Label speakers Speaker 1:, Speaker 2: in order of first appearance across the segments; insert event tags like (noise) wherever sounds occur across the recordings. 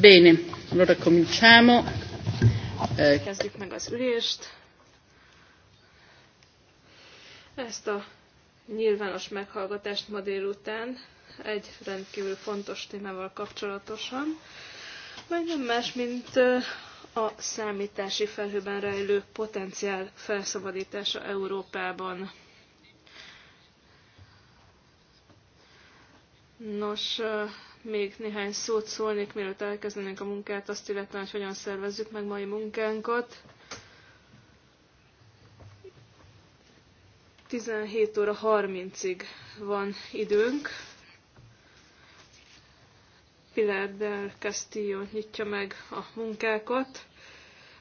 Speaker 1: Bene, allora cominciamo.
Speaker 2: Eh, Kezdjük meg az ülést. Ezt a nyilvános meghallgatást ma délután egy rendkívül fontos témával kapcsolatosan, vagy nem más, mint eh, a számítási felhőben rejlő potenciál felszabadítása Európában. Nos, eh, még néhány szót szólnék, mielőtt elkezdenénk a munkát, azt illetve, hogy hogyan szervezzük meg mai munkánkat. 17 óra 30-ig van időnk. Pilar del Castillo nyitja meg a munkákat,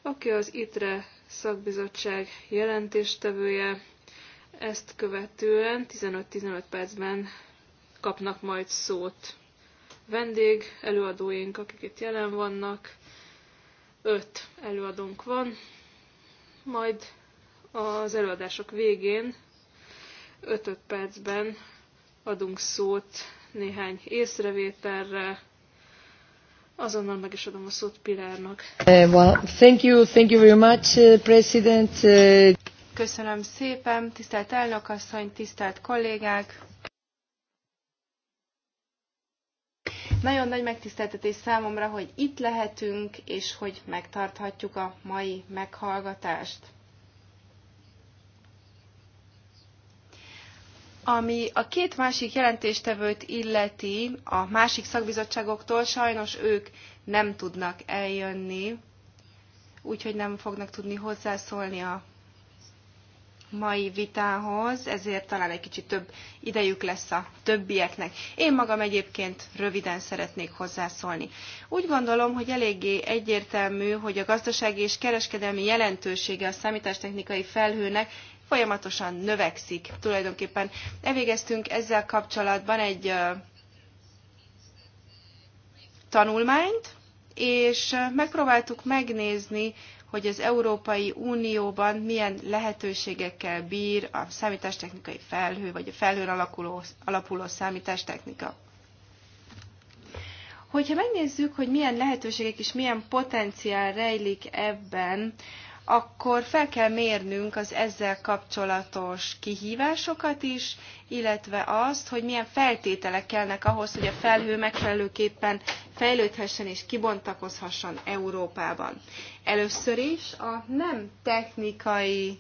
Speaker 2: aki az ITRE szakbizottság jelentéstevője. Ezt követően 15-15 percben kapnak majd szót vendég előadóink, akik itt jelen vannak. Öt előadónk van, majd az előadások végén 5 percben adunk szót néhány észrevételre, Azonnal meg is adom a
Speaker 3: szót Pilárnak.
Speaker 1: Uh, well, thank you, thank you very much, uh, President. Uh...
Speaker 3: Köszönöm szépen, tisztelt elnök asszony, tisztelt kollégák! Nagyon nagy megtiszteltetés számomra, hogy itt lehetünk, és hogy megtarthatjuk a mai meghallgatást. Ami a két másik jelentéstevőt illeti, a másik szakbizottságoktól sajnos ők nem tudnak eljönni, úgyhogy nem fognak tudni hozzászólni a mai vitához, ezért talán egy kicsit több idejük lesz a többieknek. Én magam egyébként röviden szeretnék hozzászólni. Úgy gondolom, hogy eléggé egyértelmű, hogy a gazdasági és kereskedelmi jelentősége a számítástechnikai felhőnek folyamatosan növekszik. Tulajdonképpen elvégeztünk ezzel kapcsolatban egy tanulmányt, és megpróbáltuk megnézni, hogy az Európai Unióban milyen lehetőségekkel bír a számítástechnikai felhő, vagy a felhőn alakuló, alapuló számítástechnika. Hogyha megnézzük, hogy milyen lehetőségek és milyen potenciál rejlik ebben akkor fel kell mérnünk az ezzel kapcsolatos kihívásokat is, illetve azt, hogy milyen feltételek kellnek ahhoz, hogy a felhő megfelelőképpen fejlődhessen és kibontakozhasson Európában. Először is a nem technikai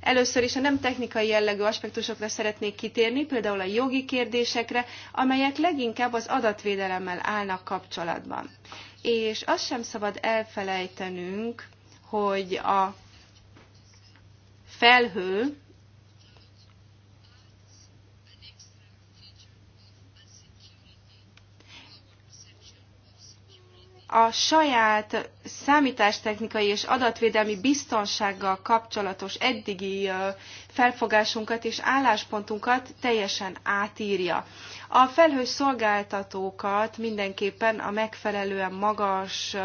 Speaker 3: Először is a nem technikai jellegű aspektusokra szeretnék kitérni, például a jogi kérdésekre, amelyek leginkább az adatvédelemmel állnak kapcsolatban és azt sem szabad elfelejtenünk, hogy a felhő a saját számítástechnikai és adatvédelmi biztonsággal kapcsolatos eddigi felfogásunkat és álláspontunkat teljesen átírja. A felhős szolgáltatókat mindenképpen a megfelelően magas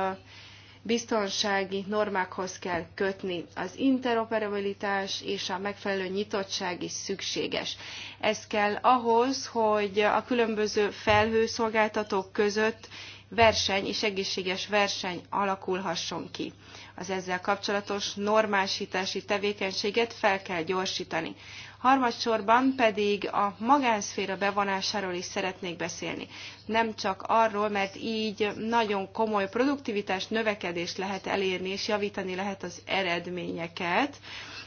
Speaker 3: biztonsági normákhoz kell kötni. Az interoperabilitás és a megfelelő nyitottság is szükséges. Ez kell ahhoz, hogy a különböző felhőszolgáltatók között verseny és egészséges verseny alakulhasson ki. Az ezzel kapcsolatos normásítási tevékenységet fel kell gyorsítani. Harmadsorban pedig a magánszféra bevonásáról is szeretnék beszélni. Nem csak arról, mert így nagyon komoly produktivitás növekedést lehet elérni, és javítani lehet az eredményeket,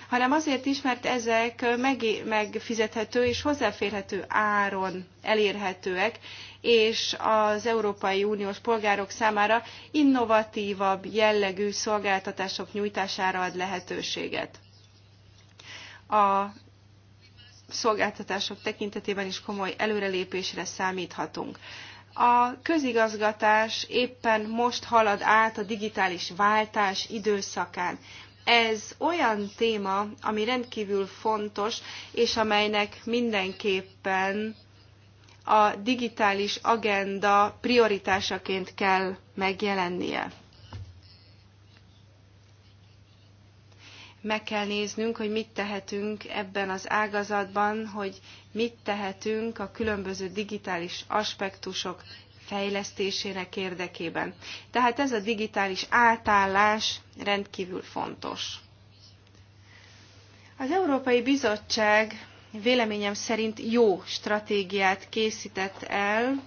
Speaker 3: hanem azért is, mert ezek megfizethető és hozzáférhető áron elérhetőek, és az Európai Uniós polgárok számára innovatívabb jellegű szolgáltatások nyújtására ad lehetőséget. A szolgáltatások tekintetében is komoly előrelépésre számíthatunk. A közigazgatás éppen most halad át a digitális váltás időszakán ez olyan téma, ami rendkívül fontos, és amelynek mindenképpen a digitális agenda prioritásaként kell megjelennie. Meg kell néznünk, hogy mit tehetünk ebben az ágazatban, hogy mit tehetünk a különböző digitális aspektusok fejlesztésének érdekében. Tehát ez a digitális átállás rendkívül fontos. Az Európai Bizottság véleményem szerint jó stratégiát készített el,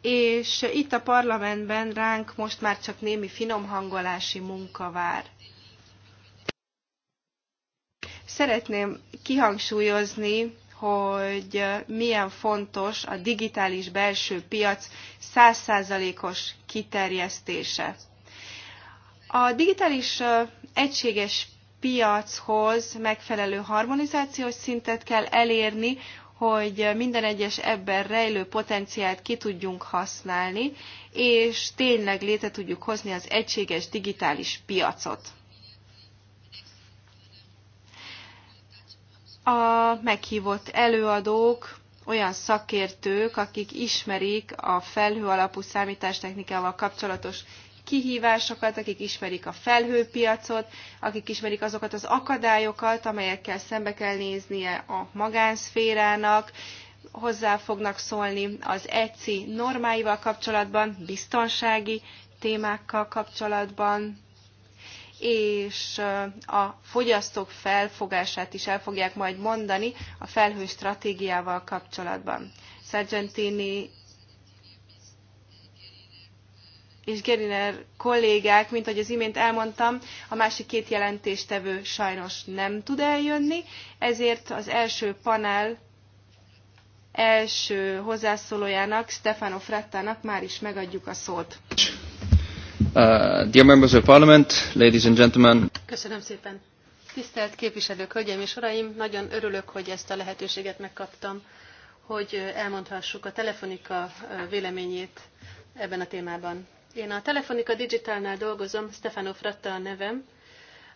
Speaker 3: és itt a parlamentben ránk most már csak némi finomhangolási munka vár. Szeretném kihangsúlyozni, hogy milyen fontos a digitális belső piac százszázalékos kiterjesztése. A digitális egységes piachoz megfelelő harmonizációs szintet kell elérni, hogy minden egyes ebben rejlő potenciált ki tudjunk használni, és tényleg létre tudjuk hozni az egységes digitális piacot. A meghívott előadók olyan szakértők, akik ismerik a felhő alapú számítástechnikával kapcsolatos kihívásokat, akik ismerik a felhőpiacot, akik ismerik azokat az akadályokat, amelyekkel szembe kell néznie a magánszférának, hozzá fognak szólni az ECI normáival kapcsolatban, biztonsági témákkal kapcsolatban, és a fogyasztók felfogását is el fogják majd mondani a felhő stratégiával kapcsolatban. Sargentini és Geriner kollégák, mint ahogy az imént elmondtam, a másik két jelentéstevő sajnos nem tud eljönni, ezért az első panel első hozzászólójának, Stefano Frattának már is megadjuk a szót.
Speaker 1: Uh, dear members of parliament, ladies and gentlemen. Köszönöm szépen. Tisztelt képviselők, hölgyeim és uraim, nagyon örülök, hogy ezt a lehetőséget megkaptam, hogy elmondhassuk a Telefonika véleményét ebben a témában. Én a Telefonika Digitálnál dolgozom, Stefano Fratta a nevem.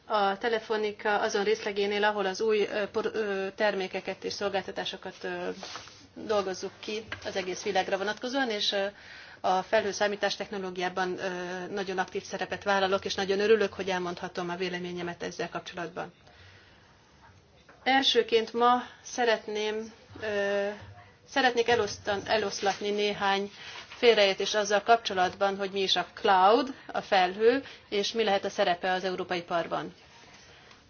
Speaker 1: A Telefonika azon részlegénél, ahol az új termékeket és szolgáltatásokat dolgozzuk ki az egész világra vonatkozóan, és a felhőszámítás technológiában nagyon aktív szerepet vállalok, és nagyon örülök, hogy elmondhatom a véleményemet ezzel kapcsolatban. Elsőként ma szeretném, szeretnék elosztan, eloszlatni néhány félreértés azzal kapcsolatban, hogy mi is a cloud, a felhő, és mi lehet a szerepe az európai parban.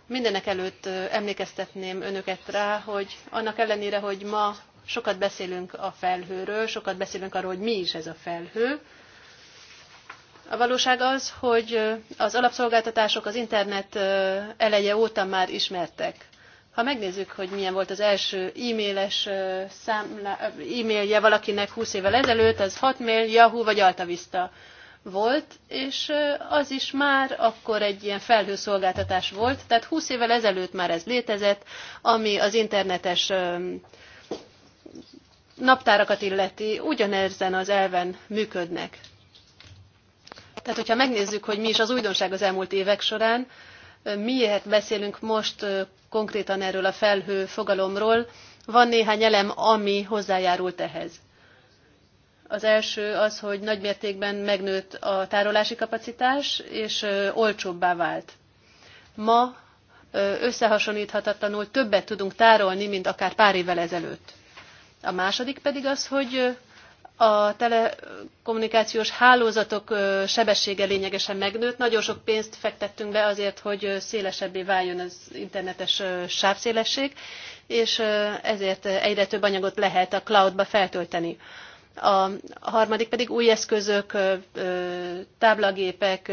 Speaker 1: Mindenek előtt emlékeztetném önöket rá, hogy annak ellenére, hogy ma Sokat beszélünk a felhőről, sokat beszélünk arról, hogy mi is ez a felhő. A valóság az, hogy az alapszolgáltatások az internet eleje óta már ismertek. Ha megnézzük, hogy milyen volt az első e-mailes e-mailje valakinek 20 évvel ezelőtt, az Hotmail, Yahoo vagy AltaVista volt, és az is már akkor egy ilyen felhőszolgáltatás volt, tehát 20 évvel ezelőtt már ez létezett, ami az internetes naptárakat illeti, ugyanezen az elven működnek. Tehát, hogyha megnézzük, hogy mi is az újdonság az elmúlt évek során, miért beszélünk most konkrétan erről a felhő fogalomról, van néhány elem, ami hozzájárult ehhez. Az első az, hogy nagymértékben megnőtt a tárolási kapacitás, és olcsóbbá vált. Ma összehasonlíthatatlanul többet tudunk tárolni, mint akár pár évvel ezelőtt. A második pedig az, hogy a telekommunikációs hálózatok sebessége lényegesen megnőtt. Nagyon sok pénzt fektettünk be azért, hogy szélesebbé váljon az internetes sávszélesség, és ezért egyre több anyagot lehet a cloudba feltölteni a harmadik pedig új eszközök, táblagépek,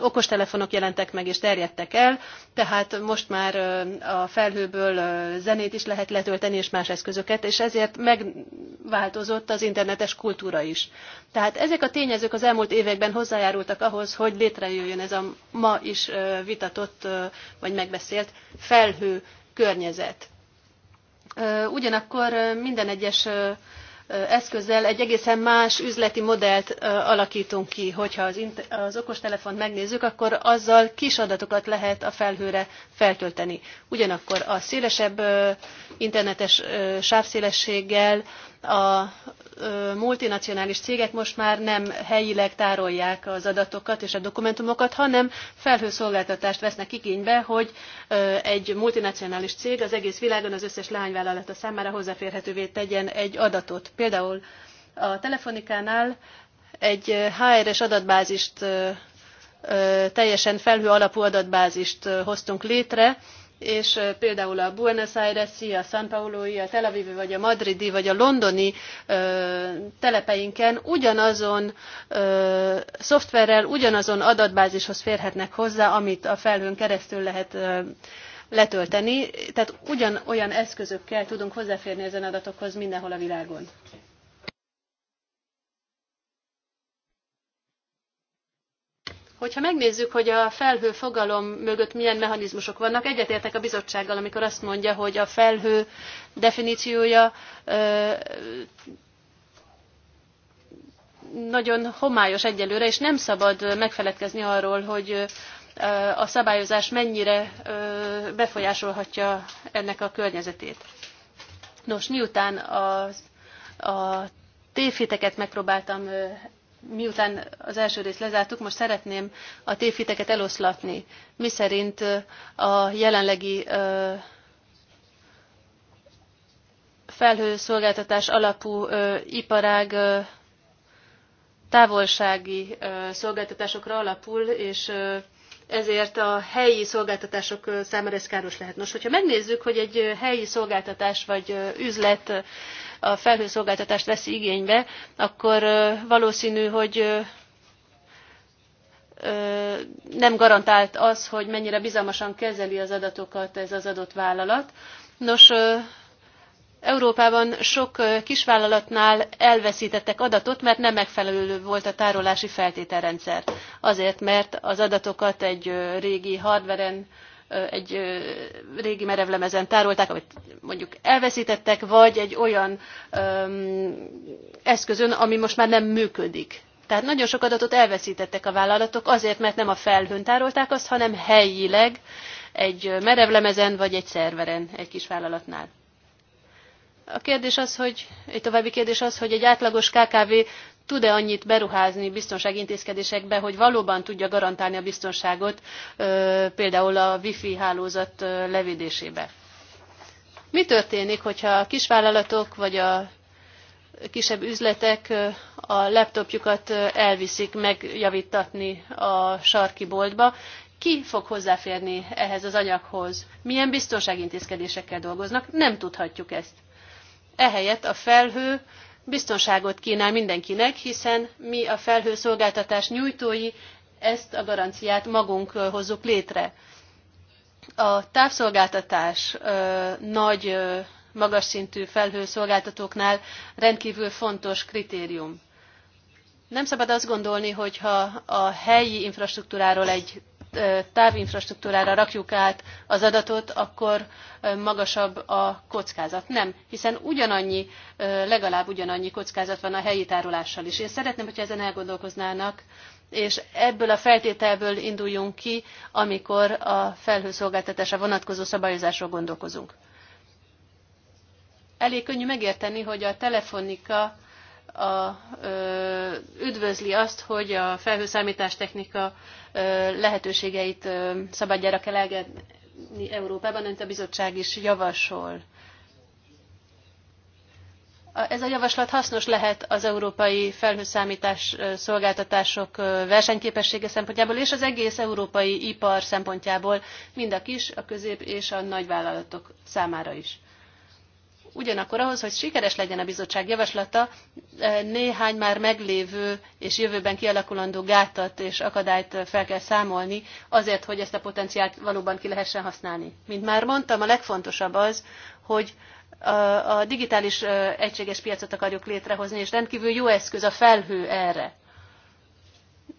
Speaker 1: okostelefonok jelentek meg és terjedtek el, tehát most már a felhőből zenét is lehet letölteni és más eszközöket, és ezért megváltozott az internetes kultúra is. Tehát ezek a tényezők az elmúlt években hozzájárultak ahhoz, hogy létrejöjjön ez a ma is vitatott vagy megbeszélt felhő környezet. Ugyanakkor minden egyes eszközzel egy egészen más üzleti modellt alakítunk ki. Hogyha az, az okostelefont megnézzük, akkor azzal kis adatokat lehet a felhőre feltölteni. Ugyanakkor a szélesebb internetes sávszélességgel a multinacionális cégek most már nem helyileg tárolják az adatokat és a dokumentumokat, hanem felhőszolgáltatást vesznek igénybe, hogy egy multinacionális cég az egész világon az összes leányvállalata számára hozzáférhetővé tegyen egy adatot. Például a telefonikánál egy HR-es adatbázist, teljesen felhő alapú adatbázist hoztunk létre, és például a Buenos Aires-i, a San Paulo-i, a Tel Avivi, vagy a Madridi, vagy a londoni ö, telepeinken ugyanazon ö, szoftverrel, ugyanazon adatbázishoz férhetnek hozzá, amit a felhőn keresztül lehet ö, letölteni, tehát ugyanolyan eszközökkel tudunk hozzáférni ezen adatokhoz mindenhol a világon. Hogyha megnézzük, hogy a felhő fogalom mögött milyen mechanizmusok vannak, egyetértek a bizottsággal, amikor azt mondja, hogy a felhő definíciója ö, nagyon homályos egyelőre, és nem szabad megfeledkezni arról, hogy a szabályozás mennyire befolyásolhatja ennek a környezetét. Nos, miután a, a tévhiteket megpróbáltam miután az első részt lezártuk, most szeretném a tévhiteket eloszlatni, miszerint a jelenlegi felhőszolgáltatás alapú iparág távolsági szolgáltatásokra alapul, és ezért a helyi szolgáltatások számára ez káros lehet. Nos, hogyha megnézzük, hogy egy helyi szolgáltatás vagy üzlet a felhőszolgáltatást veszi igénybe, akkor valószínű, hogy nem garantált az, hogy mennyire bizalmasan kezeli az adatokat ez az adott vállalat. Nos, Európában sok kisvállalatnál elveszítettek adatot, mert nem megfelelő volt a tárolási feltételrendszer. Azért, mert az adatokat egy régi hardveren egy régi merevlemezen tárolták, amit mondjuk elveszítettek, vagy egy olyan öm, eszközön, ami most már nem működik. Tehát nagyon sok adatot elveszítettek a vállalatok azért, mert nem a felhőn tárolták azt, hanem helyileg egy merevlemezen vagy egy szerveren egy kis vállalatnál. A kérdés az, hogy, egy további kérdés az, hogy egy átlagos KKV tud-e annyit beruházni biztonsági intézkedésekbe, hogy valóban tudja garantálni a biztonságot például a wifi hálózat levédésébe. Mi történik, hogyha a kisvállalatok vagy a kisebb üzletek a laptopjukat elviszik megjavítatni a sarki boltba, ki fog hozzáférni ehhez az anyaghoz, milyen biztonságintézkedésekkel dolgoznak, nem tudhatjuk ezt. Ehelyett a felhő biztonságot kínál mindenkinek, hiszen mi a felhőszolgáltatás nyújtói ezt a garanciát magunk hozzuk létre. A távszolgáltatás nagy, magas szintű felhőszolgáltatóknál rendkívül fontos kritérium. Nem szabad azt gondolni, hogy ha a helyi infrastruktúráról egy távinfrastruktúrára rakjuk át az adatot, akkor magasabb a kockázat. Nem, hiszen ugyanannyi, legalább ugyanannyi kockázat van a helyi tárolással is. Én szeretném, hogyha ezen elgondolkoznának, és ebből a feltételből induljunk ki, amikor a felhőszolgáltatásra vonatkozó szabályozásról gondolkozunk. Elég könnyű megérteni, hogy a telefonika a, ö, üdvözli azt, hogy a felhőszámítástechnika ö, lehetőségeit ö, szabadjára kell elgetni Európában, amit a bizottság is javasol. Ez a javaslat hasznos lehet az európai felhőszámítás szolgáltatások versenyképessége szempontjából és az egész európai ipar szempontjából, mind a kis, a közép és a nagy vállalatok számára is. Ugyanakkor ahhoz, hogy sikeres legyen a bizottság javaslata, e, néhány már meglévő és jövőben kialakulandó gátat és akadályt fel kell számolni, azért, hogy ezt a potenciált valóban ki lehessen használni. Mint már mondtam, a legfontosabb az, hogy a digitális e, egységes piacot akarjuk létrehozni, és rendkívül jó eszköz a felhő erre.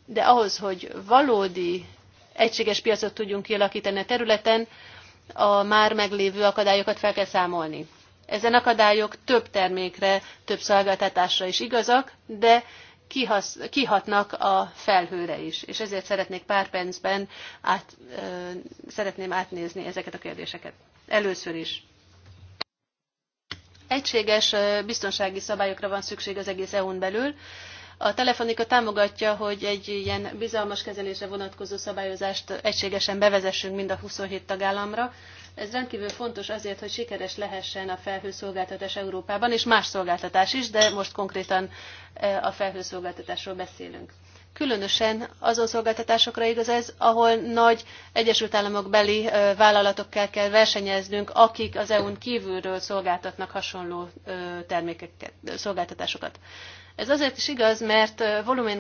Speaker 1: De ahhoz, hogy valódi egységes piacot tudjunk kialakítani a területen, a már meglévő akadályokat fel kell számolni. Ezen akadályok több termékre, több szolgáltatásra is igazak, de kihasz, kihatnak a felhőre is. És ezért szeretnék pár percben át, ö, szeretném átnézni ezeket a kérdéseket. Először is. Egységes biztonsági szabályokra van szükség az egész EU-n belül. A Telefonika támogatja, hogy egy ilyen bizalmas kezelésre vonatkozó szabályozást egységesen bevezessünk mind a 27 tagállamra. Ez rendkívül fontos azért, hogy sikeres lehessen a felhőszolgáltatás Európában, és más szolgáltatás is, de most konkrétan e, a felhőszolgáltatásról beszélünk. Különösen azon szolgáltatásokra igaz ez, ahol nagy Egyesült Államok beli e, vállalatokkal kell versenyeznünk, akik az EU-n kívülről szolgáltatnak hasonló e, termékeket, szolgáltatásokat. Ez azért is igaz, mert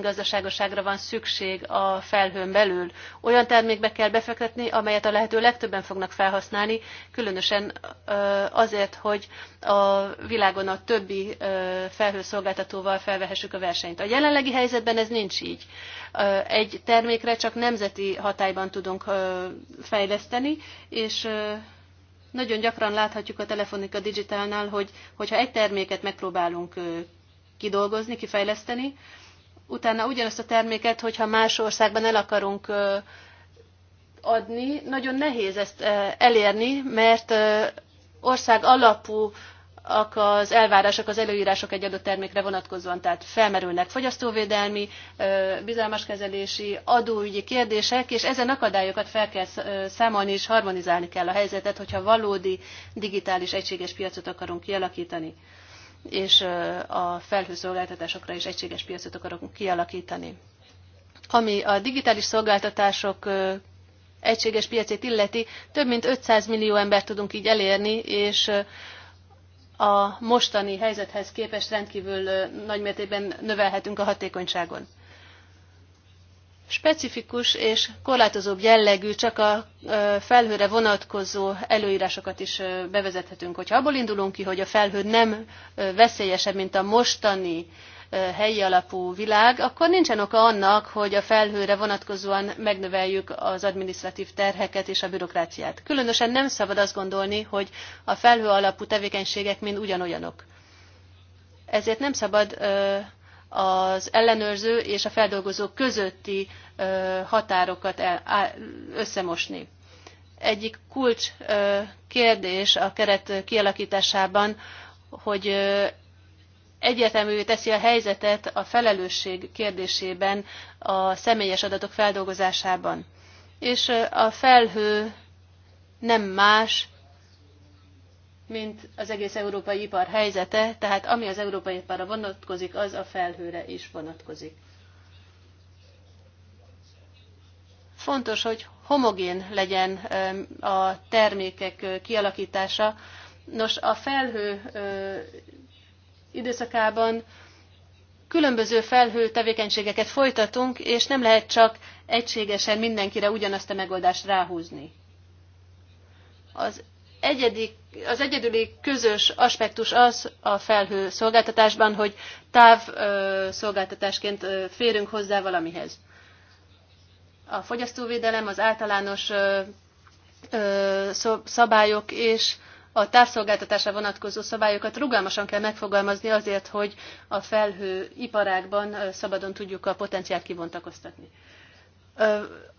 Speaker 1: gazdaságoságra van szükség a felhőn belül. Olyan termékbe kell befektetni, amelyet a lehető legtöbben fognak felhasználni, különösen azért, hogy a világon a többi felhőszolgáltatóval felvehessük a versenyt. A jelenlegi helyzetben ez nincs így. Egy termékre csak nemzeti hatályban tudunk fejleszteni, és nagyon gyakran láthatjuk a Telefonika Digitálnál, hogy hogyha egy terméket megpróbálunk kidolgozni, kifejleszteni. Utána ugyanazt a terméket, hogyha más országban el akarunk adni, nagyon nehéz ezt elérni, mert ország alapú az elvárások, az előírások egy adott termékre vonatkozóan, tehát felmerülnek fogyasztóvédelmi, bizalmaskezelési, adóügyi kérdések, és ezen akadályokat fel kell számolni és harmonizálni kell a helyzetet, hogyha valódi digitális egységes piacot akarunk kialakítani és a felhőszolgáltatásokra is egységes piacot akarok kialakítani. Ami a digitális szolgáltatások egységes piacét illeti, több mint 500 millió embert tudunk így elérni, és a mostani helyzethez képest rendkívül nagymértékben növelhetünk a hatékonyságon specifikus és korlátozóbb jellegű, csak a felhőre vonatkozó előírásokat is bevezethetünk. Hogyha abból indulunk ki, hogy a felhő nem veszélyesebb, mint a mostani helyi alapú világ, akkor nincsen oka annak, hogy a felhőre vonatkozóan megnöveljük az administratív terheket és a bürokráciát. Különösen nem szabad azt gondolni, hogy a felhő alapú tevékenységek mind ugyanolyanok. Ezért nem szabad az ellenőrző és a feldolgozó közötti határokat összemosni. Egyik kulcs kérdés a keret kialakításában, hogy egyértelművé teszi a helyzetet a felelősség kérdésében a személyes adatok feldolgozásában. És a felhő nem más, mint az egész európai ipar helyzete, tehát ami az európai iparra vonatkozik, az a felhőre is vonatkozik. Fontos, hogy homogén legyen a termékek kialakítása. Nos, a felhő időszakában különböző felhő tevékenységeket folytatunk, és nem lehet csak egységesen mindenkire ugyanazt a megoldást ráhúzni. Az az egyedüli közös aspektus az a felhő szolgáltatásban, hogy távszolgáltatásként férünk hozzá valamihez. A fogyasztóvédelem, az általános szabályok és a távszolgáltatásra vonatkozó szabályokat rugalmasan kell megfogalmazni azért, hogy a felhő szabadon tudjuk a potenciált kibontakoztatni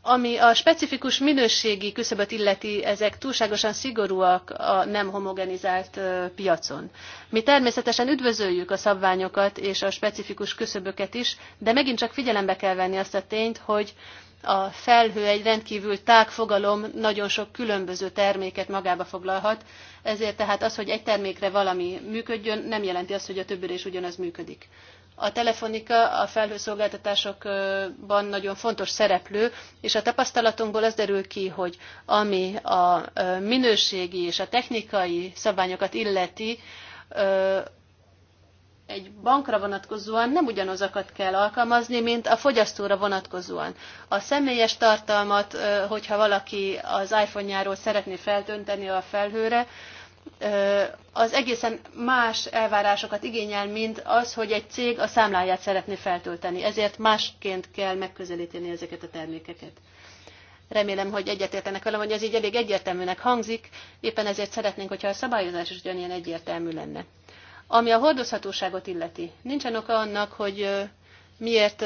Speaker 1: ami a specifikus minőségi küszöböt illeti, ezek túlságosan szigorúak a nem homogenizált piacon. Mi természetesen üdvözöljük a szabványokat és a specifikus küszöböket is, de megint csak figyelembe kell venni azt a tényt, hogy a felhő egy rendkívül tág fogalom, nagyon sok különböző terméket magába foglalhat, ezért tehát az, hogy egy termékre valami működjön, nem jelenti azt, hogy a többire is ugyanaz működik a telefonika a felhőszolgáltatásokban nagyon fontos szereplő, és a tapasztalatunkból az derül ki, hogy ami a minőségi és a technikai szabványokat illeti, egy bankra vonatkozóan nem ugyanazokat kell alkalmazni, mint a fogyasztóra vonatkozóan. A személyes tartalmat, hogyha valaki az iPhone-járól szeretné feltönteni a felhőre, az egészen más elvárásokat igényel, mint az, hogy egy cég a számláját szeretné feltölteni. Ezért másként kell megközelíteni ezeket a termékeket. Remélem, hogy egyetértenek velem, hogy ez így elég egyértelműnek hangzik, éppen ezért szeretnénk, hogyha a szabályozás is ugyanilyen egyértelmű lenne. Ami a hordozhatóságot illeti, nincsen oka annak, hogy miért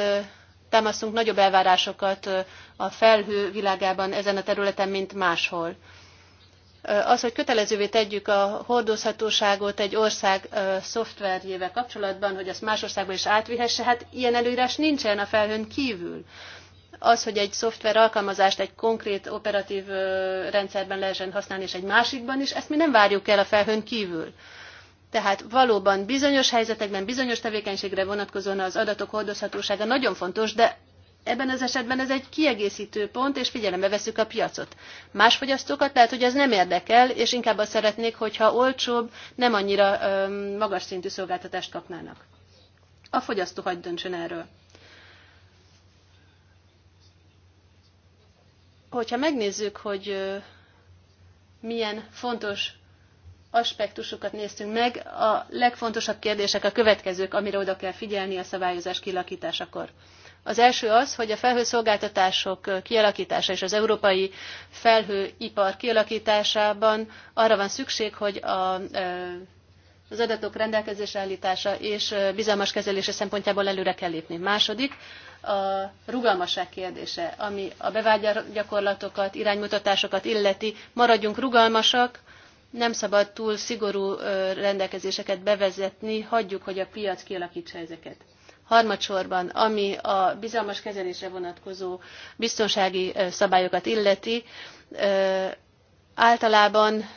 Speaker 1: támasztunk nagyobb elvárásokat a felhő világában ezen a területen, mint máshol az, hogy kötelezővé tegyük a hordozhatóságot egy ország szoftverjével kapcsolatban, hogy azt más országba is átvihesse, hát ilyen előírás nincsen a felhőn kívül. Az, hogy egy szoftver alkalmazást egy konkrét operatív rendszerben lehessen használni, és egy másikban is, ezt mi nem várjuk el a felhőn kívül. Tehát valóban bizonyos helyzetekben, bizonyos tevékenységre vonatkozóan az adatok hordozhatósága nagyon fontos, de ebben az esetben ez egy kiegészítő pont, és figyelembe veszük a piacot. Más fogyasztókat lehet, hogy ez nem érdekel, és inkább azt szeretnék, hogyha olcsóbb, nem annyira öm, magas szintű szolgáltatást kapnának. A fogyasztó hagy döntsön erről. Hogyha megnézzük, hogy milyen fontos aspektusokat néztünk meg, a legfontosabb kérdések a következők, amire oda kell figyelni a szabályozás kilakításakor. Az első az, hogy a felhőszolgáltatások kialakítása és az európai felhőipar kialakításában arra van szükség, hogy a, az adatok rendelkezésre állítása és bizalmas kezelése szempontjából előre kell lépni. Második, a rugalmasság kérdése, ami a bevált gyakorlatokat, iránymutatásokat illeti. Maradjunk rugalmasak, nem szabad túl szigorú rendelkezéseket bevezetni, hagyjuk, hogy a piac kialakítsa ezeket. Harmadsorban, ami a bizalmas kezelésre vonatkozó biztonsági szabályokat illeti, általában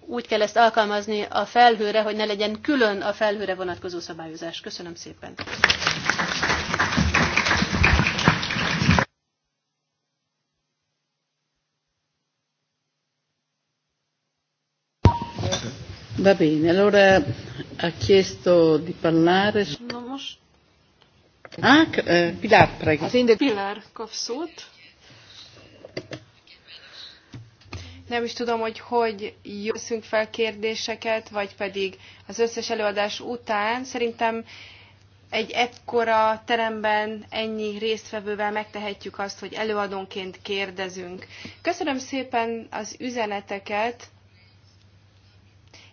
Speaker 1: úgy kell ezt alkalmazni a felhőre, hogy ne legyen külön a felhőre vonatkozó szabályozás. Köszönöm szépen. Va bene, allora ha chiesto di parlare. Ah, Pilar, prego.
Speaker 2: Pilar kap szót.
Speaker 3: Nem is tudom, hogy hogy jösszünk fel kérdéseket, vagy pedig az összes előadás után. Szerintem egy ekkora teremben ennyi résztvevővel megtehetjük azt, hogy előadónként kérdezünk. Köszönöm szépen az üzeneteket,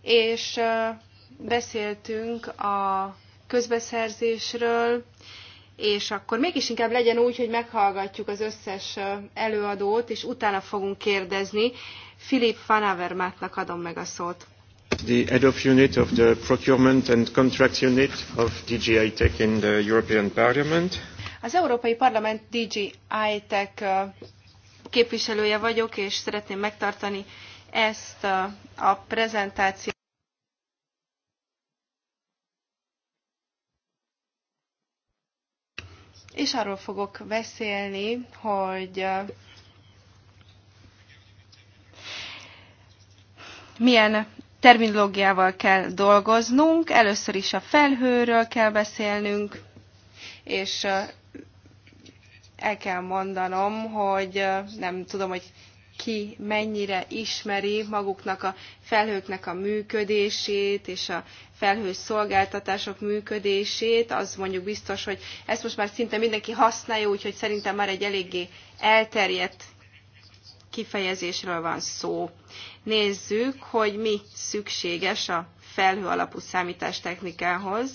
Speaker 3: és beszéltünk a közbeszerzésről, és akkor mégis inkább legyen úgy, hogy meghallgatjuk az összes előadót, és utána fogunk kérdezni. Van Fanavermátnak adom meg a szót.
Speaker 1: The head of unit of the procurement and contract unit of DGI Tech in the European Parliament.
Speaker 3: Az Európai Parlament DGI Tech képviselője vagyok, és szeretném megtartani ezt a prezentációt. és arról fogok beszélni, hogy milyen terminológiával kell dolgoznunk. Először is a felhőről kell beszélnünk, és el kell mondanom, hogy nem tudom, hogy ki mennyire ismeri maguknak a felhőknek a működését és a felhős szolgáltatások működését, az mondjuk biztos, hogy ezt most már szinte mindenki használja, úgyhogy szerintem már egy eléggé elterjedt kifejezésről van szó. Nézzük, hogy mi szükséges a felhő alapú számítástechnikához.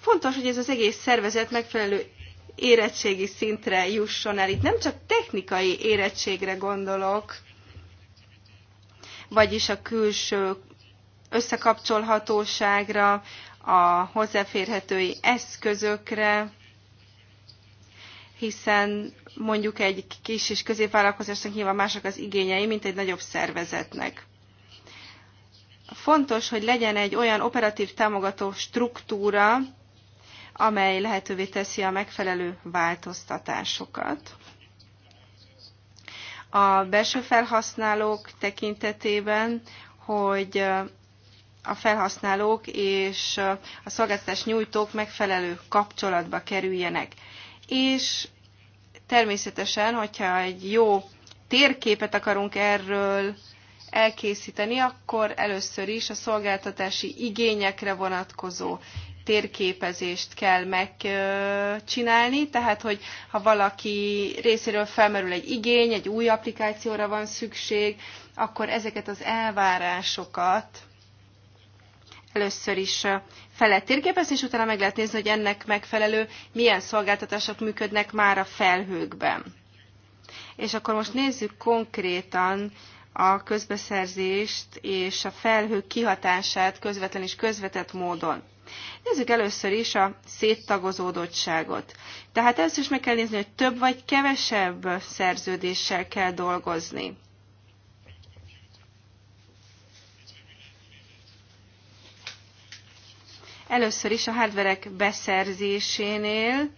Speaker 3: Fontos, hogy ez az egész szervezet megfelelő érettségi szintre jusson el. Itt nem csak technikai érettségre gondolok, vagyis a külső összekapcsolhatóságra, a hozzáférhetői eszközökre, hiszen mondjuk egy kis és középvállalkozásnak nyilván mások az igényei, mint egy nagyobb szervezetnek. Fontos, hogy legyen egy olyan operatív támogató struktúra, amely lehetővé teszi a megfelelő változtatásokat. A belső felhasználók tekintetében, hogy a felhasználók és a szolgáltatás nyújtók megfelelő kapcsolatba kerüljenek. És természetesen, hogyha egy jó térképet akarunk erről elkészíteni, akkor először is a szolgáltatási igényekre vonatkozó térképezést kell megcsinálni, tehát hogy ha valaki részéről felmerül egy igény, egy új applikációra van szükség, akkor ezeket az elvárásokat először is fel lehet térképezni, és utána meg lehet nézni, hogy ennek megfelelő milyen szolgáltatások működnek már a felhőkben. És akkor most nézzük konkrétan a közbeszerzést és a felhők kihatását közvetlen és közvetett módon. Nézzük először is a széttagozódottságot. Tehát először is meg kell nézni, hogy több vagy kevesebb szerződéssel kell dolgozni. Először is a hardverek beszerzésénél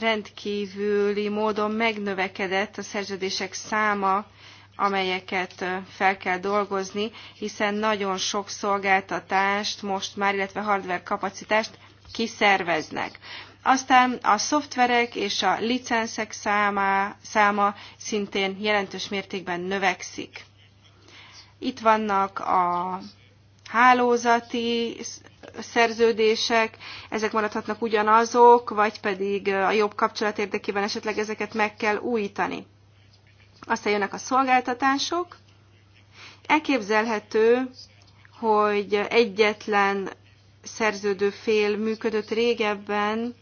Speaker 3: rendkívüli módon megnövekedett a szerződések száma amelyeket fel kell dolgozni, hiszen nagyon sok szolgáltatást most már, illetve hardware kapacitást kiszerveznek. Aztán a szoftverek és a licenszek száma, száma szintén jelentős mértékben növekszik. Itt vannak a hálózati szerződések, ezek maradhatnak ugyanazok, vagy pedig a jobb kapcsolat érdekében esetleg ezeket meg kell újítani. Aztán jönnek a szolgáltatások. Elképzelhető, hogy egyetlen szerződő fél működött régebben,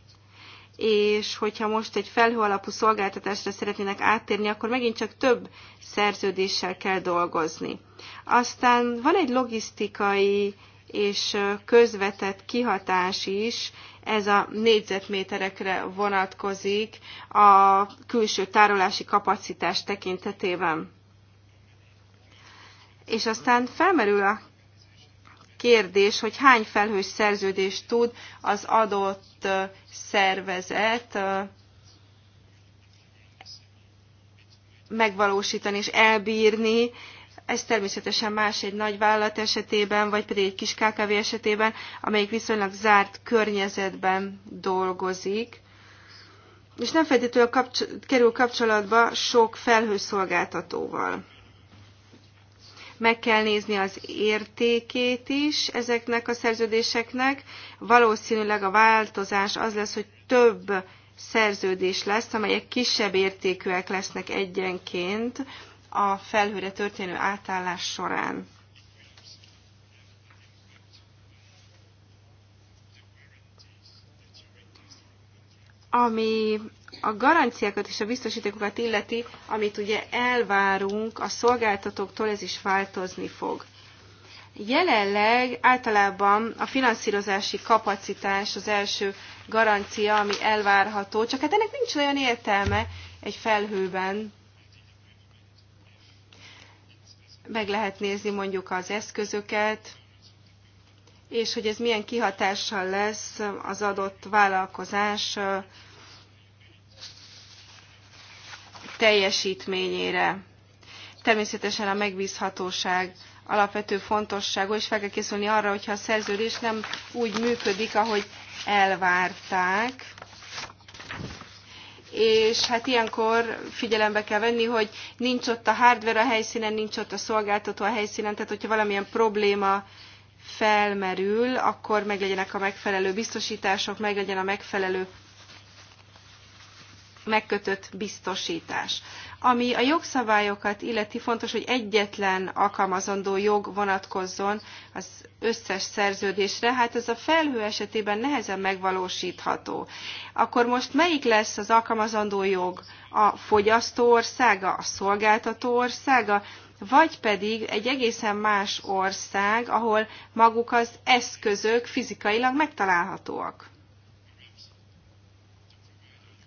Speaker 3: és hogyha most egy felhő alapú szolgáltatásra szeretnének áttérni, akkor megint csak több szerződéssel kell dolgozni. Aztán van egy logisztikai és közvetett kihatás is ez a négyzetméterekre vonatkozik a külső tárolási kapacitás tekintetében. És aztán felmerül a kérdés, hogy hány felhős szerződést tud az adott szervezet megvalósítani és elbírni, ez természetesen más egy nagy vállalat esetében, vagy pedig egy kis KKV esetében, amelyik viszonylag zárt környezetben dolgozik, és nem feltétlenül kapcs- kerül kapcsolatba sok felhőszolgáltatóval. Meg kell nézni az értékét is ezeknek a szerződéseknek. Valószínűleg a változás az lesz, hogy több szerződés lesz, amelyek kisebb értékűek lesznek egyenként, a felhőre történő átállás során. Ami a garanciákat és a biztosítékokat illeti, amit ugye elvárunk a szolgáltatóktól, ez is változni fog. Jelenleg általában a finanszírozási kapacitás az első garancia, ami elvárható, csak hát ennek nincs olyan értelme egy felhőben, meg lehet nézni mondjuk az eszközöket, és hogy ez milyen kihatással lesz az adott vállalkozás teljesítményére. Természetesen a megbízhatóság alapvető fontosságú, és fel kell készülni arra, hogyha a szerződés nem úgy működik, ahogy elvárták, és hát ilyenkor figyelembe kell venni, hogy nincs ott a hardware a helyszínen, nincs ott a szolgáltató a helyszínen, tehát hogyha valamilyen probléma felmerül, akkor meglegyenek a megfelelő biztosítások, meglegyen a megfelelő megkötött biztosítás. Ami a jogszabályokat illeti, fontos, hogy egyetlen alkalmazandó jog vonatkozzon az összes szerződésre, hát ez a felhő esetében nehezen megvalósítható. Akkor most melyik lesz az alkalmazandó jog? A fogyasztó országa, a szolgáltató országa, vagy pedig egy egészen más ország, ahol maguk az eszközök fizikailag megtalálhatóak?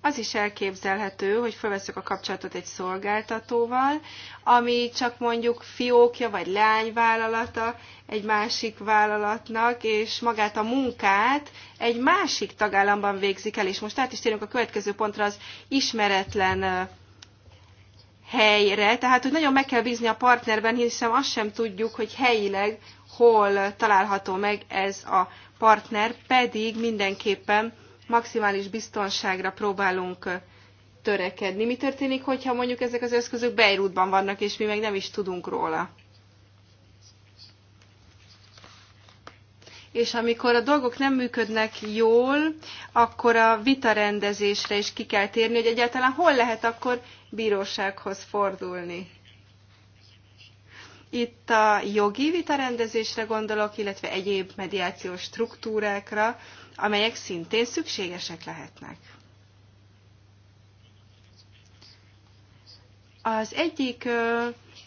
Speaker 3: az is elképzelhető, hogy felveszük a kapcsolatot egy szolgáltatóval, ami csak mondjuk fiókja vagy leányvállalata egy másik vállalatnak, és magát a munkát egy másik tagállamban végzik el. És most át is térünk a következő pontra az ismeretlen helyre, tehát hogy nagyon meg kell bízni a partnerben, hiszen azt sem tudjuk, hogy helyileg hol található meg ez a partner, pedig mindenképpen maximális biztonságra próbálunk törekedni. Mi történik, hogyha mondjuk ezek az eszközök Beirutban vannak, és mi meg nem is tudunk róla? és amikor a dolgok nem működnek jól, akkor a vitarendezésre is ki kell térni, hogy egyáltalán hol lehet akkor bírósághoz fordulni. Itt a jogi vitarendezésre gondolok, illetve egyéb mediációs struktúrákra, amelyek szintén szükségesek lehetnek. Az egyik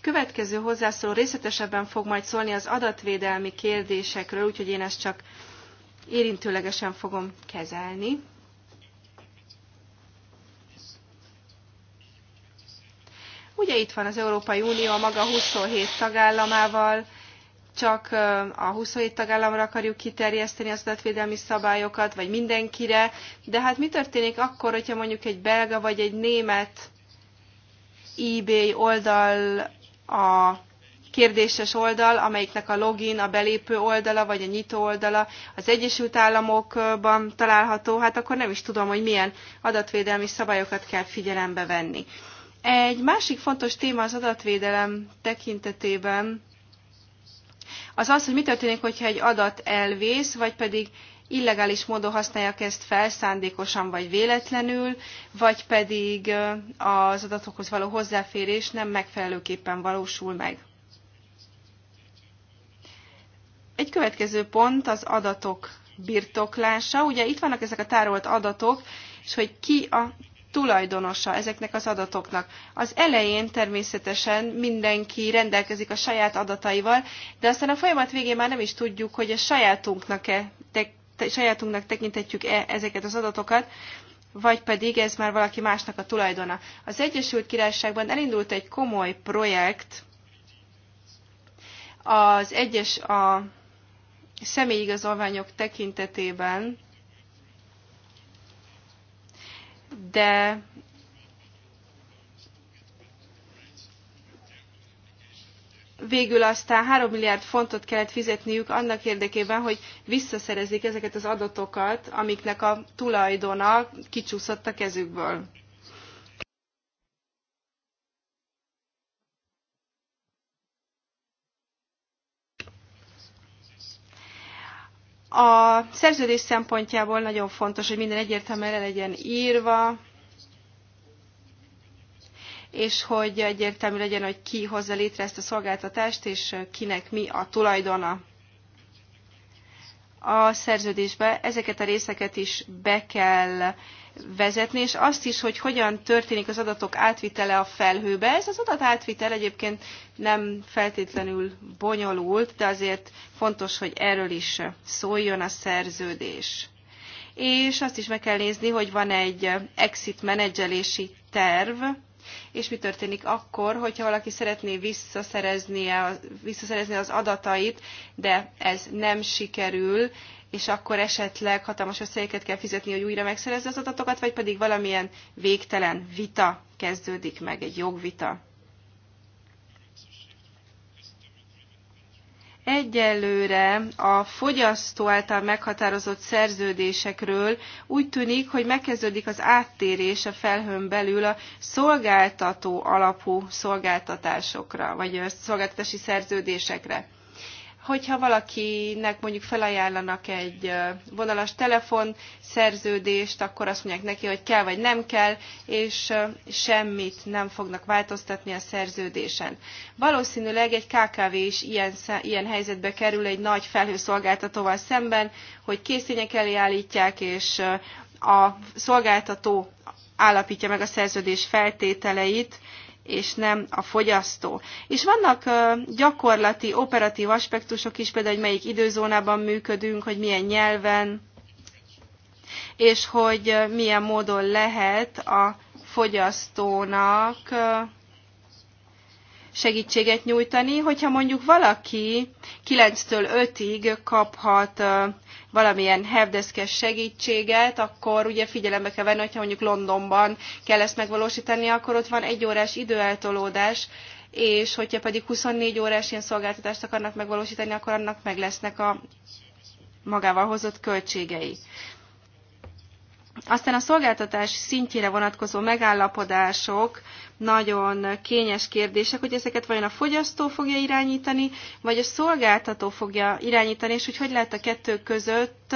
Speaker 3: következő hozzászóló részletesebben fog majd szólni az adatvédelmi kérdésekről, úgyhogy én ezt csak érintőlegesen fogom kezelni. Ugye itt van az Európai Unió a maga 27 tagállamával, csak a 27 tagállamra akarjuk kiterjeszteni az adatvédelmi szabályokat, vagy mindenkire, de hát mi történik akkor, hogyha mondjuk egy belga vagy egy német eBay oldal a kérdéses oldal, amelyiknek a login, a belépő oldala, vagy a nyitó oldala az Egyesült Államokban található, hát akkor nem is tudom, hogy milyen adatvédelmi szabályokat kell figyelembe venni. Egy másik fontos téma az adatvédelem tekintetében az az, hogy mi történik, hogyha egy adat elvész, vagy pedig illegális módon használják ezt fel, szándékosan vagy véletlenül, vagy pedig az adatokhoz való hozzáférés nem megfelelőképpen valósul meg. Egy következő pont az adatok birtoklása. Ugye itt vannak ezek a tárolt adatok, és hogy ki a tulajdonosa ezeknek az adatoknak. Az elején természetesen mindenki rendelkezik a saját adataival, de aztán a folyamat végén már nem is tudjuk, hogy a sajátunknak-e, te, te, sajátunknak tekintetjük-e ezeket az adatokat, vagy pedig ez már valaki másnak a tulajdona. Az Egyesült Királyságban elindult egy komoly projekt, az egyes a személyigazolványok tekintetében, de végül aztán 3 milliárd fontot kellett fizetniük annak érdekében, hogy visszaszerezzék ezeket az adatokat, amiknek a tulajdona kicsúszott a kezükből. A szerződés szempontjából nagyon fontos, hogy minden egyértelműen le legyen írva, és hogy egyértelmű legyen, hogy ki hozza létre ezt a szolgáltatást, és kinek mi a tulajdona. A szerződésbe ezeket a részeket is be kell vezetni, és azt is, hogy hogyan történik az adatok átvitele a felhőbe. Ez az adat átvitel egyébként nem feltétlenül bonyolult, de azért fontos, hogy erről is szóljon a szerződés. És azt is meg kell nézni, hogy van egy exit menedzselési terv, és mi történik akkor, hogyha valaki szeretné visszaszerezni, visszaszerezni az adatait, de ez nem sikerül, és akkor esetleg hatalmas összegeket kell fizetni, hogy újra megszerezze az adatokat, vagy pedig valamilyen végtelen vita kezdődik meg, egy jogvita. Egyelőre a fogyasztó által meghatározott szerződésekről úgy tűnik, hogy megkezdődik az áttérés a felhőn belül a szolgáltató alapú szolgáltatásokra, vagy szolgáltatási szerződésekre hogyha valakinek mondjuk felajánlanak egy vonalas telefon szerződést, akkor azt mondják neki, hogy kell vagy nem kell, és semmit nem fognak változtatni a szerződésen. Valószínűleg egy KKV is ilyen, ilyen helyzetbe kerül egy nagy felhőszolgáltatóval szemben, hogy készények elé állítják, és a szolgáltató állapítja meg a szerződés feltételeit, és nem a fogyasztó. És vannak gyakorlati, operatív aspektusok is, például, hogy melyik időzónában működünk, hogy milyen nyelven, és hogy milyen módon lehet a fogyasztónak segítséget nyújtani, hogyha mondjuk valaki 9-től 5-ig kaphat valamilyen hevdeszkes segítséget, akkor ugye figyelembe kell venni, hogyha mondjuk Londonban kell ezt megvalósítani, akkor ott van egy órás időeltolódás, és hogyha pedig 24 órás ilyen szolgáltatást akarnak megvalósítani, akkor annak meg lesznek a magával hozott költségei. Aztán a szolgáltatás szintjére vonatkozó megállapodások nagyon kényes kérdések, hogy ezeket vajon a fogyasztó fogja irányítani, vagy a szolgáltató fogja irányítani, és hogy hogy lehet a kettő között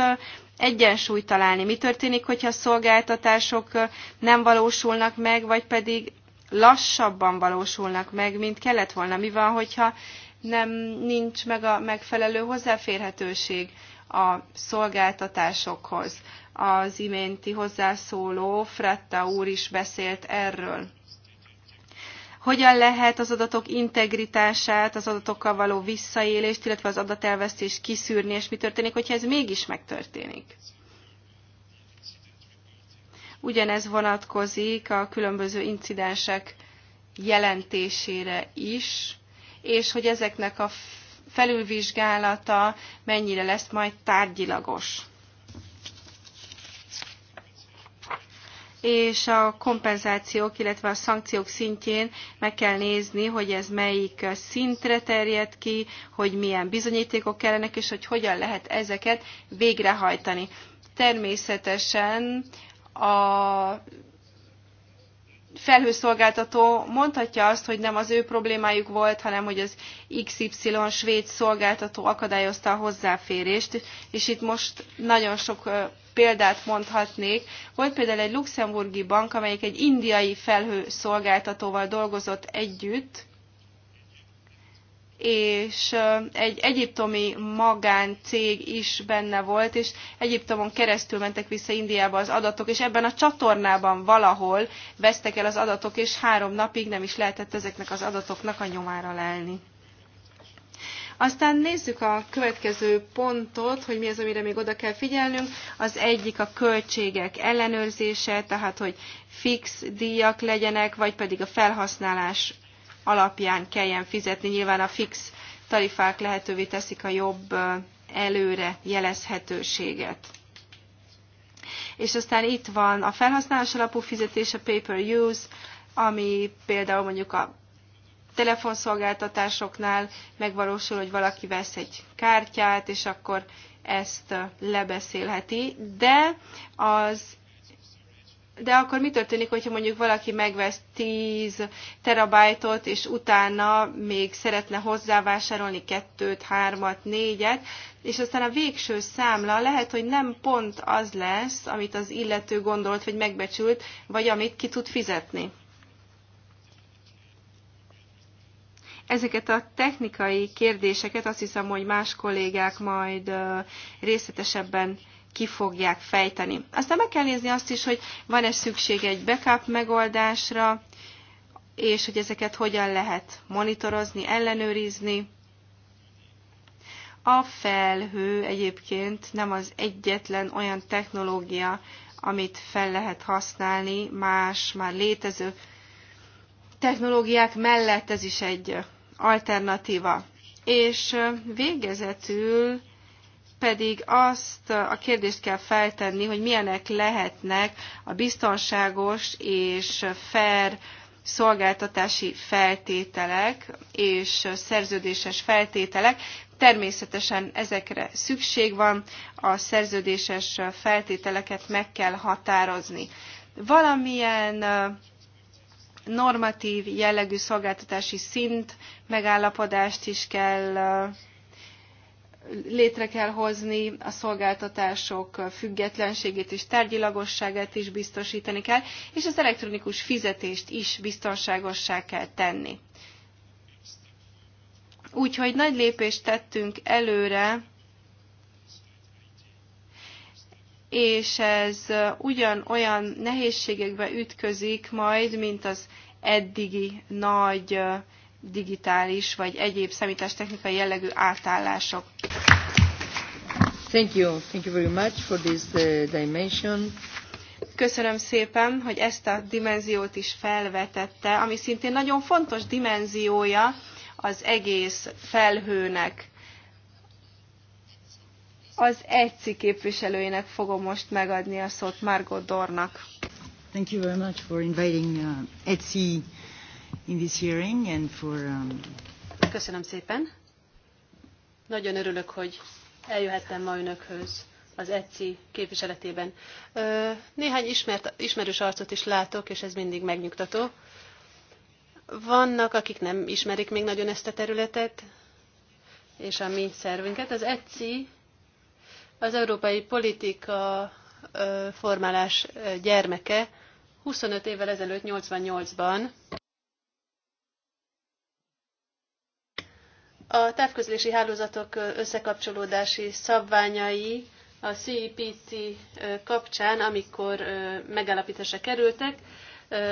Speaker 3: egyensúlyt találni. Mi történik, hogyha a szolgáltatások nem valósulnak meg, vagy pedig lassabban valósulnak meg, mint kellett volna? Mi van, hogyha nem nincs meg a megfelelő hozzáférhetőség a szolgáltatásokhoz? az iménti hozzászóló Fretta úr is beszélt erről. Hogyan lehet az adatok integritását, az adatokkal való visszaélést, illetve az adatelvesztést kiszűrni, és mi történik, hogyha ez mégis megtörténik? Ugyanez vonatkozik a különböző incidensek jelentésére is, és hogy ezeknek a felülvizsgálata mennyire lesz majd tárgyilagos. és a kompenzációk, illetve a szankciók szintjén meg kell nézni, hogy ez melyik szintre terjed ki, hogy milyen bizonyítékok kellenek, és hogy hogyan lehet ezeket végrehajtani. Természetesen a felhőszolgáltató mondhatja azt, hogy nem az ő problémájuk volt, hanem hogy az XY svéd szolgáltató akadályozta a hozzáférést, és itt most nagyon sok példát mondhatnék. Volt például egy luxemburgi bank, amelyik egy indiai felhőszolgáltatóval dolgozott együtt, és egy egyiptomi magáncég is benne volt, és Egyiptomon keresztül mentek vissza Indiába az adatok, és ebben a csatornában valahol vesztek el az adatok, és három napig nem is lehetett ezeknek az adatoknak a nyomára lelni. Aztán nézzük a következő pontot, hogy mi az, amire még oda kell figyelnünk. Az egyik a költségek ellenőrzése, tehát hogy fix díjak legyenek, vagy pedig a felhasználás alapján kelljen fizetni. Nyilván a fix tarifák lehetővé teszik a jobb előre jelezhetőséget. És aztán itt van a felhasználás alapú fizetés, a paper use ami például mondjuk a telefonszolgáltatásoknál megvalósul, hogy valaki vesz egy kártyát, és akkor ezt lebeszélheti, de az de akkor mi történik, hogyha mondjuk valaki megvesz 10 terabájtot, és utána még szeretne hozzávásárolni 2-t, 3-at, 4-et, és aztán a végső számla lehet, hogy nem pont az lesz, amit az illető gondolt, vagy megbecsült, vagy amit ki tud fizetni. Ezeket a technikai kérdéseket azt hiszem, hogy más kollégák majd részletesebben ki fogják fejteni. Aztán meg kell nézni azt is, hogy van-e szükség egy backup megoldásra, és hogy ezeket hogyan lehet monitorozni, ellenőrizni. A felhő egyébként nem az egyetlen olyan technológia, amit fel lehet használni más már létező technológiák mellett ez is egy alternatíva. És végezetül pedig azt a kérdést kell feltenni, hogy milyenek lehetnek a biztonságos és fair szolgáltatási feltételek és szerződéses feltételek. Természetesen ezekre szükség van, a szerződéses feltételeket meg kell határozni. Valamilyen normatív jellegű szolgáltatási szint megállapodást is kell létre kell hozni, a szolgáltatások függetlenségét és tárgyilagosságát is biztosítani kell, és az elektronikus fizetést is biztonságossá kell tenni. Úgyhogy nagy lépést tettünk előre és ez ugyanolyan nehézségekbe ütközik majd, mint az eddigi nagy digitális vagy egyéb számítástechnikai jellegű átállások.
Speaker 2: Thank you. Thank you very much for this
Speaker 3: uh, dimension. Köszönöm szépen, hogy ezt a dimenziót is felvetette, ami szintén nagyon fontos dimenziója az egész felhőnek. Az ECSI képviselőjének fogom most megadni a szót Margot Dornak. Thank you very much for inviting uh, ETSI in this hearing and for... Um...
Speaker 1: Köszönöm szépen. Nagyon örülök, hogy eljöhettem ma önökhöz az ECI képviseletében. Néhány ismert, ismerős arcot is látok, és ez mindig megnyugtató. Vannak, akik nem ismerik még nagyon ezt a területet, és a mi szervünket. Az ECI az európai politika formálás gyermeke 25 évvel ezelőtt 88-ban a távközlési hálózatok összekapcsolódási szabványai a CIPC e kapcsán, amikor megállapításra kerültek,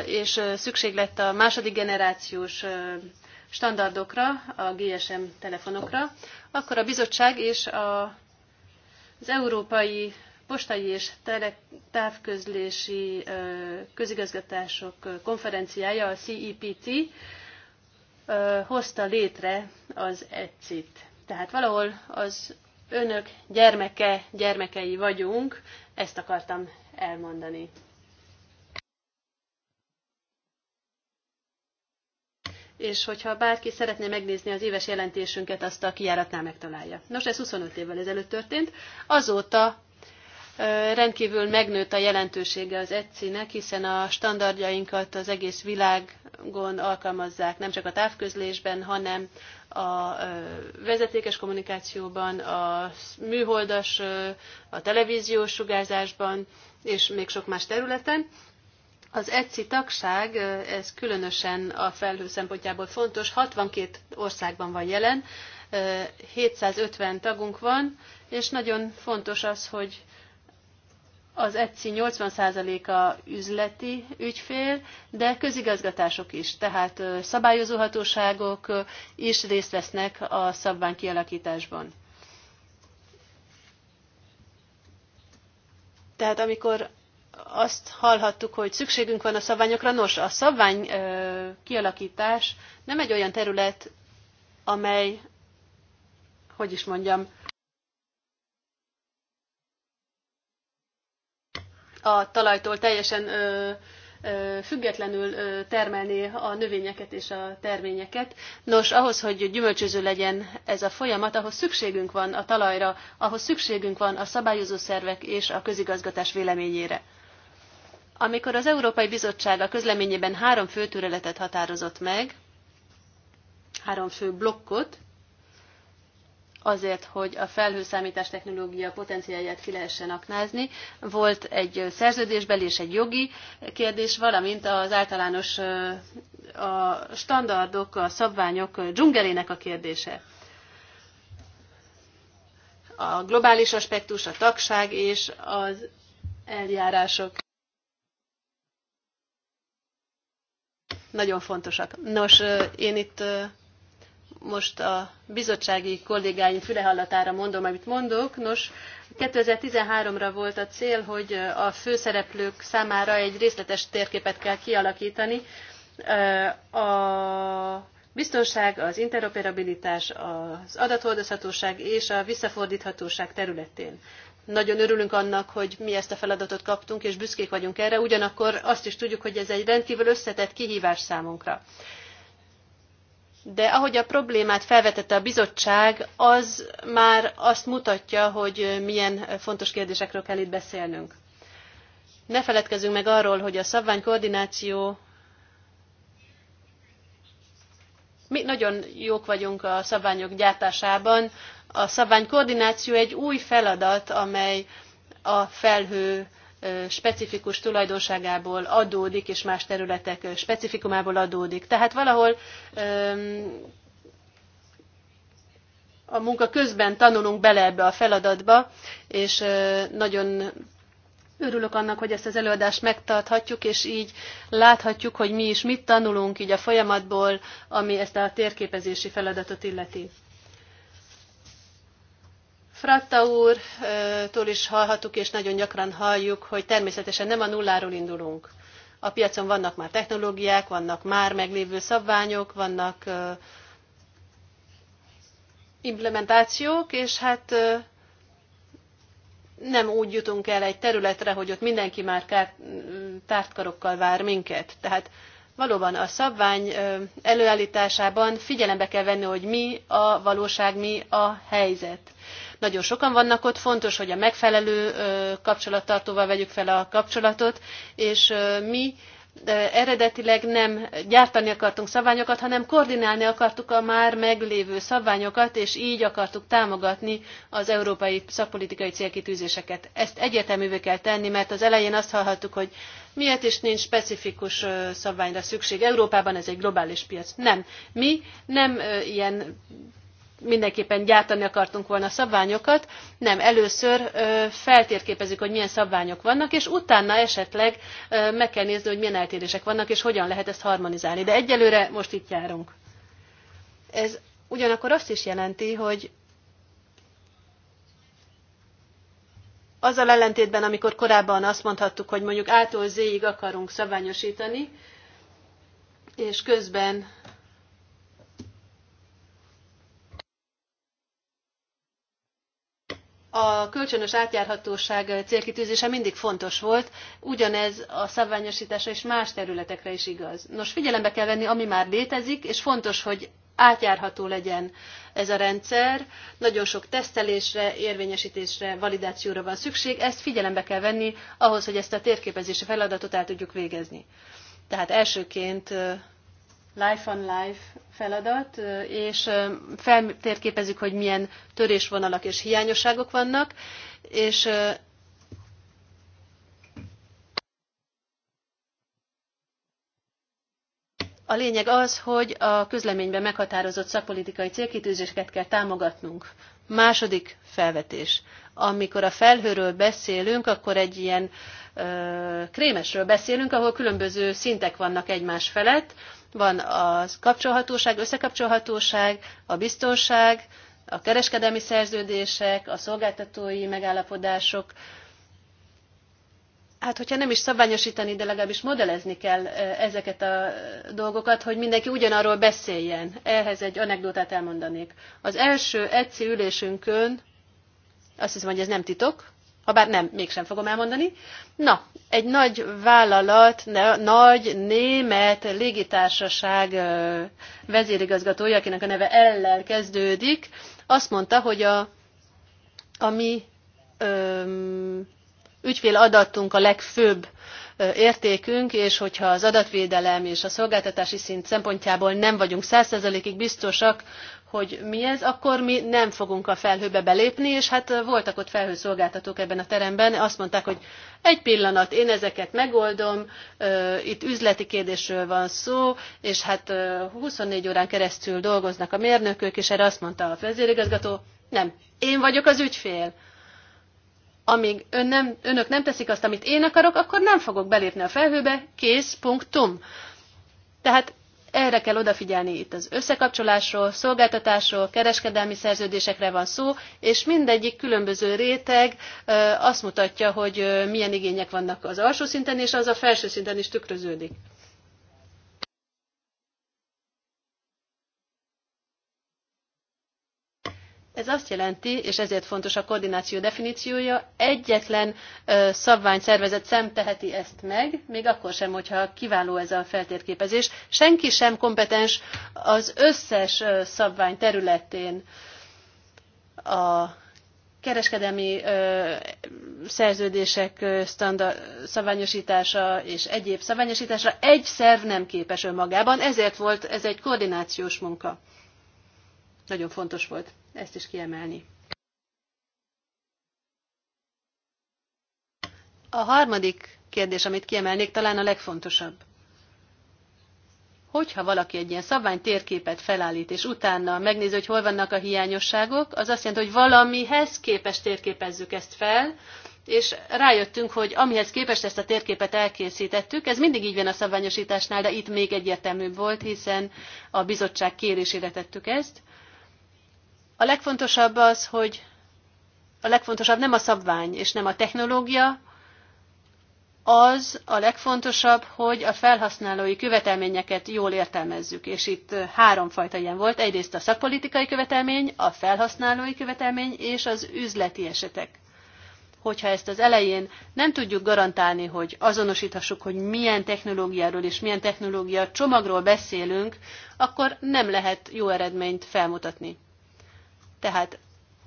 Speaker 1: és szükség lett a második generációs standardokra, a GSM telefonokra, akkor a bizottság és a az európai postai és távközlési közigazgatások konferenciája, a CEPT, hozta létre az ECIT. Tehát valahol az önök gyermeke, gyermekei vagyunk, ezt akartam elmondani. és hogyha bárki szeretné megnézni az éves jelentésünket, azt a kijáratnál megtalálja. Nos, ez 25 évvel ezelőtt történt. Azóta rendkívül megnőtt a jelentősége az ECI-nek, hiszen a standardjainkat az egész világon alkalmazzák, nem csak a távközlésben, hanem a vezetékes kommunikációban, a műholdas, a televíziós sugárzásban, és még sok más területen. Az ECI tagság, ez különösen a felhő szempontjából fontos, 62 országban van jelen, 750 tagunk van, és nagyon fontos az, hogy az ECI 80%-a üzleti ügyfél, de közigazgatások is, tehát szabályozóhatóságok is részt vesznek a szabvány kialakításban. Tehát amikor azt hallhattuk, hogy szükségünk van a szabványokra. Nos, a szabvány kialakítás nem egy olyan terület, amely, hogy is mondjam, a talajtól teljesen ö, ö, függetlenül ö, termelni a növényeket és a terményeket. Nos, ahhoz, hogy gyümölcsöző legyen ez a folyamat, ahhoz szükségünk van a talajra, ahhoz szükségünk van a szabályozó szervek és a közigazgatás véleményére. Amikor az Európai Bizottság a közleményében három fő területet határozott meg, három fő blokkot, azért, hogy a felhőszámítás technológia potenciáját ki lehessen aknázni. Volt egy szerződésbeli és egy jogi kérdés, valamint az általános a standardok, a szabványok dzsungelének a kérdése. A globális aspektus, a tagság és az eljárások. nagyon fontosak. Nos, én itt most a bizottsági kollégáim fülehallatára mondom, amit mondok. Nos, 2013-ra volt a cél, hogy a főszereplők számára egy részletes térképet kell kialakítani. A biztonság, az interoperabilitás, az adathordozhatóság és a visszafordíthatóság területén. Nagyon örülünk annak, hogy mi ezt a feladatot kaptunk, és büszkék vagyunk erre, ugyanakkor azt is tudjuk, hogy ez egy rendkívül összetett kihívás számunkra. De ahogy a problémát felvetette a bizottság, az már azt mutatja, hogy milyen fontos kérdésekről kell itt beszélnünk. Ne feledkezzünk meg arról, hogy a szabványkoordináció mi nagyon jók vagyunk a szabványok gyártásában, a szabványkoordináció egy új feladat, amely a felhő specifikus tulajdonságából adódik, és más területek specifikumából adódik. Tehát valahol a munka közben tanulunk bele ebbe a feladatba, és nagyon örülök annak, hogy ezt az előadást megtarthatjuk, és így láthatjuk, hogy mi is mit tanulunk így a folyamatból, ami ezt a térképezési feladatot illeti. Fratta úrtól is hallhattuk, és nagyon gyakran halljuk, hogy természetesen nem a nulláról indulunk. A piacon vannak már technológiák, vannak már meglévő szabványok, vannak implementációk, és hát nem úgy jutunk el egy területre, hogy ott mindenki már tártkarokkal vár minket. Tehát valóban a szabvány előállításában figyelembe kell venni, hogy mi a valóság, mi a helyzet. Nagyon sokan vannak ott, fontos, hogy a megfelelő kapcsolattartóval vegyük fel a kapcsolatot, és mi eredetileg nem gyártani akartunk szabványokat, hanem koordinálni akartuk a már meglévő szabványokat, és így akartuk támogatni az európai szakpolitikai célkitűzéseket. Ezt egyértelművé kell tenni, mert az elején azt hallhattuk, hogy miért is nincs specifikus szabványra szükség. Európában ez egy globális piac. Nem. Mi nem ilyen mindenképpen gyártani akartunk volna szabványokat, nem, először feltérképezzük, hogy milyen szabványok vannak, és utána esetleg meg kell nézni, hogy milyen eltérések vannak, és hogyan lehet ezt harmonizálni. De egyelőre most itt járunk. Ez ugyanakkor azt is jelenti, hogy azzal ellentétben, amikor korábban azt mondhattuk, hogy mondjuk A-tól Z-ig akarunk szabványosítani, és közben a kölcsönös átjárhatóság célkitűzése mindig fontos volt, ugyanez a szabványosítása és más területekre is igaz. Nos, figyelembe kell venni, ami már létezik, és fontos, hogy átjárható legyen ez a rendszer. Nagyon sok tesztelésre, érvényesítésre, validációra van szükség, ezt figyelembe kell venni ahhoz, hogy ezt a térképezési feladatot el tudjuk végezni. Tehát elsőként life on life feladat, és feltérképezzük, hogy milyen törésvonalak és hiányosságok vannak, és A lényeg az, hogy a közleményben meghatározott szakpolitikai célkitűzéseket kell támogatnunk. Második felvetés. Amikor a felhőről beszélünk, akkor egy ilyen ö, krémesről beszélünk, ahol különböző szintek vannak egymás felett, van a kapcsolhatóság, összekapcsolhatóság, a biztonság, a kereskedelmi szerződések, a szolgáltatói megállapodások. Hát, hogyha nem is szabványosítani, de legalábbis modellezni kell e, ezeket a dolgokat, hogy mindenki ugyanarról beszéljen. Ehhez egy anekdotát elmondanék. Az első ECI ülésünkön, azt hiszem, hogy ez nem titok, ha bár nem, mégsem fogom elmondani. Na, egy nagy vállalat, ne, nagy német légitársaság vezérigazgatója, akinek a neve Eller kezdődik, azt mondta, hogy a, a mi ö, ügyfél adatunk a legfőbb értékünk, és hogyha az adatvédelem és a szolgáltatási szint szempontjából nem vagyunk 100%-ig biztosak, hogy mi ez, akkor mi nem fogunk a felhőbe belépni, és hát voltak ott felhőszolgáltatók ebben a teremben, azt mondták, hogy egy pillanat, én ezeket megoldom, itt üzleti kérdésről van szó, és hát 24 órán keresztül dolgoznak a mérnökök, és erre azt mondta a vezérigazgató, nem, én vagyok az ügyfél. Amíg ön nem, önök nem teszik azt, amit én akarok, akkor nem fogok belépni a felhőbe, kész, punktum. Tehát erre kell odafigyelni itt az összekapcsolásról, szolgáltatásról, kereskedelmi szerződésekre van szó, és mindegyik különböző réteg azt mutatja, hogy milyen igények vannak az alsó szinten, és az a felső szinten is tükröződik. Ez azt jelenti, és ezért fontos a koordináció definíciója, egyetlen szabványszervezet sem teheti ezt meg, még akkor sem, hogyha kiváló ez a feltérképezés. Senki sem kompetens az összes szabvány területén a kereskedelmi ö, szerződések standard, szabványosítása és egyéb szabványosításra egy szerv nem képes önmagában, ezért volt ez egy koordinációs munka. Nagyon fontos volt ezt is kiemelni. A harmadik kérdés, amit kiemelnék, talán a legfontosabb. Hogyha valaki egy ilyen szabvány térképet felállít, és utána megnézi, hogy hol vannak a hiányosságok, az azt jelenti, hogy valamihez képes térképezzük ezt fel, és rájöttünk, hogy amihez képest ezt a térképet elkészítettük, ez mindig így van a szabványosításnál, de itt még egyértelműbb volt, hiszen a bizottság kérésére tettük ezt, a legfontosabb az, hogy a legfontosabb nem a szabvány és nem a technológia, az a legfontosabb, hogy a felhasználói követelményeket jól értelmezzük, és itt három fajta ilyen volt. Egyrészt a szakpolitikai követelmény, a felhasználói követelmény és az üzleti esetek. Hogyha ezt az elején nem tudjuk garantálni, hogy azonosíthassuk, hogy milyen technológiáról és milyen technológia csomagról beszélünk, akkor nem lehet jó eredményt felmutatni. Tehát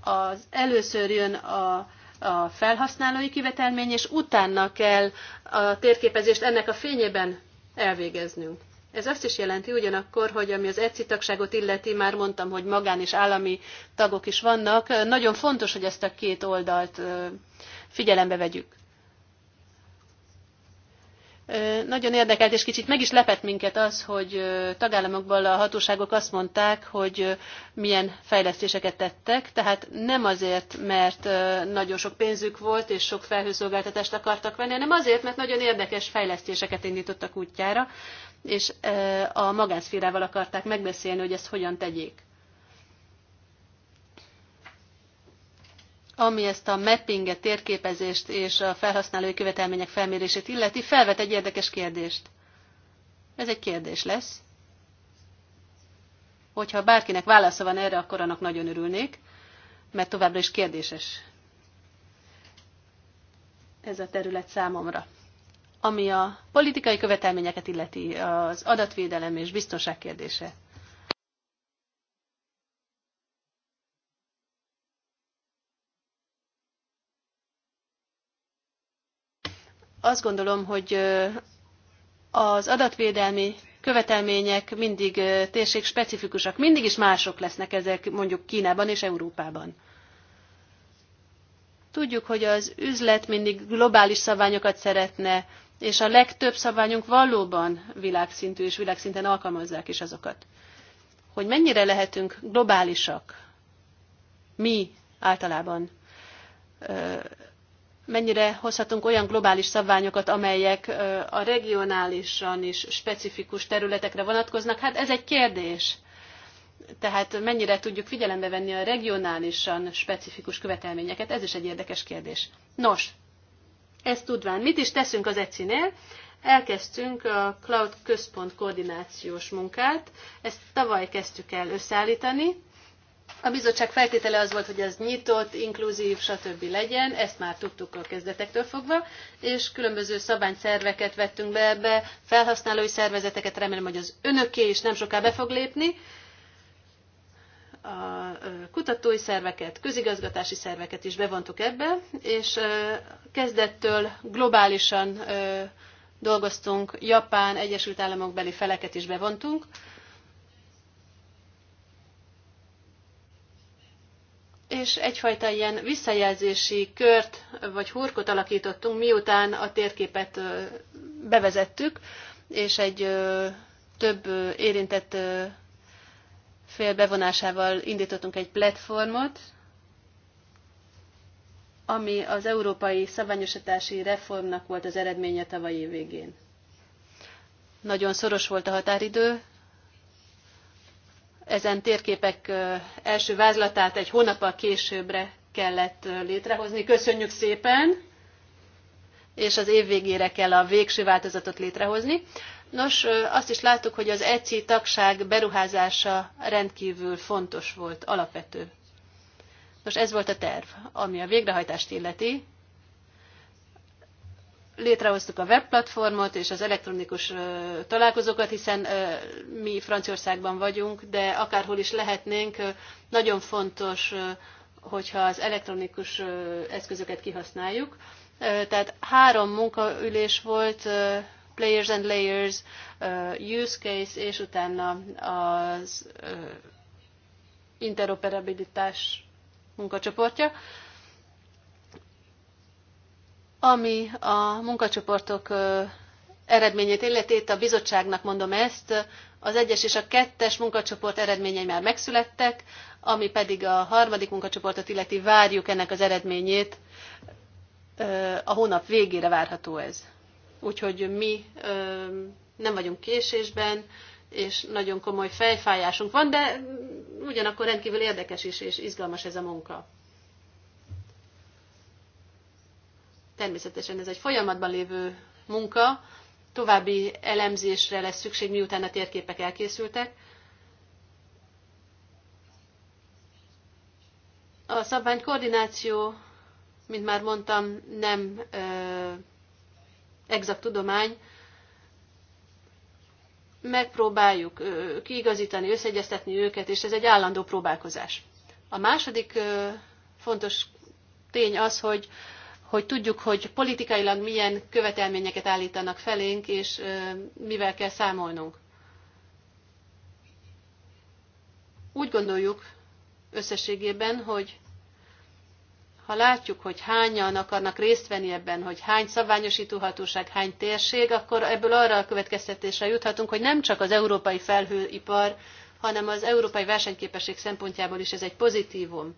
Speaker 1: az először jön a, a felhasználói kivetelmény, és utána kell a térképezést ennek a fényében elvégeznünk. Ez azt is jelenti ugyanakkor, hogy ami az ECI tagságot illeti, már mondtam, hogy magán és állami tagok is vannak, nagyon fontos, hogy ezt a két oldalt figyelembe vegyük. Nagyon érdekelt, és kicsit meg is lepett minket az, hogy tagállamokból a hatóságok azt mondták, hogy milyen fejlesztéseket tettek, tehát nem azért, mert nagyon sok pénzük volt, és sok felhőszolgáltatást akartak venni, hanem azért, mert nagyon érdekes fejlesztéseket indítottak útjára, és a magánszférával akarták megbeszélni, hogy ezt hogyan tegyék. ami ezt a mappinget, térképezést és a felhasználói követelmények felmérését illeti, felvet egy érdekes kérdést. Ez egy kérdés lesz. Hogyha bárkinek válasza van erre, akkor annak nagyon örülnék, mert továbbra is kérdéses ez a terület számomra. Ami a politikai követelményeket illeti, az adatvédelem és biztonság kérdése. Azt gondolom, hogy az adatvédelmi követelmények mindig térség specifikusak, mindig is mások lesznek ezek mondjuk Kínában és Európában. Tudjuk, hogy az üzlet mindig globális szabványokat szeretne, és a legtöbb szabványunk valóban világszintű és világszinten alkalmazzák is azokat. Hogy mennyire lehetünk globálisak, mi általában mennyire hozhatunk olyan globális szabványokat, amelyek a regionálisan is specifikus területekre vonatkoznak. Hát ez egy kérdés. Tehát mennyire tudjuk figyelembe venni a regionálisan specifikus követelményeket, ez is egy érdekes kérdés. Nos, ezt tudván, mit is teszünk az ECI-nél? Elkezdtünk a Cloud Központ koordinációs munkát, ezt tavaly kezdtük el összeállítani, a bizottság feltétele az volt, hogy ez nyitott, inkluzív, stb. legyen, ezt már tudtuk a kezdetektől fogva, és különböző szabályszerveket vettünk be ebbe, felhasználói szervezeteket, remélem, hogy az önöké is nem soká be fog lépni, a kutatói szerveket, közigazgatási szerveket is bevontuk ebbe, és kezdettől globálisan dolgoztunk, Japán, Egyesült Államok beli feleket is bevontunk, és egyfajta ilyen visszajelzési kört vagy hurkot alakítottunk, miután a térképet bevezettük, és egy több érintett fél bevonásával indítottunk egy platformot, ami az európai szabványosítási reformnak volt az eredménye tavalyi végén. Nagyon szoros volt a határidő, ezen térképek első vázlatát egy hónappal későbbre kellett létrehozni. Köszönjük szépen! és az év végére kell a végső változatot létrehozni. Nos, azt is láttuk, hogy az ECI tagság beruházása rendkívül fontos volt, alapvető. Nos, ez volt a terv, ami a végrehajtást illeti létrehoztuk a webplatformot és az elektronikus találkozókat, hiszen mi Franciaországban vagyunk, de akárhol is lehetnénk, nagyon fontos, hogyha az elektronikus eszközöket kihasználjuk. Tehát három munkaülés volt, Players and Layers, Use Case, és utána az interoperabilitás munkacsoportja. Ami a munkacsoportok eredményét illeti, itt a bizottságnak mondom ezt, az egyes és a kettes munkacsoport eredményei már megszülettek, ami pedig a harmadik munkacsoportot illeti, várjuk ennek az eredményét, a hónap végére várható ez. Úgyhogy mi nem vagyunk késésben, és nagyon komoly fejfájásunk van, de ugyanakkor rendkívül érdekes is és izgalmas ez a munka. Természetesen ez egy folyamatban lévő munka, további elemzésre lesz szükség, miután a térképek elkészültek. A szabványkoordináció, mint már mondtam, nem ö, exakt tudomány. Megpróbáljuk ö, kiigazítani, összeegyeztetni őket, és ez egy állandó próbálkozás. A második ö, fontos tény az, hogy hogy tudjuk, hogy politikailag milyen követelményeket állítanak felénk, és mivel kell számolnunk. Úgy gondoljuk összességében, hogy ha látjuk, hogy hányan akarnak részt venni ebben, hogy hány szabványosító hatóság, hány térség, akkor ebből arra a következtetésre juthatunk, hogy nem csak az európai felhőipar, hanem az európai versenyképesség szempontjából is ez egy pozitívum,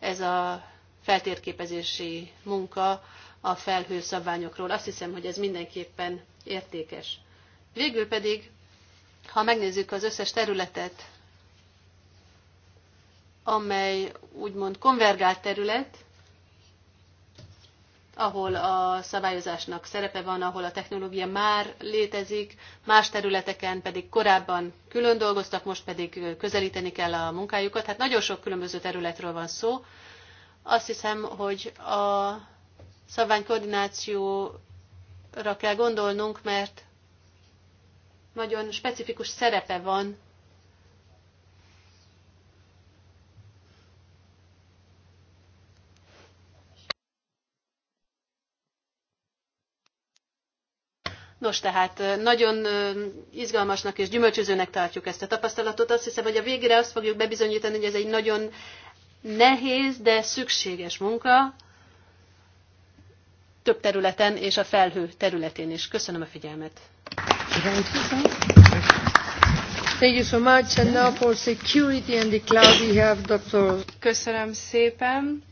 Speaker 1: ez a feltérképezési munka a felhőszabványokról. Azt hiszem, hogy ez mindenképpen értékes. Végül pedig, ha megnézzük az összes területet, amely úgymond konvergált terület, ahol a szabályozásnak szerepe van, ahol a technológia már létezik, más területeken pedig korábban külön dolgoztak, most pedig közelíteni kell a munkájukat. Hát nagyon sok különböző területről van szó, azt hiszem, hogy a szabványkoordinációra kell gondolnunk, mert nagyon specifikus szerepe van Nos, tehát nagyon izgalmasnak és gyümölcsözőnek tartjuk ezt a tapasztalatot. Azt hiszem, hogy a végére azt fogjuk bebizonyítani, hogy ez egy nagyon nehéz, de szükséges munka több területen és a felhő területén is. Köszönöm a figyelmet.
Speaker 3: Thank you so much. And now for security and the cloud we have Dr. Köszönöm szépen.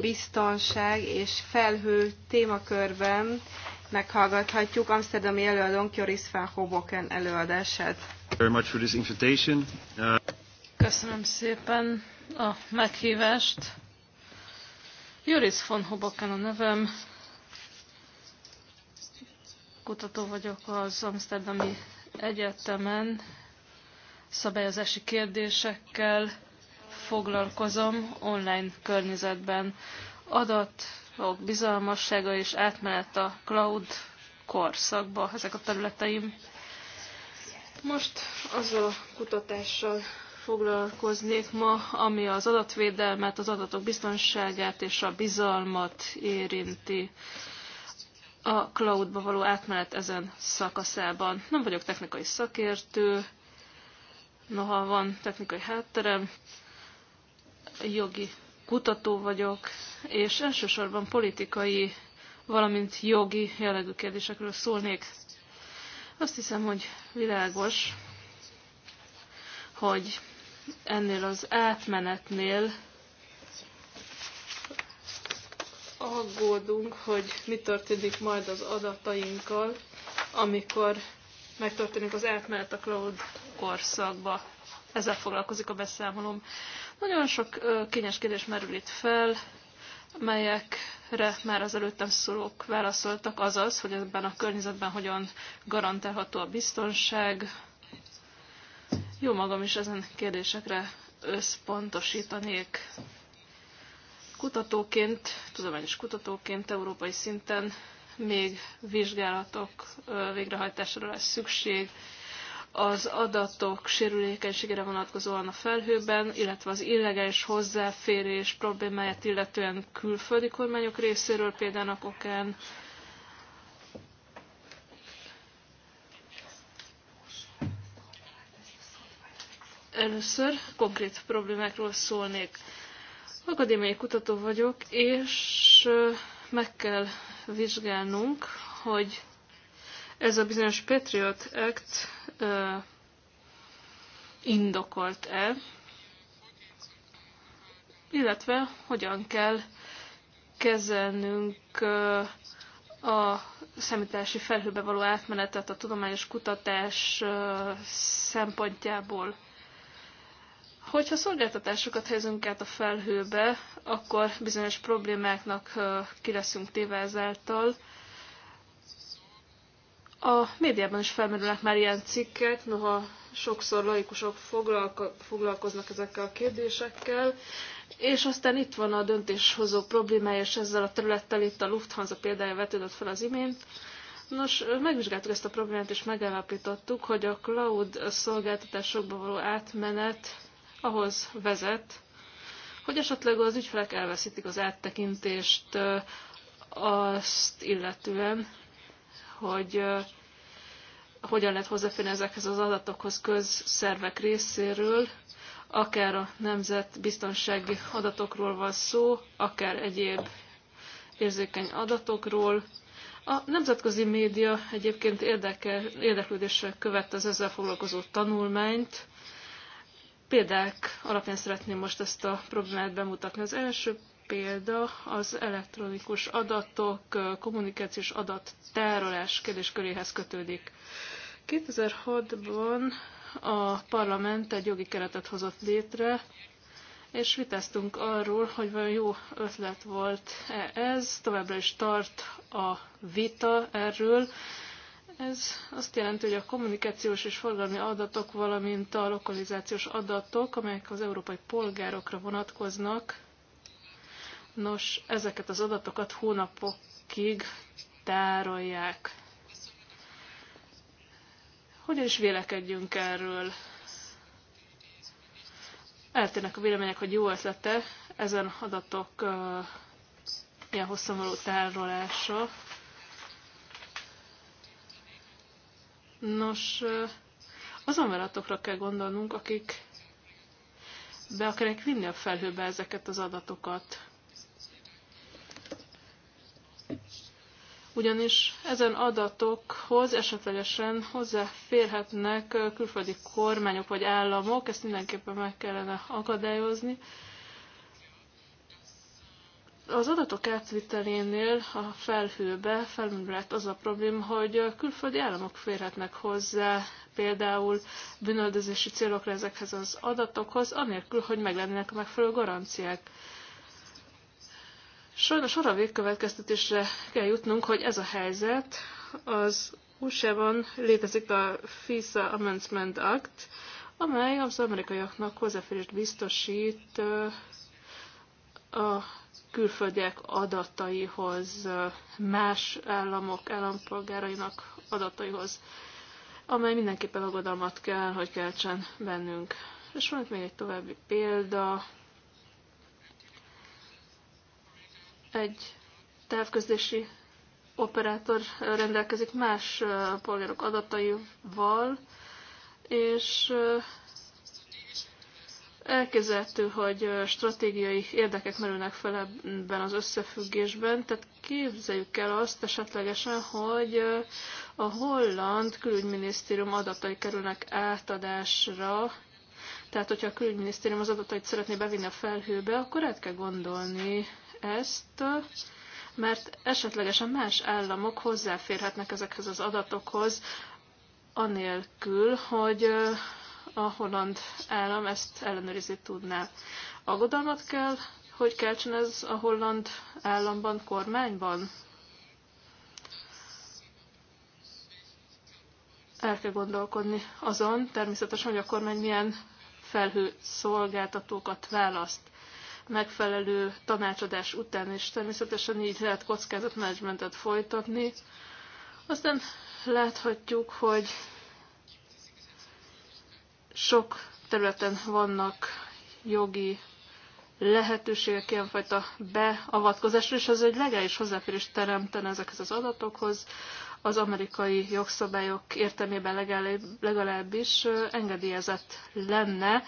Speaker 3: Biztonság és felhő témakörben meghallgathatjuk Amsterdami előadón Joris van Hoboken előadását.
Speaker 1: Very much for this invitation. Uh...
Speaker 3: Köszönöm szépen a
Speaker 2: meghívást. Juris von Hoboken a nevem. Kutató vagyok az Amsterdami Egyetemen. Szabályozási kérdésekkel foglalkozom online környezetben. Adatok bizalmassága és átmenet a cloud korszakba ezek a területeim. Most az a kutatással foglalkoznék ma, ami az adatvédelmet, az adatok biztonságát és a bizalmat érinti a cloudba való átmenet ezen szakaszában. Nem vagyok technikai szakértő, noha van technikai hátterem, jogi kutató vagyok, és elsősorban politikai, valamint jogi jellegű kérdésekről szólnék. Azt hiszem, hogy világos, hogy ennél az átmenetnél aggódunk, hogy mi történik majd az adatainkkal, amikor megtörténik az átmenet a cloud korszakba. Ezzel foglalkozik a beszámolom. Nagyon sok kényes kérdés merül itt fel, melyekre már az előttem szólók válaszoltak, azaz, hogy ebben a környezetben hogyan garantálható a biztonság, jó magam is ezen kérdésekre összpontosítanék. Kutatóként, tudományos kutatóként európai szinten még vizsgálatok végrehajtásra lesz szükség az adatok sérülékenységére vonatkozóan a felhőben, illetve az illegális hozzáférés problémáját illetően külföldi kormányok részéről, például a okán, Először konkrét problémákról szólnék. Akadémiai kutató vagyok, és meg kell vizsgálnunk, hogy ez a bizonyos Patriot Act indokolt-e, illetve hogyan kell kezelnünk a szemítási felhőbe való átmenetet a tudományos kutatás szempontjából. Hogyha szolgáltatásokat helyezünk át a felhőbe, akkor bizonyos problémáknak ki leszünk téve ezáltal. A médiában is felmerülnek már ilyen cikkek, noha sokszor laikusok foglalkoznak ezekkel a kérdésekkel, és aztán itt van a döntéshozó problémája, és ezzel a területtel itt a Lufthansa példája vetődött fel az imént. Nos, megvizsgáltuk ezt a problémát, és megállapítottuk, hogy a cloud szolgáltatásokba való átmenet ahhoz vezet, hogy esetleg az ügyfelek elveszítik az áttekintést azt illetően, hogy hogyan lehet hozzáférni ezekhez az adatokhoz közszervek részéről, akár a nemzetbiztonsági adatokról van szó, akár egyéb érzékeny adatokról. A nemzetközi média egyébként érdeklődéssel követte az ezzel foglalkozó tanulmányt, Példák alapján szeretném most ezt a problémát bemutatni. Az első példa az elektronikus adatok, kommunikációs adat tárolás kérdésköréhez kötődik. 2006-ban a parlament egy jogi keretet hozott létre, és vitáztunk arról, hogy vajon jó ötlet volt -e ez, továbbra is tart a vita erről, ez azt jelenti, hogy a kommunikációs és forgalmi adatok, valamint a lokalizációs adatok, amelyek az európai polgárokra vonatkoznak, nos, ezeket az adatokat hónapokig tárolják. Hogyan is vélekedjünk erről? Eltérnek a vélemények, hogy jó ötlete ezen adatok uh, ilyen hosszan való tárolása, Nos, azon vállalatokra kell gondolnunk, akik be akarják vinni a felhőbe ezeket az adatokat. Ugyanis ezen adatokhoz esetlegesen hozzáférhetnek külföldi kormányok vagy államok, ezt mindenképpen meg kellene akadályozni. Az adatok átvitelénél a felhőbe felmerült az a probléma, hogy a külföldi államok férhetnek hozzá például bűnöldözési célokra ezekhez az adatokhoz, anélkül, hogy meglennének a megfelelő garanciák. Sajnos arra végkövetkeztetésre kell jutnunk, hogy ez a helyzet az USA-ban létezik a FISA Amendment Act, amely az amerikaiaknak hozzáférést biztosít a külföldiek adataihoz, más államok állampolgárainak adataihoz, amely mindenképpen aggodalmat kell, hogy keltsen bennünk. És van még egy további példa. Egy távközlési operátor rendelkezik más polgárok adataival, és Elképzelhető, hogy stratégiai érdekek merülnek fel ebben az összefüggésben, tehát képzeljük el azt esetlegesen, hogy a holland külügyminisztérium adatai kerülnek átadásra, tehát hogyha a külügyminisztérium az adatait szeretné bevinni a felhőbe, akkor át kell gondolni ezt, mert esetlegesen más államok hozzáférhetnek ezekhez az adatokhoz, anélkül, hogy a holland állam ezt ellenőrizni tudná. Aggodalmat kell, hogy keltsen ez a holland államban, kormányban? El kell gondolkodni azon, természetesen, hogy a kormány milyen felhő szolgáltatókat választ megfelelő tanácsadás után, és természetesen így lehet kockázatmenedzsmentet folytatni. Aztán láthatjuk, hogy sok területen vannak jogi lehetőségek ilyenfajta beavatkozásra, és ez egy legális hozzáférést teremtene ezekhez az adatokhoz. Az amerikai jogszabályok értelmében legalábbis engedélyezett lenne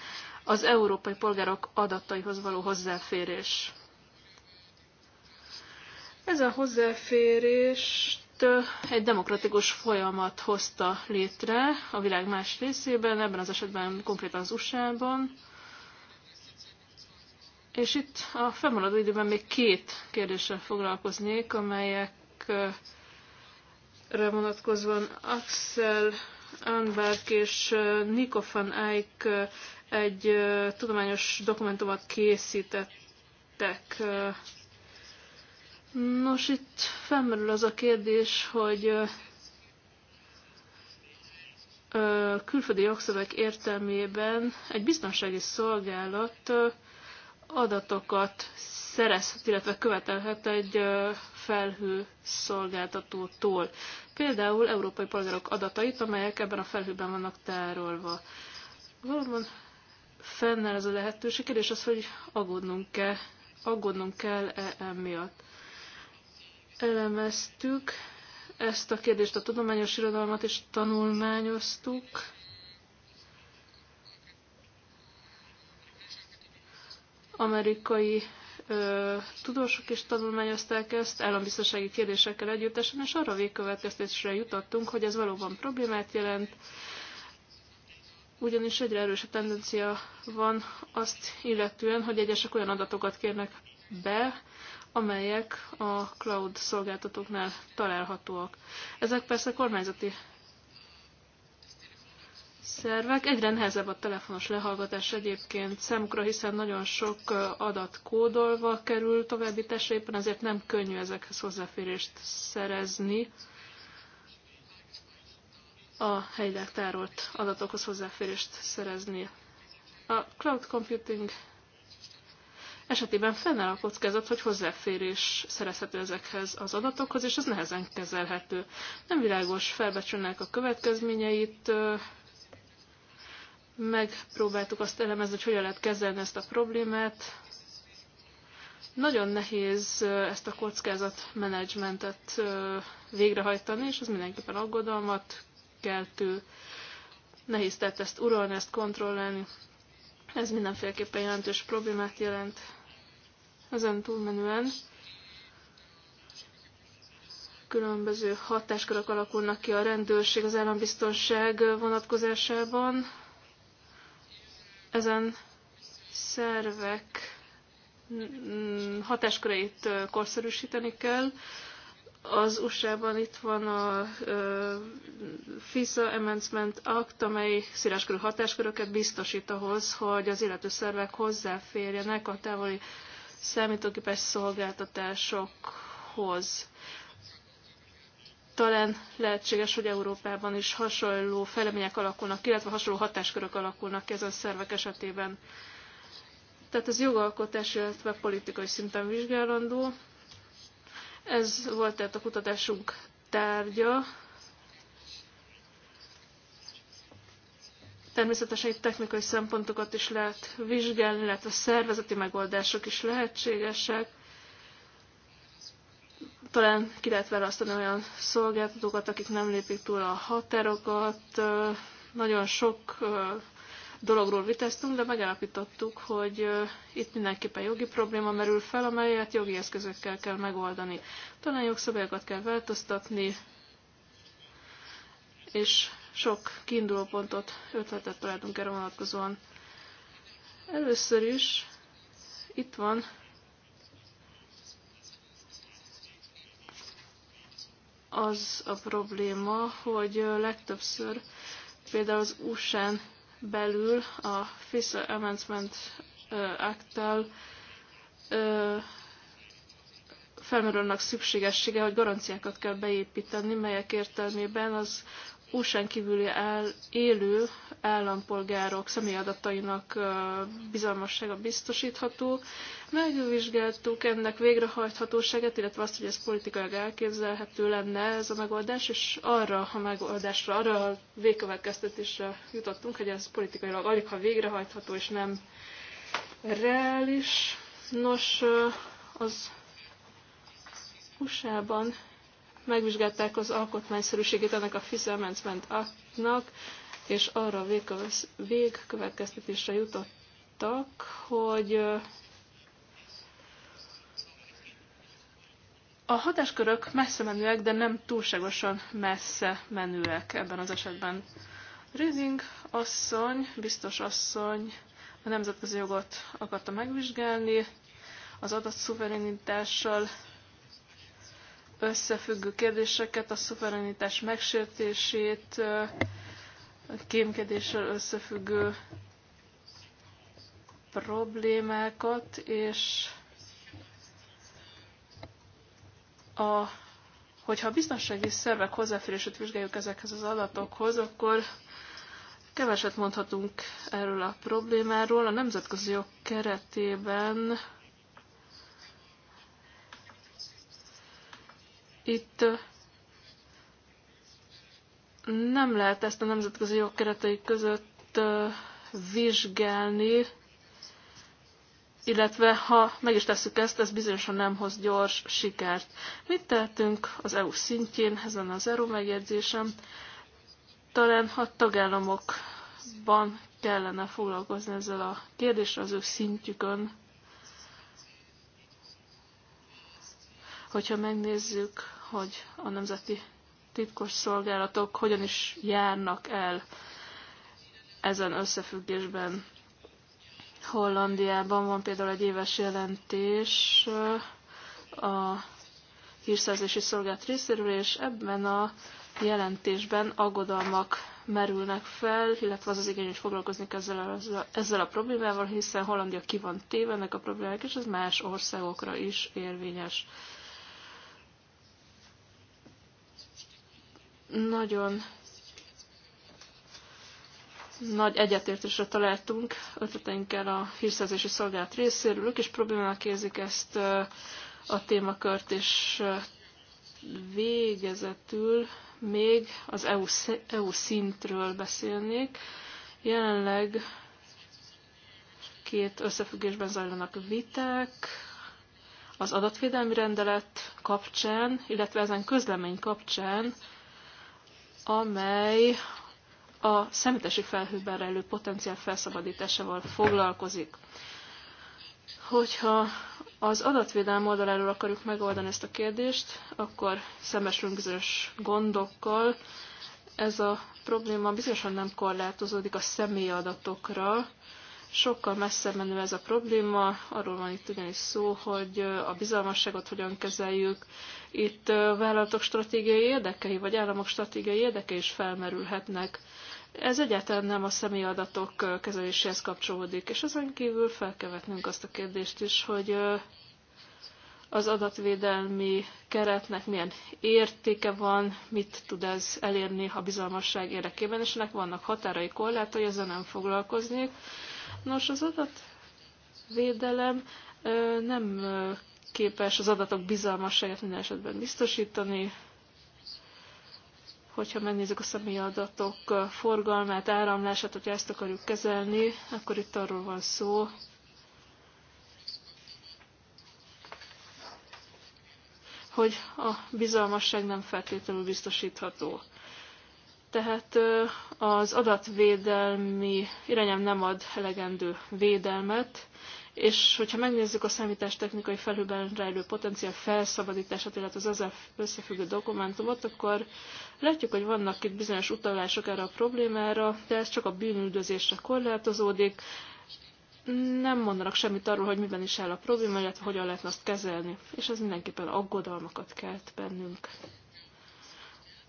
Speaker 2: az európai polgárok adataihoz való hozzáférés. Ez a hozzáférést itt egy demokratikus folyamat hozta létre a világ más részében, ebben az esetben konkrétan az USA-ban. És itt a felmaradó időben még két kérdéssel foglalkoznék, amelyekre vonatkozóan Axel Anberg és Nico van Eyck egy tudományos dokumentumot készítettek Nos, itt felmerül az a kérdés, hogy külföldi jogszabályok értelmében egy biztonsági szolgálat adatokat szerezhet, illetve követelhet egy felhő szolgáltatótól. Például európai polgárok adatait, amelyek ebben a felhőben vannak tárolva. Valóban fennáll ez a lehetőség, és az, hogy aggódnunk kell, aggódnunk kell -e emiatt elemeztük ezt a kérdést, a tudományos irodalmat is tanulmányoztuk. Amerikai ö, tudósok is tanulmányozták ezt állambiztonsági kérdésekkel együttesen, és arra végkövetkeztésre jutottunk, hogy ez valóban problémát jelent, ugyanis egyre erősebb tendencia van azt illetően, hogy egyesek olyan adatokat kérnek be, amelyek a cloud szolgáltatóknál találhatóak. Ezek persze kormányzati szervek. Egyre nehezebb a telefonos lehallgatás egyébként számukra, hiszen nagyon sok adat kódolva kerül továbbításra, éppen ezért nem könnyű ezekhez hozzáférést szerezni a helyileg tárolt adatokhoz hozzáférést szerezni. A cloud computing esetében fennáll a kockázat, hogy hozzáférés szerezhető ezekhez az adatokhoz, és ez nehezen kezelhető. Nem világos felbecsülnek a következményeit, megpróbáltuk azt elemezni, hogy hogyan lehet kezelni ezt a problémát. Nagyon nehéz ezt a kockázatmenedzsmentet végrehajtani, és ez mindenképpen aggodalmat keltő. Nehéz tehát ezt uralni, ezt kontrollálni. Ez mindenféleképpen jelentős problémát jelent. Ezen túlmenően különböző hatáskörök alakulnak ki a rendőrség az állambiztonság vonatkozásában. Ezen szervek hatásköreit korszerűsíteni kell. Az USA-ban itt van a FISA Amendment Act, amely széleskörű hatásköröket biztosít ahhoz, hogy az illető szervek hozzáférjenek a távoli számítógépes szolgáltatásokhoz. Talán lehetséges, hogy Európában is hasonló felemények alakulnak, illetve hasonló hatáskörök alakulnak ezen szervek esetében. Tehát ez jogalkotás, illetve politikai szinten vizsgálandó. Ez volt tehát a kutatásunk tárgya, Természetesen itt technikai szempontokat is lehet vizsgálni, illetve szervezeti megoldások is lehetségesek. Talán ki lehet választani olyan szolgáltatókat, akik nem lépik túl a határokat. Nagyon sok dologról viteztünk, de megállapítottuk, hogy itt mindenképpen jogi probléma merül fel, amelyet jogi eszközökkel kell megoldani. Talán jogszabályokat kell változtatni, és sok kiindulópontot, ötletet találtunk erre vonatkozóan. Először is itt van az a probléma, hogy legtöbbször például az usa belül a FISA Amendment Act-tel szükségessége, hogy garanciákat kell beépíteni, melyek értelmében az USA-n kívüli el, élő állampolgárok személyadatainak bizalmassága biztosítható. Megvizsgáltuk ennek végrehajthatóságát, illetve azt, hogy ez politikailag elképzelhető lenne ez a megoldás, és arra a megoldásra, arra a végkövetkeztetésre jutottunk, hogy ez politikailag alig ha végrehajtható, és nem reális. Nos, az USA-ban megvizsgálták az alkotmányszerűségét ennek a Fizzle aktnak, és arra végkövetkeztetésre jutottak, hogy a hatáskörök messze menőek, de nem túlságosan messze menőek ebben az esetben. Reading asszony, biztos asszony a nemzetközi jogot akarta megvizsgálni, az adatszuverenitással összefüggő kérdéseket, a szuverenitás megsértését, a kémkedéssel összefüggő problémákat, és a, hogyha a biztonsági szervek hozzáférését vizsgáljuk ezekhez az adatokhoz, akkor keveset mondhatunk erről a problémáról. A nemzetközi jog keretében Itt nem lehet ezt a nemzetközi jogkeretei között vizsgálni, illetve ha meg is tesszük ezt, ez bizonyosan nem hoz gyors sikert. Mit tehetünk az EU szintjén, ezen az EU megjegyzésem? Talán a tagállamokban kellene foglalkozni ezzel a kérdéssel az ő szintjükön. Hogyha megnézzük hogy a nemzeti titkos szolgálatok hogyan is járnak el ezen összefüggésben. Hollandiában van például egy éves jelentés a hírszerzési szolgált részéről, és ebben a jelentésben aggodalmak merülnek fel, illetve az az igény, hogy foglalkozni ezzel a, ezzel a problémával, hiszen Hollandia ki van téve ennek a problémák, és ez más országokra is érvényes. Nagyon nagy egyetértésre találtunk ötleteinkkel a hírszerzési szolgálat részéről, ők is problémának érzik ezt a témakört, és végezetül még az EU, EU szintről beszélnék. Jelenleg két összefüggésben zajlanak viták, az adatvédelmi rendelet kapcsán, illetve ezen közlemény kapcsán, amely a szemetesi felhőben rejlő potenciál felszabadításával foglalkozik. Hogyha az adatvédelem oldaláról akarjuk megoldani ezt a kérdést, akkor szembesülünk bizonyos gondokkal. Ez a probléma bizonyosan nem korlátozódik a személyadatokra, Sokkal messze menő ez a probléma, arról van itt ugyanis szó, hogy a bizalmasságot hogyan kezeljük. Itt vállalatok stratégiai érdekei, vagy államok stratégiai érdekei is felmerülhetnek. Ez egyáltalán nem a személyadatok kezeléséhez kapcsolódik, és ezen kívül fel kell vetnünk azt a kérdést is, hogy az adatvédelmi keretnek milyen értéke van, mit tud ez elérni a bizalmasság érdekében, és ennek vannak határai, korlátai, ezzel nem foglalkoznék. Nos, az adatvédelem nem képes az adatok bizalmasságát minden esetben biztosítani. Hogyha megnézzük a személyi adatok forgalmát, áramlását, hogyha ezt akarjuk kezelni, akkor itt arról van szó, hogy a bizalmasság nem feltétlenül biztosítható. Tehát az adatvédelmi irányelv nem ad elegendő védelmet, és hogyha megnézzük a számítástechnikai felhőben rejlő potenciál felszabadítását, illetve az ezzel összefüggő dokumentumot, akkor látjuk, hogy vannak itt bizonyos utalások erre a problémára, de ez csak a bűnüldözésre korlátozódik. Nem mondanak semmit arról, hogy miben is áll a probléma, illetve hogyan lehet azt kezelni, és ez mindenképpen aggodalmakat kelt bennünk.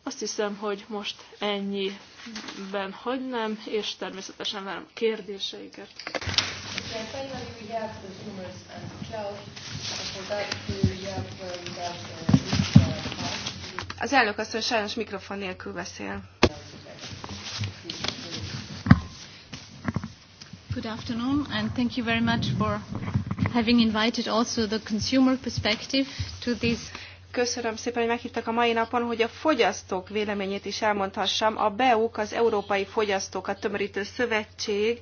Speaker 2: Azt hiszem, hogy most ennyiben hagynám, és természetesen várom a kérdéseiket.
Speaker 1: Az elnök asszony sajnos mikrofon nélkül beszél. Good afternoon, and thank you very much for having invited also the consumer
Speaker 3: perspective to this köszönöm szépen, hogy meghívtak a mai napon, hogy a fogyasztók véleményét is elmondhassam. A BEUK, az Európai Fogyasztókat Tömörítő Szövetség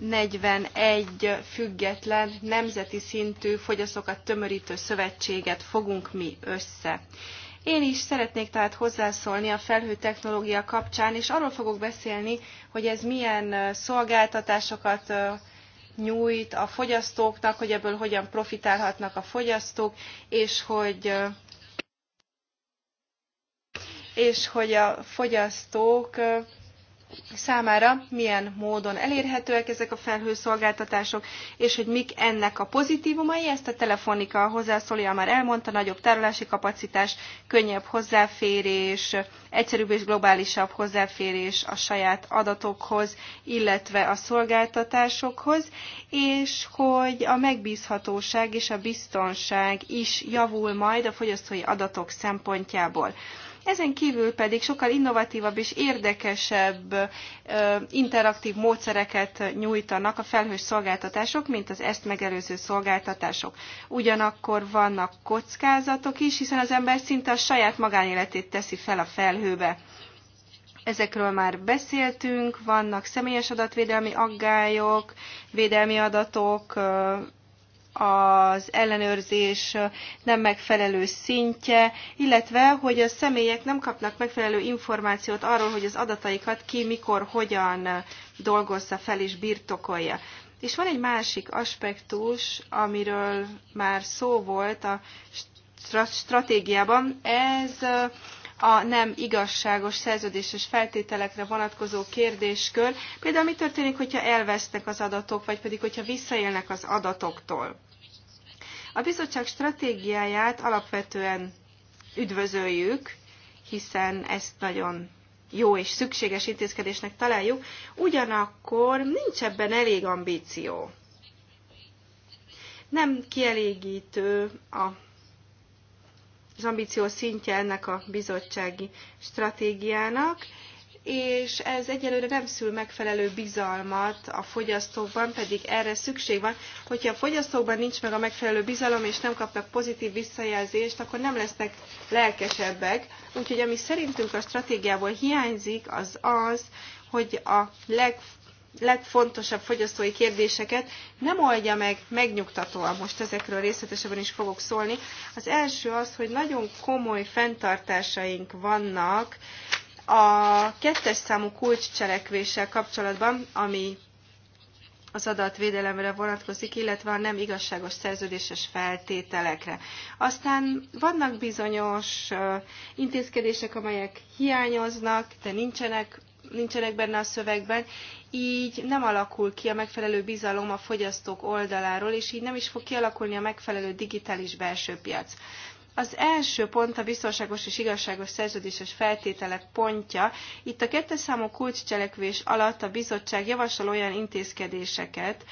Speaker 3: 41 független nemzeti szintű fogyasztókat tömörítő szövetséget fogunk mi össze. Én is szeretnék tehát hozzászólni a felhő technológia kapcsán, és arról fogok beszélni, hogy ez milyen szolgáltatásokat nyújt a fogyasztóknak, hogy ebből hogyan profitálhatnak a fogyasztók, és hogy és hogy a fogyasztók számára milyen módon elérhetőek ezek a felhőszolgáltatások, és hogy mik ennek a pozitívumai. Ezt a telefonika hozzászólója már elmondta, nagyobb tárolási kapacitás, könnyebb hozzáférés, egyszerűbb és globálisabb hozzáférés a saját adatokhoz, illetve a szolgáltatásokhoz, és hogy a megbízhatóság és a biztonság is javul majd a fogyasztói adatok szempontjából. Ezen kívül pedig sokkal innovatívabb és érdekesebb interaktív módszereket nyújtanak a felhős szolgáltatások, mint az ezt megelőző szolgáltatások. Ugyanakkor vannak kockázatok is, hiszen az ember szinte a saját magánéletét teszi fel a felhőbe. Ezekről már beszéltünk, vannak személyes adatvédelmi aggályok, védelmi adatok, az ellenőrzés nem megfelelő szintje, illetve hogy a személyek nem kapnak megfelelő információt arról, hogy az adataikat ki, mikor, hogyan dolgozza fel és birtokolja. És van egy másik aspektus, amiről már szó volt a stratégiában, ez a nem igazságos szerződéses feltételekre vonatkozó kérdéskör. Például mi történik, hogyha elvesznek az adatok, vagy pedig hogyha visszaélnek az adatoktól. A bizottság stratégiáját alapvetően üdvözöljük, hiszen ezt nagyon jó és szükséges intézkedésnek találjuk, ugyanakkor nincs ebben elég ambíció. Nem kielégítő a az ambíció szintje ennek a bizottsági stratégiának, és ez egyelőre nem szül megfelelő bizalmat a fogyasztókban, pedig erre szükség van. Hogyha a fogyasztókban nincs meg a megfelelő bizalom, és nem kapnak pozitív visszajelzést, akkor nem lesznek lelkesebbek. Úgyhogy ami szerintünk a stratégiából hiányzik, az az, hogy a leg, legfontosabb fogyasztói kérdéseket nem oldja meg megnyugtatóan. Most ezekről részletesebben is fogok szólni. Az első az, hogy nagyon komoly fenntartásaink vannak a kettes számú kulcscselekvéssel kapcsolatban, ami az adatvédelemre vonatkozik, illetve a nem igazságos szerződéses feltételekre. Aztán vannak bizonyos intézkedések, amelyek hiányoznak, de nincsenek, nincsenek benne a szövegben, így nem alakul ki a megfelelő bizalom a fogyasztók oldaláról, és így nem is fog kialakulni a megfelelő digitális belső piac. Az első pont a biztonságos és igazságos szerződéses feltételek pontja. Itt a kettes számú kulcscselekvés alatt a bizottság javasol olyan intézkedéseket,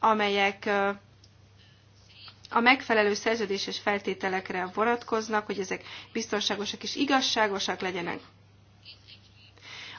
Speaker 3: amelyek a megfelelő szerződéses feltételekre vonatkoznak, hogy ezek biztonságosak és igazságosak legyenek.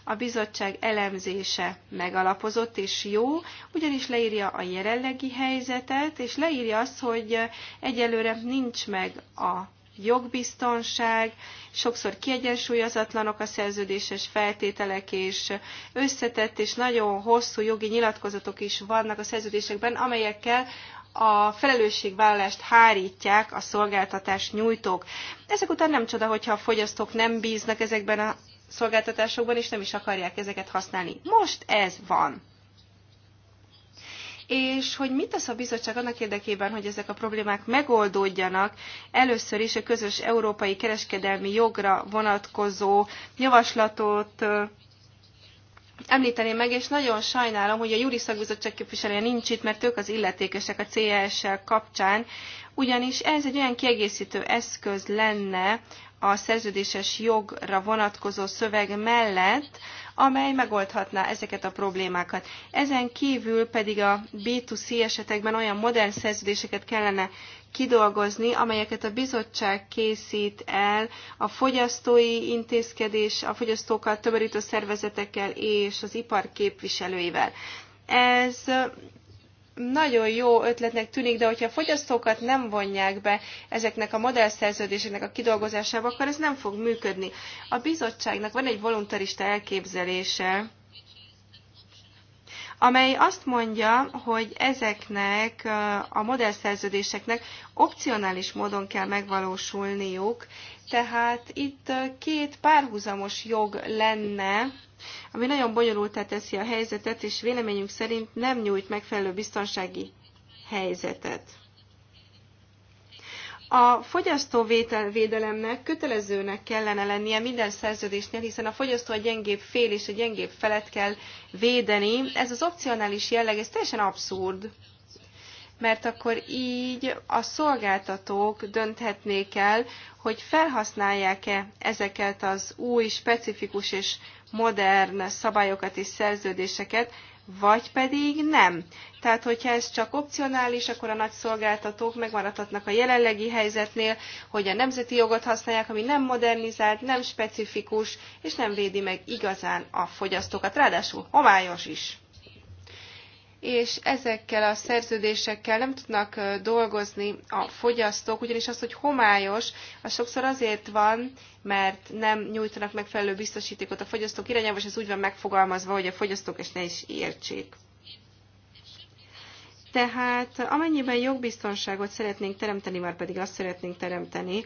Speaker 3: A bizottság elemzése megalapozott és jó, ugyanis leírja a jelenlegi helyzetet, és leírja azt, hogy egyelőre nincs meg a jogbiztonság, sokszor kiegyensúlyozatlanok a szerződéses feltételek, és összetett és nagyon hosszú jogi nyilatkozatok is vannak a szerződésekben, amelyekkel a felelősségvállalást hárítják a szolgáltatás nyújtók. Ezek után nem csoda, hogyha a fogyasztók nem bíznak ezekben a szolgáltatásokban, és nem is akarják ezeket használni. Most ez van. És hogy mit tesz a bizottság annak érdekében, hogy ezek a problémák megoldódjanak, először is a közös európai kereskedelmi jogra vonatkozó javaslatot említeném meg, és nagyon sajnálom, hogy a Júri Szakbizottság képviselője nincs itt, mert ők az illetékesek a CES-sel kapcsán, ugyanis ez egy olyan kiegészítő eszköz lenne a szerződéses jogra vonatkozó szöveg mellett, amely megoldhatná ezeket a problémákat. Ezen kívül pedig a B2C esetekben olyan modern szerződéseket kellene kidolgozni, amelyeket a bizottság készít el a fogyasztói intézkedés, a fogyasztókkal töbörítő szervezetekkel és az ipar képviselőivel. Ez nagyon jó ötletnek tűnik, de hogyha a fogyasztókat nem vonják be ezeknek a modellszerződéseknek a kidolgozásába, akkor ez nem fog működni. A bizottságnak van egy voluntarista elképzelése, amely azt mondja, hogy ezeknek a modellszerződéseknek opcionális módon kell megvalósulniuk, tehát itt két párhuzamos jog lenne, ami nagyon bonyolultá teszi a helyzetet, és véleményünk szerint nem nyújt megfelelő biztonsági helyzetet. A fogyasztóvédelemnek kötelezőnek kellene lennie minden szerződésnél, hiszen a fogyasztó a gyengébb fél és a gyengébb felet kell védeni. Ez az opcionális jelleg, ez teljesen abszurd mert akkor így a szolgáltatók dönthetnék el, hogy felhasználják-e ezeket az új, specifikus és modern szabályokat és szerződéseket, vagy pedig nem. Tehát, hogyha ez csak opcionális, akkor a nagy szolgáltatók megmaradhatnak a jelenlegi helyzetnél, hogy a nemzeti jogot használják, ami nem modernizált, nem specifikus, és nem védi meg igazán a fogyasztókat. Ráadásul homályos is és ezekkel a szerződésekkel nem tudnak dolgozni a fogyasztók, ugyanis az, hogy homályos, az sokszor azért van, mert nem nyújtanak megfelelő biztosítékot a fogyasztók irányába, és ez úgy van megfogalmazva, hogy a fogyasztók ezt ne is értsék. Tehát amennyiben jogbiztonságot szeretnénk teremteni, már pedig azt szeretnénk teremteni,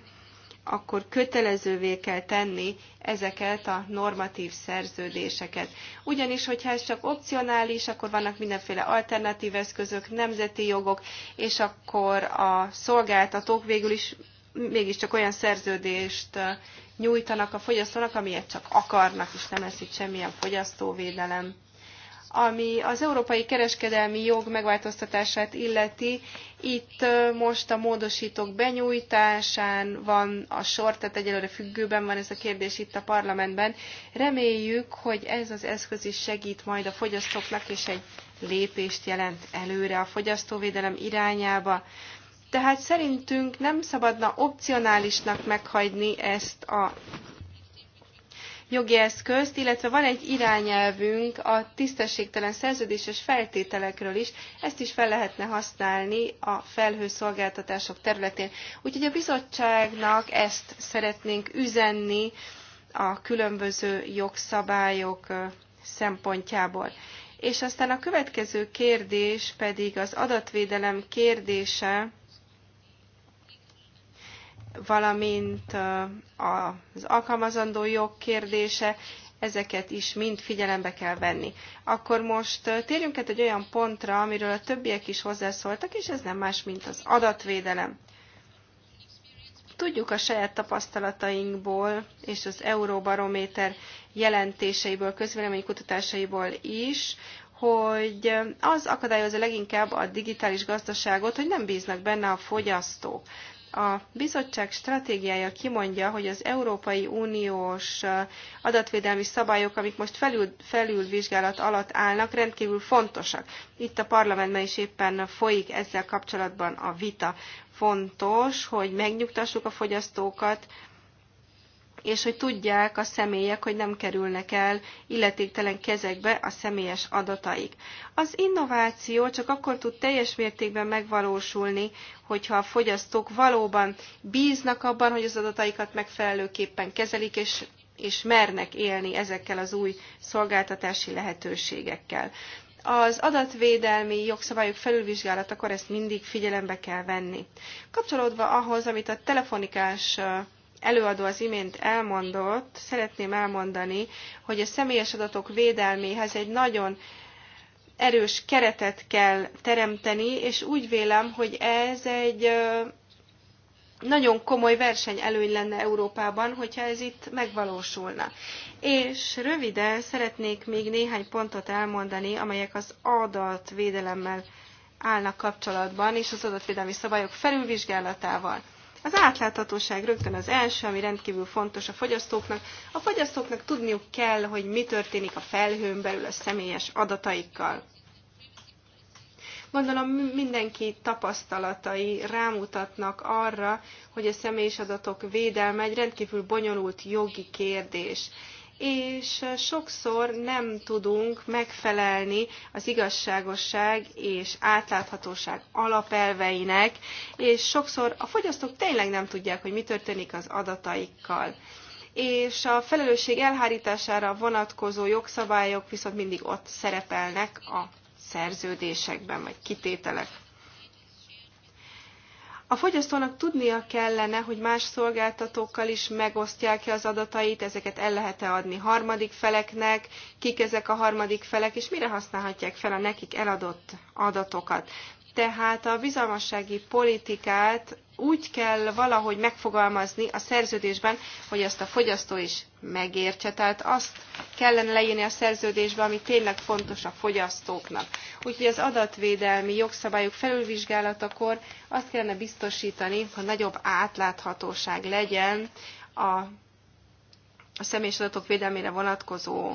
Speaker 3: akkor kötelezővé kell tenni ezeket a normatív szerződéseket. Ugyanis, hogyha ez csak opcionális, akkor vannak mindenféle alternatív eszközök, nemzeti jogok, és akkor a szolgáltatók végül is mégiscsak olyan szerződést uh, nyújtanak a fogyasztónak, amilyet csak akarnak, és nem lesz itt semmilyen fogyasztóvédelem. Ami az európai kereskedelmi jog megváltoztatását illeti, itt most a módosítók benyújtásán van a sor, tehát egyelőre függőben van ez a kérdés itt a parlamentben. Reméljük, hogy ez az eszköz is segít majd a fogyasztóknak, és egy lépést jelent előre a fogyasztóvédelem irányába. Tehát szerintünk nem szabadna opcionálisnak meghagyni ezt a jogi eszközt, illetve van egy irányelvünk a tisztességtelen szerződéses feltételekről is, ezt is fel lehetne használni a felhőszolgáltatások területén. Úgyhogy a bizottságnak ezt szeretnénk üzenni a különböző jogszabályok szempontjából. És aztán a következő kérdés pedig az adatvédelem kérdése, valamint az alkalmazandó jog kérdése, ezeket is mind figyelembe kell venni. Akkor most térjünk át egy olyan pontra, amiről a többiek is hozzászóltak, és ez nem más, mint az adatvédelem. Tudjuk a saját tapasztalatainkból és az Euróbarométer jelentéseiből, közvéleménykutatásaiból is, hogy az akadályozza leginkább a digitális gazdaságot, hogy nem bíznak benne a fogyasztók. A bizottság stratégiája kimondja, hogy az Európai Uniós adatvédelmi szabályok, amik most felül, felülvizsgálat alatt állnak, rendkívül fontosak. Itt a parlamentben is éppen folyik ezzel kapcsolatban a vita. Fontos, hogy megnyugtassuk a fogyasztókat, és hogy tudják a személyek, hogy nem kerülnek el illetéktelen kezekbe a személyes adataik. Az innováció csak akkor tud teljes mértékben megvalósulni, hogyha a fogyasztók valóban bíznak abban, hogy az adataikat megfelelőképpen kezelik, és és mernek élni ezekkel az új szolgáltatási lehetőségekkel. Az adatvédelmi jogszabályok felülvizsgálatakor ezt mindig figyelembe kell venni. Kapcsolódva ahhoz, amit a telefonikás előadó az imént elmondott, szeretném elmondani, hogy a személyes adatok védelméhez egy nagyon erős keretet kell teremteni, és úgy vélem, hogy ez egy nagyon komoly versenyelőny lenne Európában, hogyha ez itt megvalósulna. És röviden szeretnék még néhány pontot elmondani, amelyek az adatvédelemmel állnak kapcsolatban, és az adatvédelmi szabályok felülvizsgálatával. Az átláthatóság rögtön az első, ami rendkívül fontos a fogyasztóknak. A fogyasztóknak tudniuk kell, hogy mi történik a felhőn belül a személyes adataikkal. Gondolom mindenki tapasztalatai rámutatnak arra, hogy a személyis adatok védelme egy rendkívül bonyolult jogi kérdés és sokszor nem tudunk megfelelni az igazságosság és átláthatóság alapelveinek, és sokszor a fogyasztók tényleg nem tudják, hogy mi történik az adataikkal és a felelősség elhárítására vonatkozó jogszabályok viszont mindig ott szerepelnek a szerződésekben, vagy kitételek a fogyasztónak tudnia kellene, hogy más szolgáltatókkal is megosztják-e az adatait, ezeket el lehet-e adni harmadik feleknek, kik ezek a harmadik felek, és mire használhatják fel a nekik eladott adatokat. Tehát a bizalmassági politikát úgy kell valahogy megfogalmazni a szerződésben, hogy azt a fogyasztó is megértse. Tehát azt kellene leírni a szerződésben, ami tényleg fontos a fogyasztóknak. Úgyhogy az adatvédelmi jogszabályok felülvizsgálatakor azt kellene biztosítani, hogy nagyobb átláthatóság legyen a, a személyes adatok védelmére vonatkozó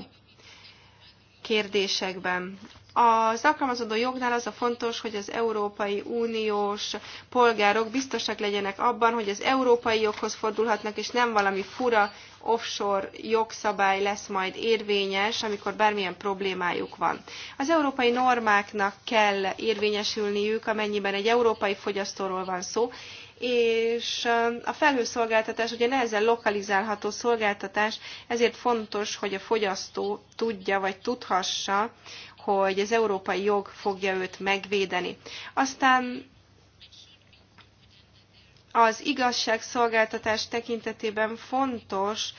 Speaker 3: kérdésekben. Az alkalmazódó jognál az a fontos, hogy az Európai Uniós polgárok biztosak legyenek abban, hogy az európai joghoz fordulhatnak, és nem valami fura offshore jogszabály lesz majd érvényes, amikor bármilyen problémájuk van. Az európai normáknak kell érvényesülniük, amennyiben egy európai fogyasztóról van szó, és a felhőszolgáltatás ugye nehezen lokalizálható szolgáltatás, ezért fontos, hogy a fogyasztó tudja vagy tudhassa, hogy az európai jog fogja őt megvédeni. Aztán az igazságszolgáltatás tekintetében fontos,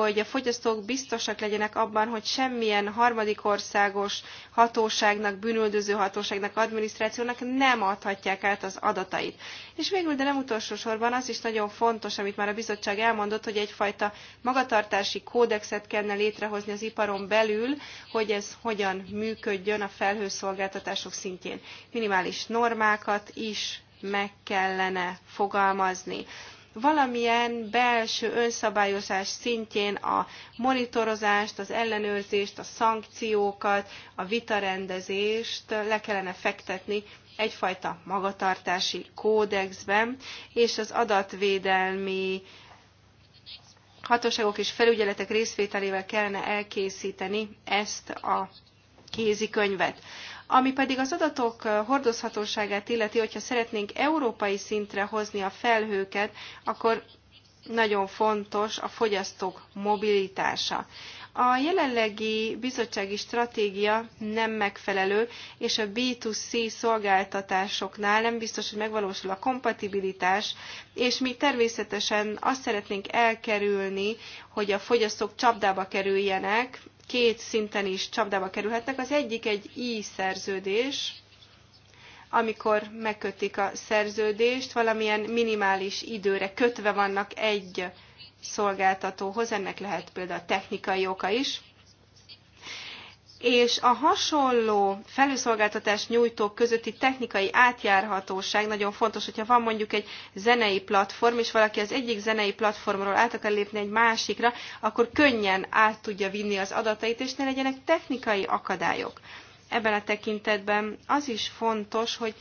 Speaker 3: hogy a fogyasztók biztosak legyenek abban, hogy semmilyen harmadik országos hatóságnak, bűnöldöző hatóságnak, adminisztrációnak nem adhatják át az adatait. És végül, de nem utolsó sorban, az is nagyon fontos, amit már a bizottság elmondott, hogy egyfajta magatartási kódexet kellene létrehozni az iparon belül, hogy ez hogyan működjön a felhőszolgáltatások szintjén. Minimális normákat is meg kellene fogalmazni valamilyen belső önszabályozás szintjén a monitorozást, az ellenőrzést, a szankciókat, a vitarendezést le kellene fektetni egyfajta magatartási kódexben, és az adatvédelmi hatóságok és felügyeletek részvételével kellene elkészíteni ezt a kézikönyvet. Ami pedig az adatok hordozhatóságát illeti, hogyha szeretnénk európai szintre hozni a felhőket, akkor nagyon fontos a fogyasztók mobilitása. A jelenlegi bizottsági stratégia nem megfelelő, és a B2C szolgáltatásoknál nem biztos, hogy megvalósul a kompatibilitás, és mi természetesen azt szeretnénk elkerülni, hogy a fogyasztók csapdába kerüljenek, két szinten is csapdába kerülhetnek. Az egyik egy i-szerződés, amikor megkötik a szerződést, valamilyen minimális időre kötve vannak egy szolgáltatóhoz, ennek lehet például technikai oka is és a hasonló felhőszolgáltatást nyújtók közötti technikai átjárhatóság nagyon fontos, hogyha van mondjuk egy zenei platform, és valaki az egyik zenei platformról át akar lépni egy másikra, akkor könnyen át tudja vinni az adatait, és ne legyenek technikai akadályok. Ebben a tekintetben az is fontos, hogy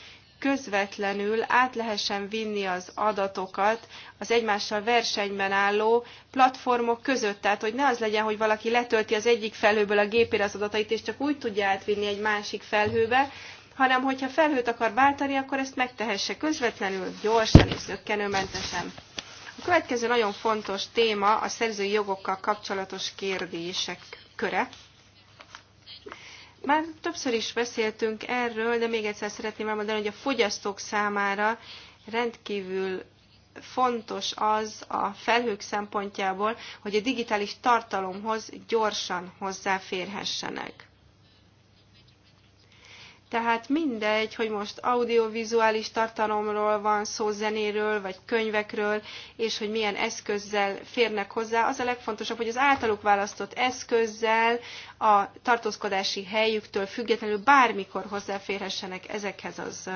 Speaker 3: közvetlenül át lehessen vinni az adatokat az egymással versenyben álló platformok között. Tehát, hogy ne az legyen, hogy valaki letölti az egyik felhőből a gépére az adatait, és csak úgy tudja átvinni egy másik felhőbe, hanem hogyha felhőt akar váltani, akkor ezt megtehesse közvetlenül, gyorsan és zöggenőmentesen. A következő nagyon fontos téma a szerzői jogokkal kapcsolatos kérdések köre. Már többször is beszéltünk erről, de még egyszer szeretném elmondani, hogy a fogyasztók számára rendkívül fontos az a felhők szempontjából, hogy a digitális tartalomhoz gyorsan hozzáférhessenek. Tehát mindegy, hogy most audiovizuális tartalomról van szó, zenéről, vagy könyvekről, és hogy milyen eszközzel férnek hozzá, az a legfontosabb, hogy az általuk választott eszközzel a tartózkodási helyüktől függetlenül bármikor hozzáférhessenek ezekhez az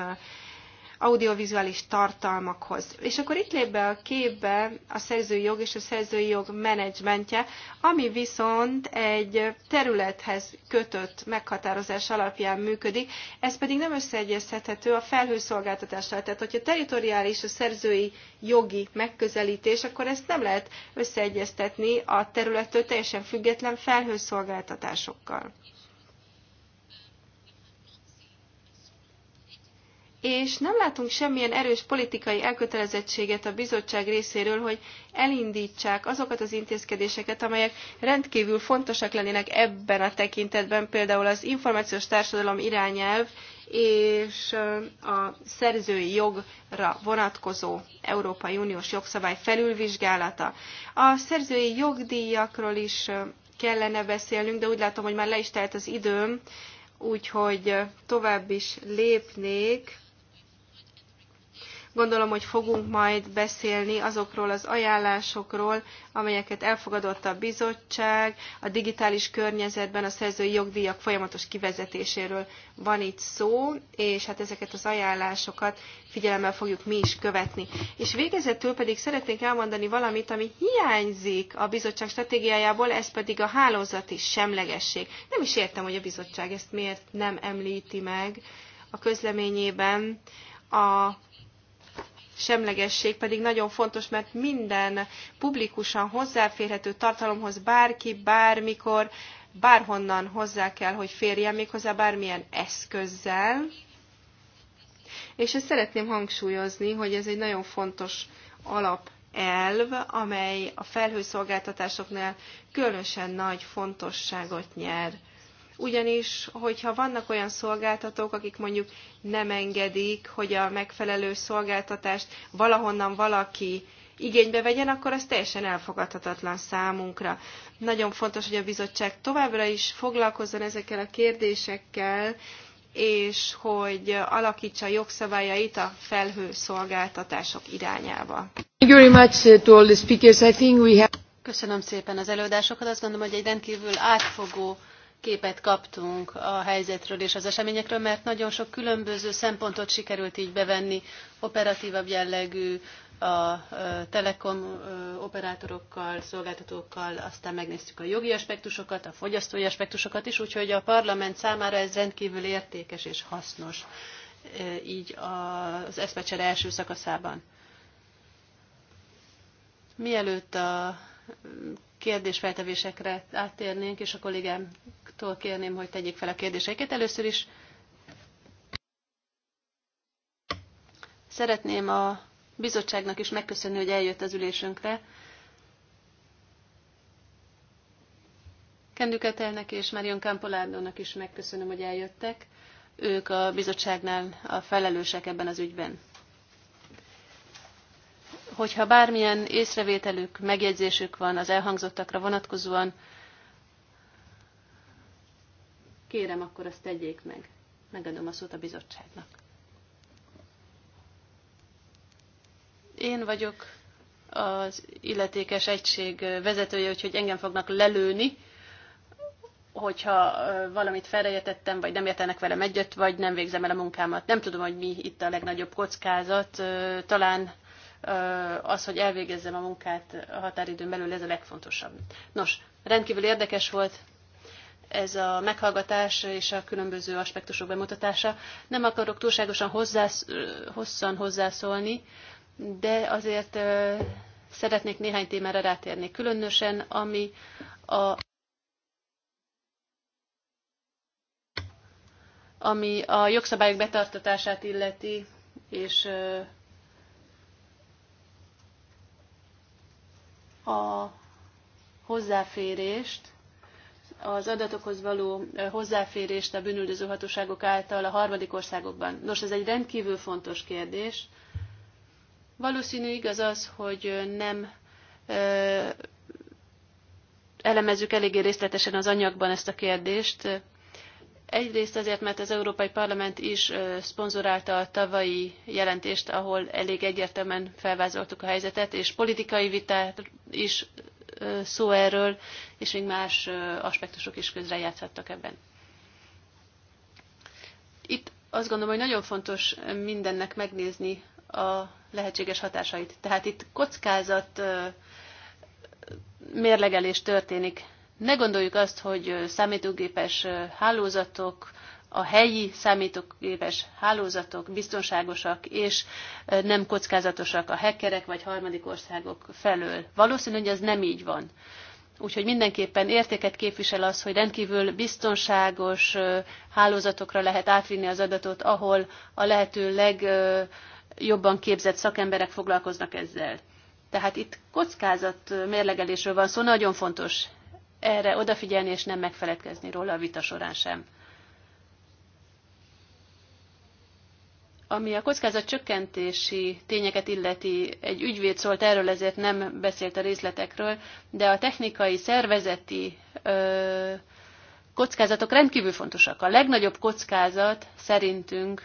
Speaker 3: audiovizuális tartalmakhoz. És akkor itt lép be a képbe a szerzői jog és a szerzői jog menedzsmentje, ami viszont egy területhez kötött meghatározás alapján működik, ez pedig nem összeegyeztethető a felhőszolgáltatással. Tehát, hogyha teritoriális a szerzői jogi megközelítés, akkor ezt nem lehet összeegyeztetni a területtől teljesen független felhőszolgáltatásokkal. és nem látunk semmilyen erős politikai elkötelezettséget a bizottság részéről, hogy elindítsák azokat az intézkedéseket, amelyek rendkívül fontosak lennének ebben a tekintetben, például az információs társadalom irányelv és a szerzői jogra vonatkozó Európai Uniós jogszabály felülvizsgálata. A szerzői jogdíjakról is kellene beszélnünk, de úgy látom, hogy már le is telt az időm, úgyhogy tovább is lépnék Gondolom, hogy fogunk majd beszélni azokról az ajánlásokról, amelyeket elfogadott a bizottság, a digitális környezetben a szerzői jogdíjak folyamatos kivezetéséről van itt szó, és hát ezeket az ajánlásokat figyelemmel fogjuk mi is követni. És végezetül pedig szeretnék elmondani valamit, ami hiányzik a bizottság stratégiájából, ez pedig a hálózati semlegesség. Nem is értem, hogy a bizottság ezt miért nem említi meg a közleményében a semlegesség pedig nagyon fontos, mert minden publikusan hozzáférhető tartalomhoz bárki, bármikor, bárhonnan hozzá kell, hogy férjen méghozzá bármilyen eszközzel. És ezt szeretném hangsúlyozni, hogy ez egy nagyon fontos alap elv, amely a felhőszolgáltatásoknál különösen nagy fontosságot nyer ugyanis hogyha vannak olyan szolgáltatók, akik mondjuk nem engedik, hogy a megfelelő szolgáltatást valahonnan valaki igénybe vegyen, akkor ez teljesen elfogadhatatlan számunkra. Nagyon fontos, hogy a bizottság továbbra is foglalkozzon ezekkel a kérdésekkel, és hogy alakítsa jogszabályait a felhő szolgáltatások
Speaker 1: irányába. Uh, Köszönöm szépen az előadásokat. Azt gondolom, hogy egy rendkívül átfogó képet kaptunk a helyzetről és az eseményekről, mert nagyon sok különböző szempontot sikerült így bevenni, operatívabb jellegű, a telekom operátorokkal, szolgáltatókkal, aztán megnéztük a jogi aspektusokat, a fogyasztói aspektusokat is, úgyhogy a parlament számára ez rendkívül értékes és hasznos így az eszpecsere első szakaszában. Mielőtt a kérdésfeltevésekre áttérnénk, és a kollégám kollégáktól kérném, hogy tegyék fel a kérdéseiket. Először is szeretném a bizottságnak is megköszönni, hogy eljött az ülésünkre. Kendüketelnek és Marion Campolárdónak is megköszönöm, hogy eljöttek. Ők a bizottságnál a felelősek ebben az ügyben. Hogyha bármilyen észrevételük, megjegyzésük van az elhangzottakra vonatkozóan, Kérem, akkor azt tegyék meg. Megadom a szót a bizottságnak. Én vagyok az illetékes egység vezetője, úgyhogy engem fognak lelőni, hogyha valamit felrejetettem, vagy nem értenek velem egyet, vagy nem végzem el a munkámat. Nem tudom, hogy mi itt a legnagyobb kockázat. Talán az, hogy elvégezzem a munkát a határidőn belül, ez a legfontosabb. Nos, rendkívül érdekes volt, ez a meghallgatás és a különböző aspektusok bemutatása. Nem akarok túlságosan hozzász, hosszan hozzászólni, de azért szeretnék néhány témára rátérni, különösen ami a ami a jogszabályok betartatását illeti, és a hozzáférést, az adatokhoz való hozzáférést a bűnüldöző hatóságok által a harmadik országokban. Nos, ez egy rendkívül fontos kérdés. Valószínű igaz az, hogy nem elemezzük eléggé részletesen az anyagban ezt a kérdést. Egyrészt azért, mert az Európai Parlament is szponzorálta a tavalyi jelentést, ahol elég egyértelműen felvázoltuk a helyzetet, és politikai vitát is szó erről, és még más aspektusok is közrejátszhattak ebben. Itt azt gondolom, hogy nagyon fontos mindennek megnézni a lehetséges hatásait. Tehát itt kockázat mérlegelés történik. Ne gondoljuk azt, hogy számítógépes hálózatok, a helyi számítógépes hálózatok biztonságosak és nem kockázatosak a hackerek vagy harmadik országok felől. Valószínű, hogy ez nem így van. Úgyhogy mindenképpen értéket képvisel az, hogy rendkívül biztonságos hálózatokra lehet átvinni az adatot, ahol a lehető legjobban képzett szakemberek foglalkoznak ezzel. Tehát itt kockázat mérlegelésről van szó, nagyon fontos erre odafigyelni és nem megfeledkezni róla a vita során sem. Ami a kockázat csökkentési tényeket illeti, egy ügyvéd szólt erről, ezért nem beszélt a részletekről, de a technikai, szervezeti ö, kockázatok rendkívül fontosak. A legnagyobb kockázat szerintünk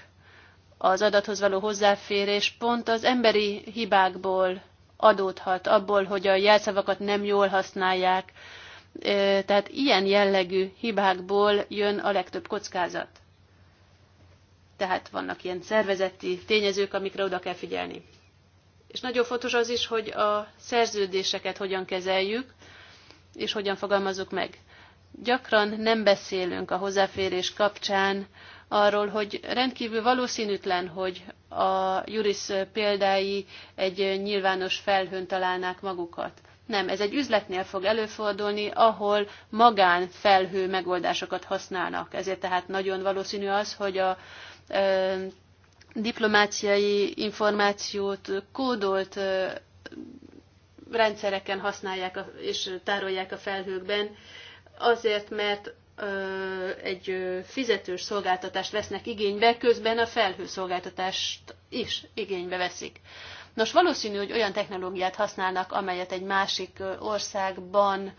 Speaker 1: az adathoz való hozzáférés pont az emberi hibákból adódhat, abból, hogy a jelszavakat nem jól használják. Tehát ilyen jellegű hibákból jön a legtöbb kockázat tehát vannak ilyen szervezeti tényezők, amikre oda kell figyelni. És nagyon fontos az is, hogy a szerződéseket hogyan kezeljük, és hogyan fogalmazzuk meg. Gyakran nem beszélünk a hozzáférés kapcsán arról, hogy rendkívül valószínűtlen, hogy a Juris példái egy nyilvános felhőn találnák magukat. Nem, ez egy üzletnél fog előfordulni, ahol magán felhő megoldásokat használnak. Ezért tehát nagyon valószínű az, hogy a diplomáciai információt kódolt rendszereken használják és tárolják a felhőkben, azért, mert egy fizetős szolgáltatást vesznek igénybe, közben a felhőszolgáltatást is igénybe veszik. Nos, valószínű, hogy olyan technológiát használnak, amelyet egy másik országban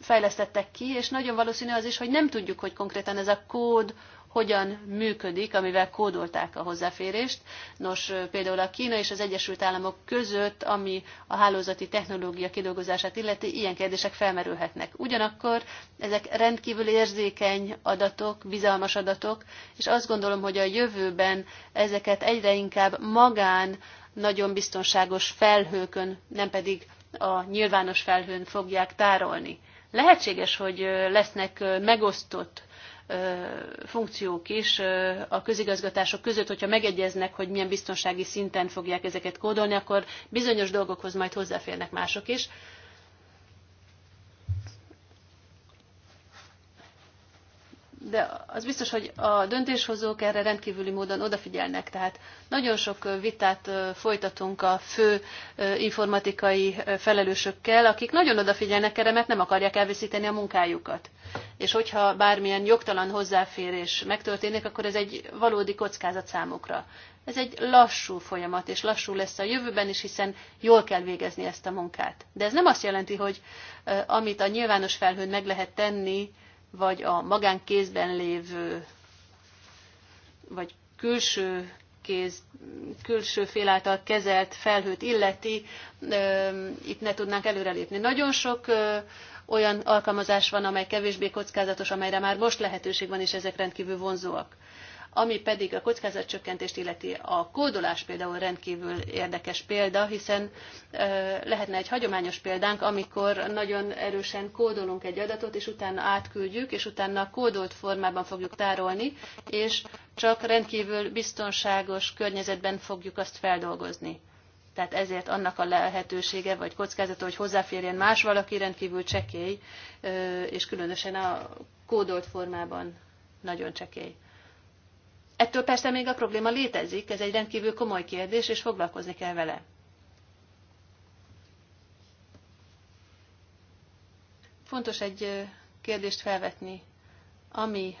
Speaker 1: fejlesztettek ki, és nagyon valószínű az is, hogy nem tudjuk, hogy konkrétan ez a kód hogyan működik, amivel kódolták a hozzáférést. Nos, például a Kína és az Egyesült Államok között, ami a hálózati technológia kidolgozását illeti, ilyen kérdések felmerülhetnek. Ugyanakkor ezek rendkívül érzékeny adatok, bizalmas adatok, és azt gondolom, hogy a jövőben ezeket egyre inkább magán, nagyon biztonságos felhőkön, nem pedig a nyilvános felhőn fogják tárolni. Lehetséges, hogy lesznek megosztott funkciók is a közigazgatások között, hogyha megegyeznek, hogy milyen biztonsági szinten fogják ezeket kódolni, akkor bizonyos dolgokhoz majd hozzáférnek mások is. de az biztos, hogy a döntéshozók erre rendkívüli módon odafigyelnek. Tehát nagyon sok vitát folytatunk a fő informatikai felelősökkel, akik nagyon odafigyelnek erre, mert nem akarják elveszíteni a munkájukat és hogyha bármilyen jogtalan hozzáférés megtörténik, akkor ez egy valódi kockázat számukra. Ez egy lassú folyamat, és lassú lesz a jövőben is, hiszen jól kell végezni ezt a munkát. De ez nem azt jelenti, hogy amit a nyilvános felhőn meg lehet tenni, vagy a magánkézben lévő, vagy külső kéz, külső fél által kezelt felhőt illeti, itt ne tudnánk előrelépni. Nagyon sok olyan alkalmazás van, amely kevésbé kockázatos, amelyre már most lehetőség van, és ezek rendkívül vonzóak. Ami pedig a kockázatcsökkentést illeti, a kódolás például rendkívül érdekes példa, hiszen lehetne egy hagyományos példánk, amikor nagyon erősen kódolunk egy adatot, és utána átküldjük, és utána kódolt formában fogjuk tárolni, és csak rendkívül biztonságos környezetben fogjuk azt feldolgozni tehát ezért annak a lehetősége vagy kockázata, hogy hozzáférjen más valaki rendkívül csekély, és különösen a kódolt formában nagyon csekély. Ettől persze még a probléma létezik, ez egy rendkívül komoly kérdés, és foglalkozni kell vele. Fontos egy kérdést felvetni, ami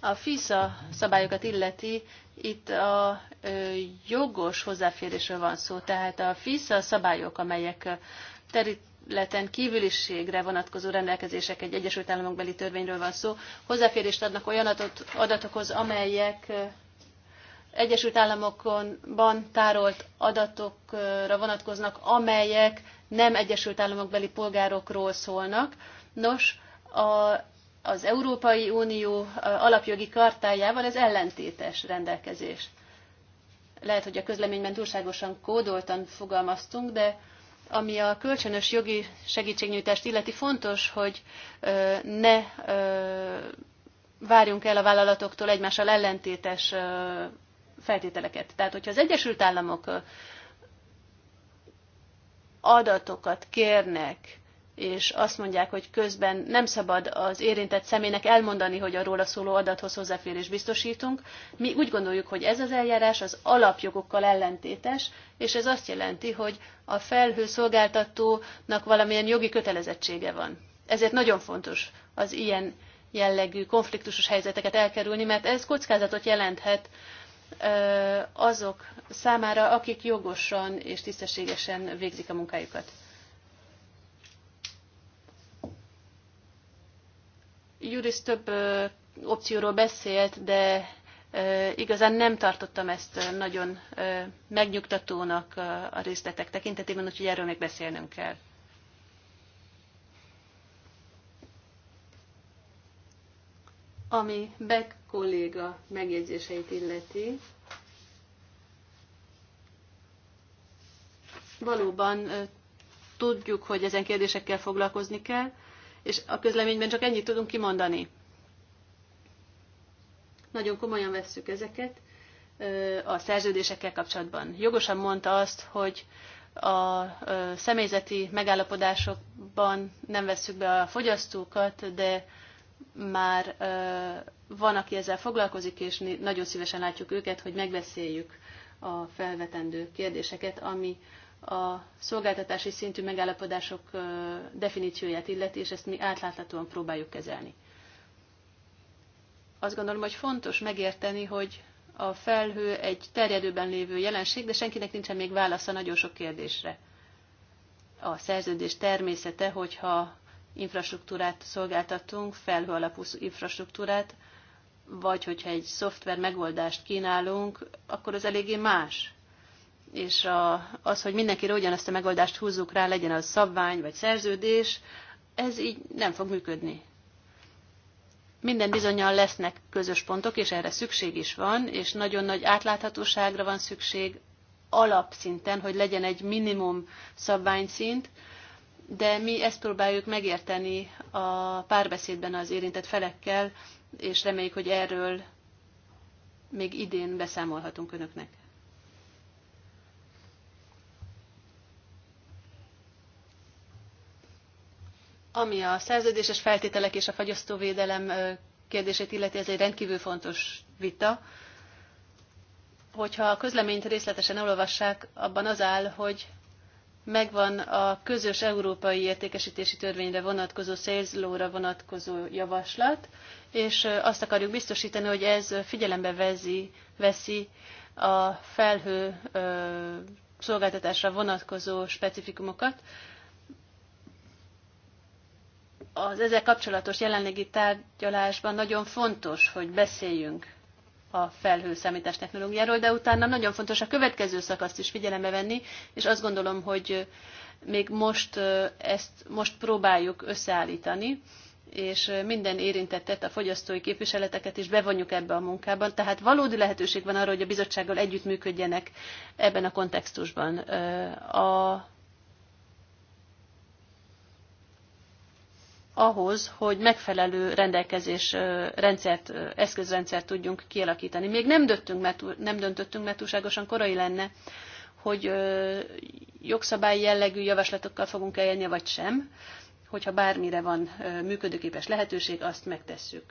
Speaker 1: a FISA szabályokat illeti, itt a jogos hozzáférésről van szó, tehát a FISA szabályok, amelyek területen kívüliségre vonatkozó rendelkezések egy Egyesült Államok beli törvényről van szó, hozzáférést adnak olyan adatokhoz, amelyek Egyesült Államokban tárolt adatokra vonatkoznak, amelyek nem Egyesült Államok beli polgárokról szólnak. Nos, a az Európai Unió alapjogi kartájával ez ellentétes rendelkezés. Lehet, hogy a közleményben túlságosan kódoltan fogalmaztunk, de ami a kölcsönös jogi segítségnyújtást illeti, fontos, hogy ne várjunk el a vállalatoktól egymással ellentétes feltételeket. Tehát, hogyha az Egyesült Államok adatokat kérnek és azt mondják, hogy közben nem szabad az érintett személynek elmondani, hogy a róla szóló adathoz hozzáférés biztosítunk. Mi úgy gondoljuk, hogy ez az eljárás az alapjogokkal ellentétes, és ez azt jelenti, hogy a felhő szolgáltatónak valamilyen jogi kötelezettsége van. Ezért nagyon fontos az ilyen jellegű konfliktusos helyzeteket elkerülni, mert ez kockázatot jelenthet azok számára, akik jogosan és tisztességesen végzik a munkájukat. Juris több opcióról beszélt, de igazán nem tartottam ezt nagyon megnyugtatónak a részletek tekintetében, úgyhogy erről még beszélnünk kell. Ami Beck kolléga megjegyzéseit illeti, valóban tudjuk, hogy ezen kérdésekkel foglalkozni kell, és a közleményben csak ennyit tudunk kimondani. Nagyon komolyan vesszük ezeket a szerződésekkel kapcsolatban. Jogosan mondta azt, hogy a személyzeti megállapodásokban nem vesszük be a fogyasztókat, de már van, aki ezzel foglalkozik, és nagyon szívesen látjuk őket, hogy megbeszéljük a felvetendő kérdéseket, ami a szolgáltatási szintű megállapodások definícióját illeti, és ezt mi átláthatóan próbáljuk kezelni. Azt gondolom, hogy fontos megérteni, hogy a felhő egy terjedőben lévő jelenség, de senkinek nincsen még válasza nagyon sok kérdésre. A szerződés természete, hogyha infrastruktúrát szolgáltatunk, felhő alapú infrastruktúrát, vagy hogyha egy szoftver megoldást kínálunk, akkor az eléggé más és a, az, hogy mindenkire ugyanazt a megoldást húzzuk rá, legyen az szabvány vagy szerződés, ez így nem fog működni. Minden bizonyal lesznek közös pontok, és erre szükség is van, és nagyon nagy átláthatóságra van szükség alapszinten, hogy legyen egy minimum szabványszint, de mi ezt próbáljuk megérteni a párbeszédben az érintett felekkel, és reméljük, hogy erről még idén beszámolhatunk önöknek. Ami a szerződéses feltételek és a fagyasztóvédelem kérdését illeti, ez egy rendkívül fontos vita. Hogyha a közleményt részletesen olvassák, abban az áll, hogy megvan a közös európai értékesítési törvényre vonatkozó szélzlóra vonatkozó javaslat, és azt akarjuk biztosítani, hogy ez figyelembe vezi, veszi a felhő ö, szolgáltatásra vonatkozó specifikumokat, az ezzel kapcsolatos jelenlegi tárgyalásban nagyon fontos, hogy beszéljünk a felhő számítás technológiáról, de utána nagyon fontos a következő szakaszt is figyelembe venni, és azt gondolom, hogy még most ezt most próbáljuk összeállítani, és minden érintettet, a fogyasztói képviseleteket is bevonjuk ebbe a munkában. Tehát valódi lehetőség van arra, hogy a bizottsággal együttműködjenek ebben a kontextusban. A ahhoz, hogy megfelelő rendelkezés rendszert, eszközrendszert tudjunk kialakítani. Még nem, döntünk, mert, nem döntöttünk, mert túlságosan korai lenne, hogy jogszabályi jellegű javaslatokkal fogunk eljönni, vagy sem. Hogyha bármire van működőképes lehetőség, azt megtesszük.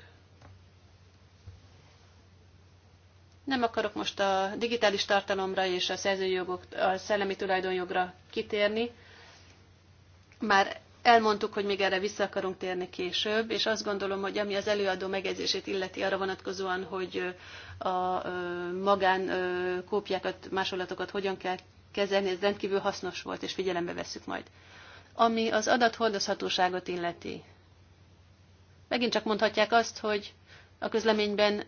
Speaker 1: Nem akarok most a digitális tartalomra és a szerzőjogok, a szellemi tulajdonjogra kitérni. Már Elmondtuk, hogy még erre vissza akarunk térni később, és azt gondolom, hogy ami az előadó megjegyzését illeti arra vonatkozóan, hogy a magán kópiákat, másolatokat hogyan kell kezelni, ez rendkívül hasznos volt, és figyelembe vesszük majd. Ami az adathordozhatóságot illeti. Megint csak mondhatják azt, hogy a közleményben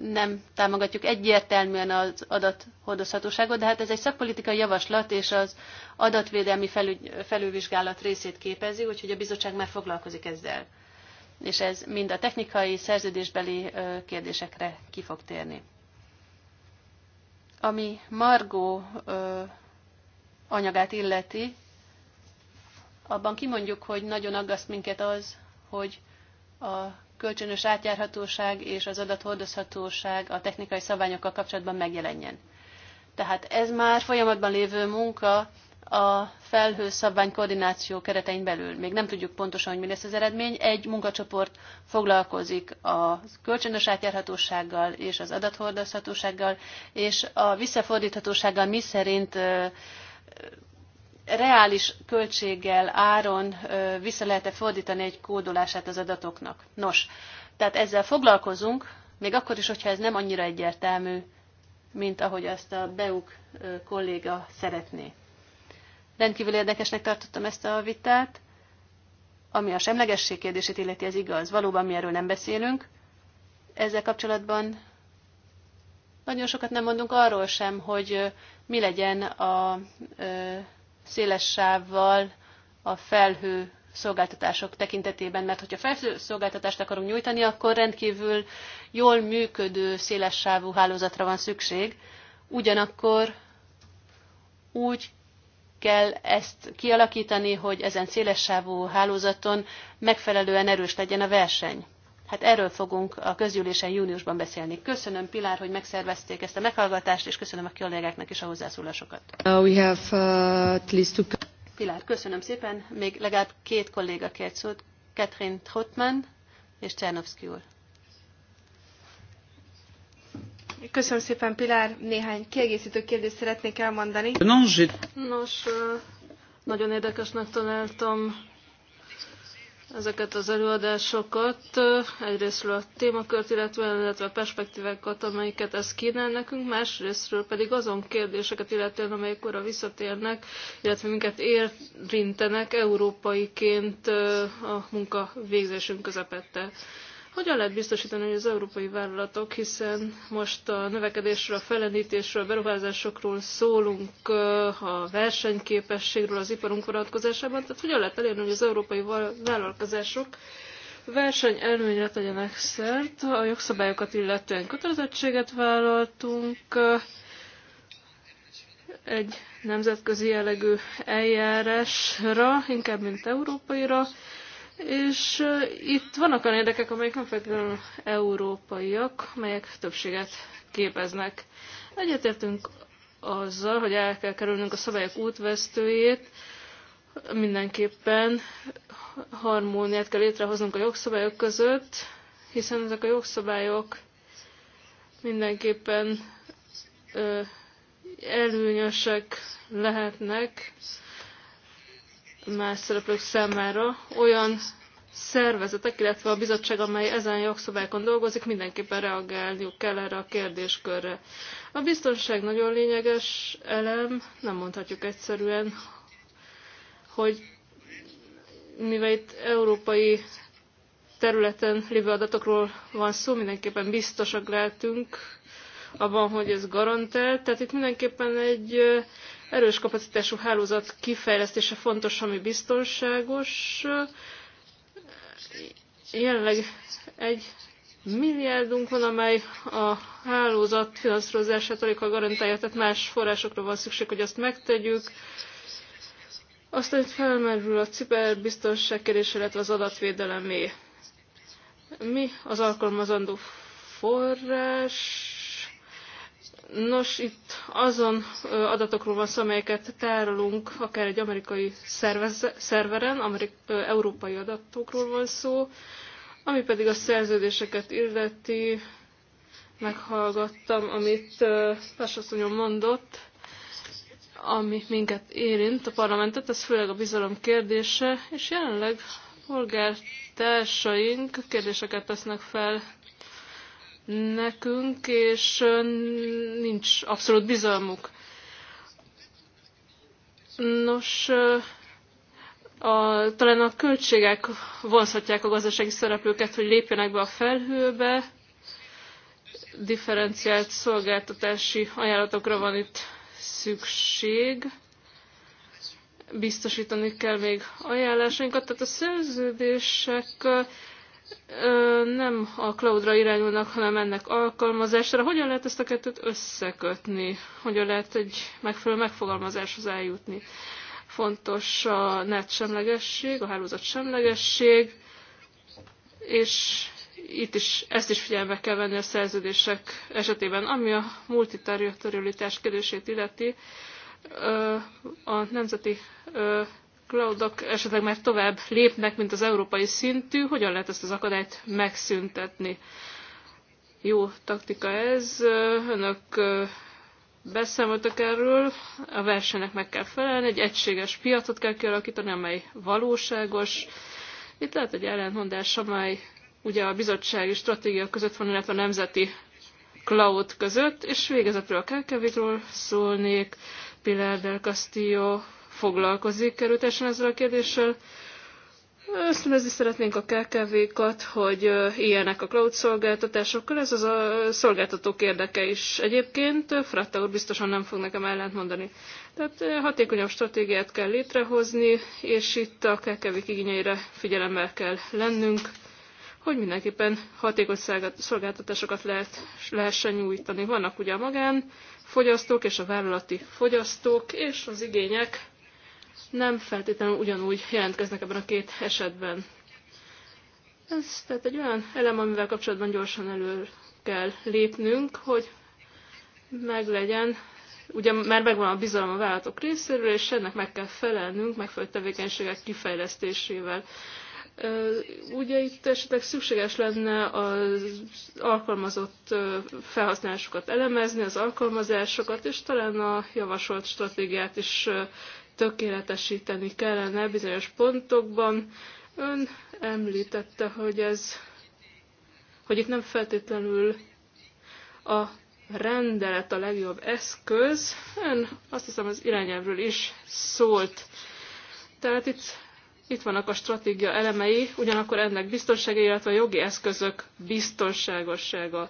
Speaker 1: nem támogatjuk egyértelműen az adathordozhatóságot, de hát ez egy szakpolitikai javaslat, és az adatvédelmi felügy, felülvizsgálat részét képezi, úgyhogy a bizottság már foglalkozik ezzel. És ez mind a technikai, szerződésbeli kérdésekre ki fog térni. Ami Margó anyagát illeti, abban kimondjuk, hogy nagyon aggaszt minket az, hogy a kölcsönös átjárhatóság és az adathordozhatóság a technikai szabványokkal kapcsolatban megjelenjen. Tehát ez már folyamatban lévő munka a felhő szabvány koordináció keretein belül. Még nem tudjuk pontosan, hogy mi lesz az eredmény. Egy munkacsoport foglalkozik a kölcsönös átjárhatósággal és az adathordozhatósággal, és a visszafordíthatósággal mi szerint reális költséggel, áron vissza lehet-e fordítani egy kódolását az adatoknak. Nos, tehát ezzel foglalkozunk, még akkor is, hogyha ez nem annyira egyértelmű, mint ahogy ezt a Beuk kolléga szeretné. Rendkívül érdekesnek tartottam ezt a vitát, ami a semlegesség kérdését illeti, ez igaz. Valóban mi erről nem beszélünk. Ezzel kapcsolatban nagyon sokat nem mondunk arról sem, hogy mi legyen a széles sávval a felhő szolgáltatások tekintetében, mert hogyha felhő szolgáltatást akarunk nyújtani, akkor rendkívül jól működő széles sávú hálózatra van szükség, ugyanakkor úgy kell ezt kialakítani, hogy ezen szélessávú hálózaton megfelelően erős legyen a verseny. Hát erről fogunk a közgyűlésen júniusban beszélni. Köszönöm, Pilár, hogy megszervezték ezt a meghallgatást, és köszönöm a kollégáknak is a hozzászólásokat.
Speaker 2: Uh, we uh,
Speaker 1: Pilár, köszönöm szépen. Még legalább két kolléga kért szót, Katrin Trottmann és Csernovszki úr.
Speaker 3: Köszönöm szépen, Pilár. Néhány kiegészítő kérdést szeretnék elmondani. Nos,
Speaker 2: nagyon érdekesnek találtam ezeket az előadásokat, eh, egyrésztről a témakört, illetve, illetve a perspektívákat, amelyiket ez kínál nekünk, másrésztről pedig azon kérdéseket, illetően amelyek óra visszatérnek, illetve minket érintenek európaiként eh, a munka végzésünk közepette. Hogyan lehet biztosítani, hogy az európai vállalatok, hiszen most a növekedésről, a felendítésről, a beruházásokról szólunk, a versenyképességről az iparunk vonatkozásában, tehát hogyan lehet elérni, hogy az európai vállalkozások versenyelőnyre tegyenek szert, a jogszabályokat illetően kötelezettséget vállaltunk, egy nemzetközi jellegű eljárásra, inkább mint európaira, és itt vannak olyan érdekek, amelyek nem feltétlenül európaiak, melyek többséget képeznek. Egyetértünk azzal, hogy el kell kerülnünk a szabályok útvesztőjét, mindenképpen harmóniát kell létrehoznunk a jogszabályok között, hiszen ezek a jogszabályok mindenképpen ö, előnyösek lehetnek más szereplők számára olyan szervezetek, illetve a bizottság, amely ezen jogszabályokon dolgozik, mindenképpen reagálniuk kell erre a kérdéskörre. A biztonság nagyon lényeges elem, nem mondhatjuk egyszerűen, hogy mivel itt európai területen lévő adatokról van szó, mindenképpen biztosak lehetünk abban, hogy ez garantált. Tehát itt mindenképpen egy Erős kapacitású hálózat kifejlesztése fontos, ami biztonságos. Jelenleg egy milliárdunk van, amely a hálózat finanszírozását alig a garantálja, tehát más forrásokra van szükség, hogy azt megtegyük. Aztán itt felmerül a ciberbiztonság kérdése, illetve az adatvédelemé. Mi az alkalmazandó forrás? Nos, itt azon adatokról van szó, amelyeket tárolunk, akár egy amerikai szerveren, amerik, európai adatokról van szó, ami pedig a szerződéseket illeti, meghallgattam, amit Pásasszonyom mondott, ami minket érint, a parlamentet, ez főleg a bizalom kérdése, és jelenleg polgártársaink kérdéseket tesznek fel nekünk, és nincs abszolút bizalmuk. Nos, a, talán a költségek vonzhatják a gazdasági szereplőket, hogy lépjenek be a felhőbe. Differenciált szolgáltatási ajánlatokra van itt szükség. Biztosítani kell még ajánlásainkat, tehát a szerződések nem a cloudra irányulnak, hanem ennek alkalmazásra. Hogyan lehet ezt a kettőt összekötni? Hogyan lehet egy megfelelő megfogalmazáshoz eljutni? Fontos a net semlegesség, a hálózat semlegesség, és itt is, ezt is figyelme kell venni a szerződések esetében, ami a multiterritorialitás kérdését illeti. A nemzeti cloudok esetleg már tovább lépnek, mint az európai szintű, hogyan lehet ezt az akadályt megszüntetni? Jó taktika ez. Önök beszámoltak erről, a versenynek meg kell felelni, egy egységes piacot kell kialakítani, amely valóságos. Itt lehet egy ellentmondás, amely ugye a bizottsági stratégia között van, illetve a nemzeti cloud között, és végezetről a kkv szólnék, Pilar del Castillo foglalkozik kerültesen ezzel a kérdéssel. Ösztönözni szeretnénk a KKV-kat, hogy ilyenek a cloud szolgáltatásokkal, ez az a szolgáltatók érdeke is. Egyébként Fratta úr biztosan nem fog nekem mondani. Tehát hatékonyabb stratégiát kell létrehozni, és itt a kkv igényeire figyelemmel kell lennünk, hogy mindenképpen hatékony szolgáltatásokat lehet, lehessen nyújtani. Vannak ugye a magán fogyasztók és a vállalati fogyasztók, és az igények nem feltétlenül ugyanúgy jelentkeznek ebben a két esetben. Ez tehát egy olyan elem, amivel kapcsolatban gyorsan elő kell lépnünk, hogy meglegyen, ugye már megvan a bizalom a vállalatok részéről, és ennek meg kell felelnünk megfelelő tevékenységek kifejlesztésével. Ugye itt esetleg szükséges lenne az alkalmazott felhasználásokat elemezni, az alkalmazásokat, és talán a javasolt stratégiát is tökéletesíteni kellene bizonyos pontokban. Ön említette, hogy ez, hogy itt nem feltétlenül a rendelet a legjobb eszköz. Ön azt hiszem az irányelvről is szólt. Tehát itt, itt vannak a stratégia elemei, ugyanakkor ennek biztonsági, illetve a jogi eszközök biztonságossága.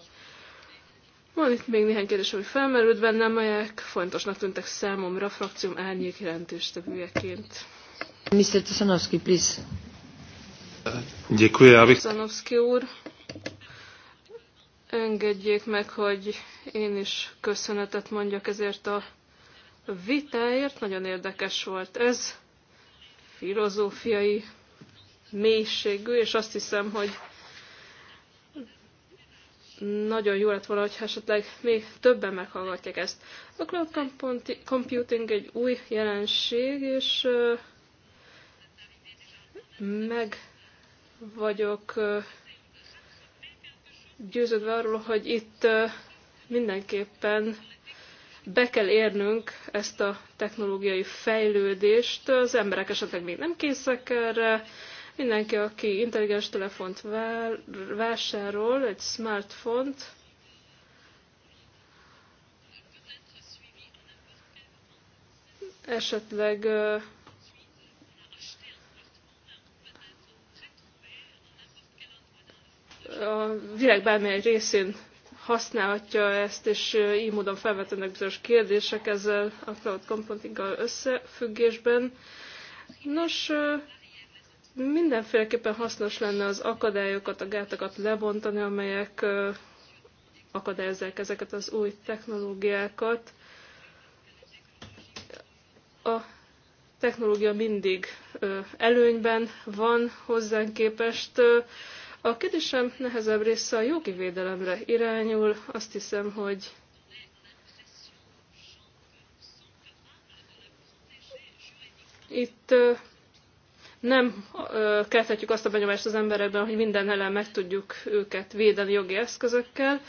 Speaker 2: Van itt még néhány kérdés, ami felmerült bennem, melyek fontosnak tűntek számomra a frakcióm árnyék tevőjeként. Mr. Tosanovsky, please. Děkuji, já bych... úr, engedjék meg, hogy én is köszönetet mondjak ezért a vitáért. Nagyon érdekes volt ez, filozófiai mélységű, és azt hiszem, hogy nagyon jó lett volna, hogyha esetleg még többen meghallgatják ezt. A cloud computing egy új jelenség, és meg vagyok győződve arról, hogy itt mindenképpen be kell érnünk ezt a technológiai fejlődést. Az emberek esetleg még nem készek erre, Mindenki, aki intelligens telefont vásárol, egy smartphone-t, esetleg a világ bármely részén használhatja ezt, és így módon felvetődnek bizonyos kérdések ezzel a cloud computinggal összefüggésben. Nos, Mindenféleképpen hasznos lenne az akadályokat, a gátakat lebontani, amelyek akadályozzák ezeket az új technológiákat. A technológia mindig előnyben van hozzánk képest. A kérdésem nehezebb része a jogi védelemre irányul. Azt hiszem, hogy itt nem ö, kelthetjük azt a benyomást az emberekben, hogy minden ellen meg tudjuk őket védeni jogi eszközökkel.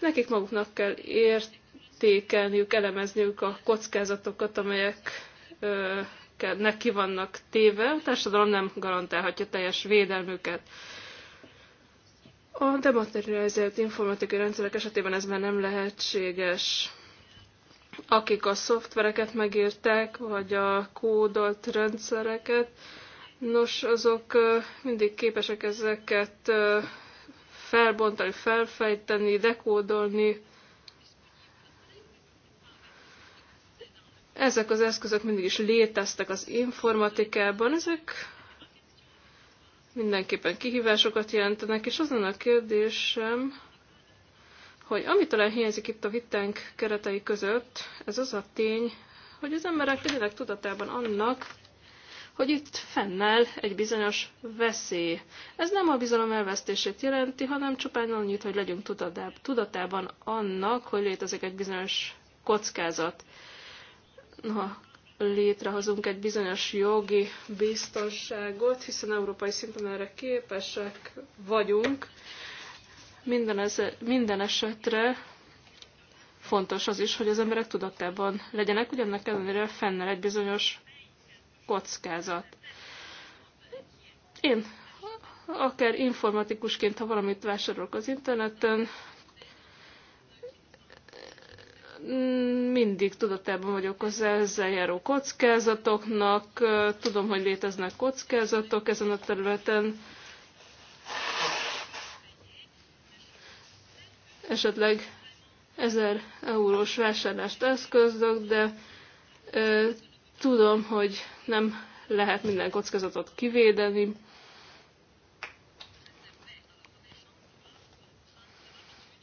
Speaker 2: Nekik maguknak kell értékelniük, elemezniük a kockázatokat, amelyek ö, neki vannak téve. A társadalom nem garantálhatja teljes védelmüket. A dematerializált informatikai rendszerek esetében ez már nem lehetséges akik a szoftvereket megírták, vagy a kódolt rendszereket, Nos, azok mindig képesek ezeket felbontani, felfejteni, dekódolni. Ezek az eszközök mindig is léteztek az informatikában, ezek mindenképpen kihívásokat jelentenek, és az a kérdésem, hogy ami talán hiányzik itt a vitánk keretei között, ez az a tény, hogy az emberek tényleg tudatában annak, hogy itt fennáll egy bizonyos veszély. Ez nem a bizalom elvesztését jelenti, hanem csupán annyit, hogy legyünk tudatában annak, hogy létezik egy bizonyos kockázat. Ha létrehozunk egy bizonyos jogi biztonságot, hiszen európai szinten erre képesek vagyunk, minden, ez, minden esetre fontos az is, hogy az emberek tudatában legyenek, ugyanak ellenére fennel egy bizonyos kockázat. Én akár informatikusként, ha valamit vásárolok az interneten, mindig tudatában vagyok az ezzel járó kockázatoknak, tudom, hogy léteznek kockázatok ezen a területen. Esetleg 1000 eurós vásárlást eszközök, de Tudom, hogy nem lehet minden kockázatot kivédeni,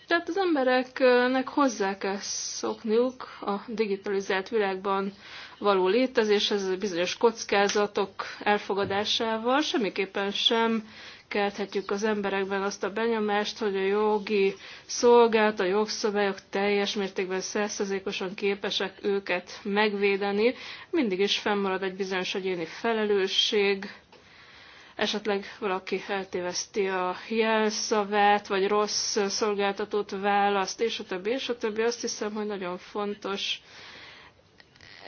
Speaker 2: Tehát az embereknek hozzá kell szokniuk a digitalizált világban való létezéshez, bizonyos kockázatok elfogadásával, semmiképpen sem kelthetjük az emberekben azt a benyomást, hogy a jogi szolgált, a jogszabályok teljes mértékben százszerzékosan képesek őket megvédeni. Mindig is fennmarad egy bizonyos egyéni felelősség, esetleg valaki eltéveszti a jelszavát, vagy rossz szolgáltatót választ, és a többi, és a többi. Azt hiszem, hogy nagyon fontos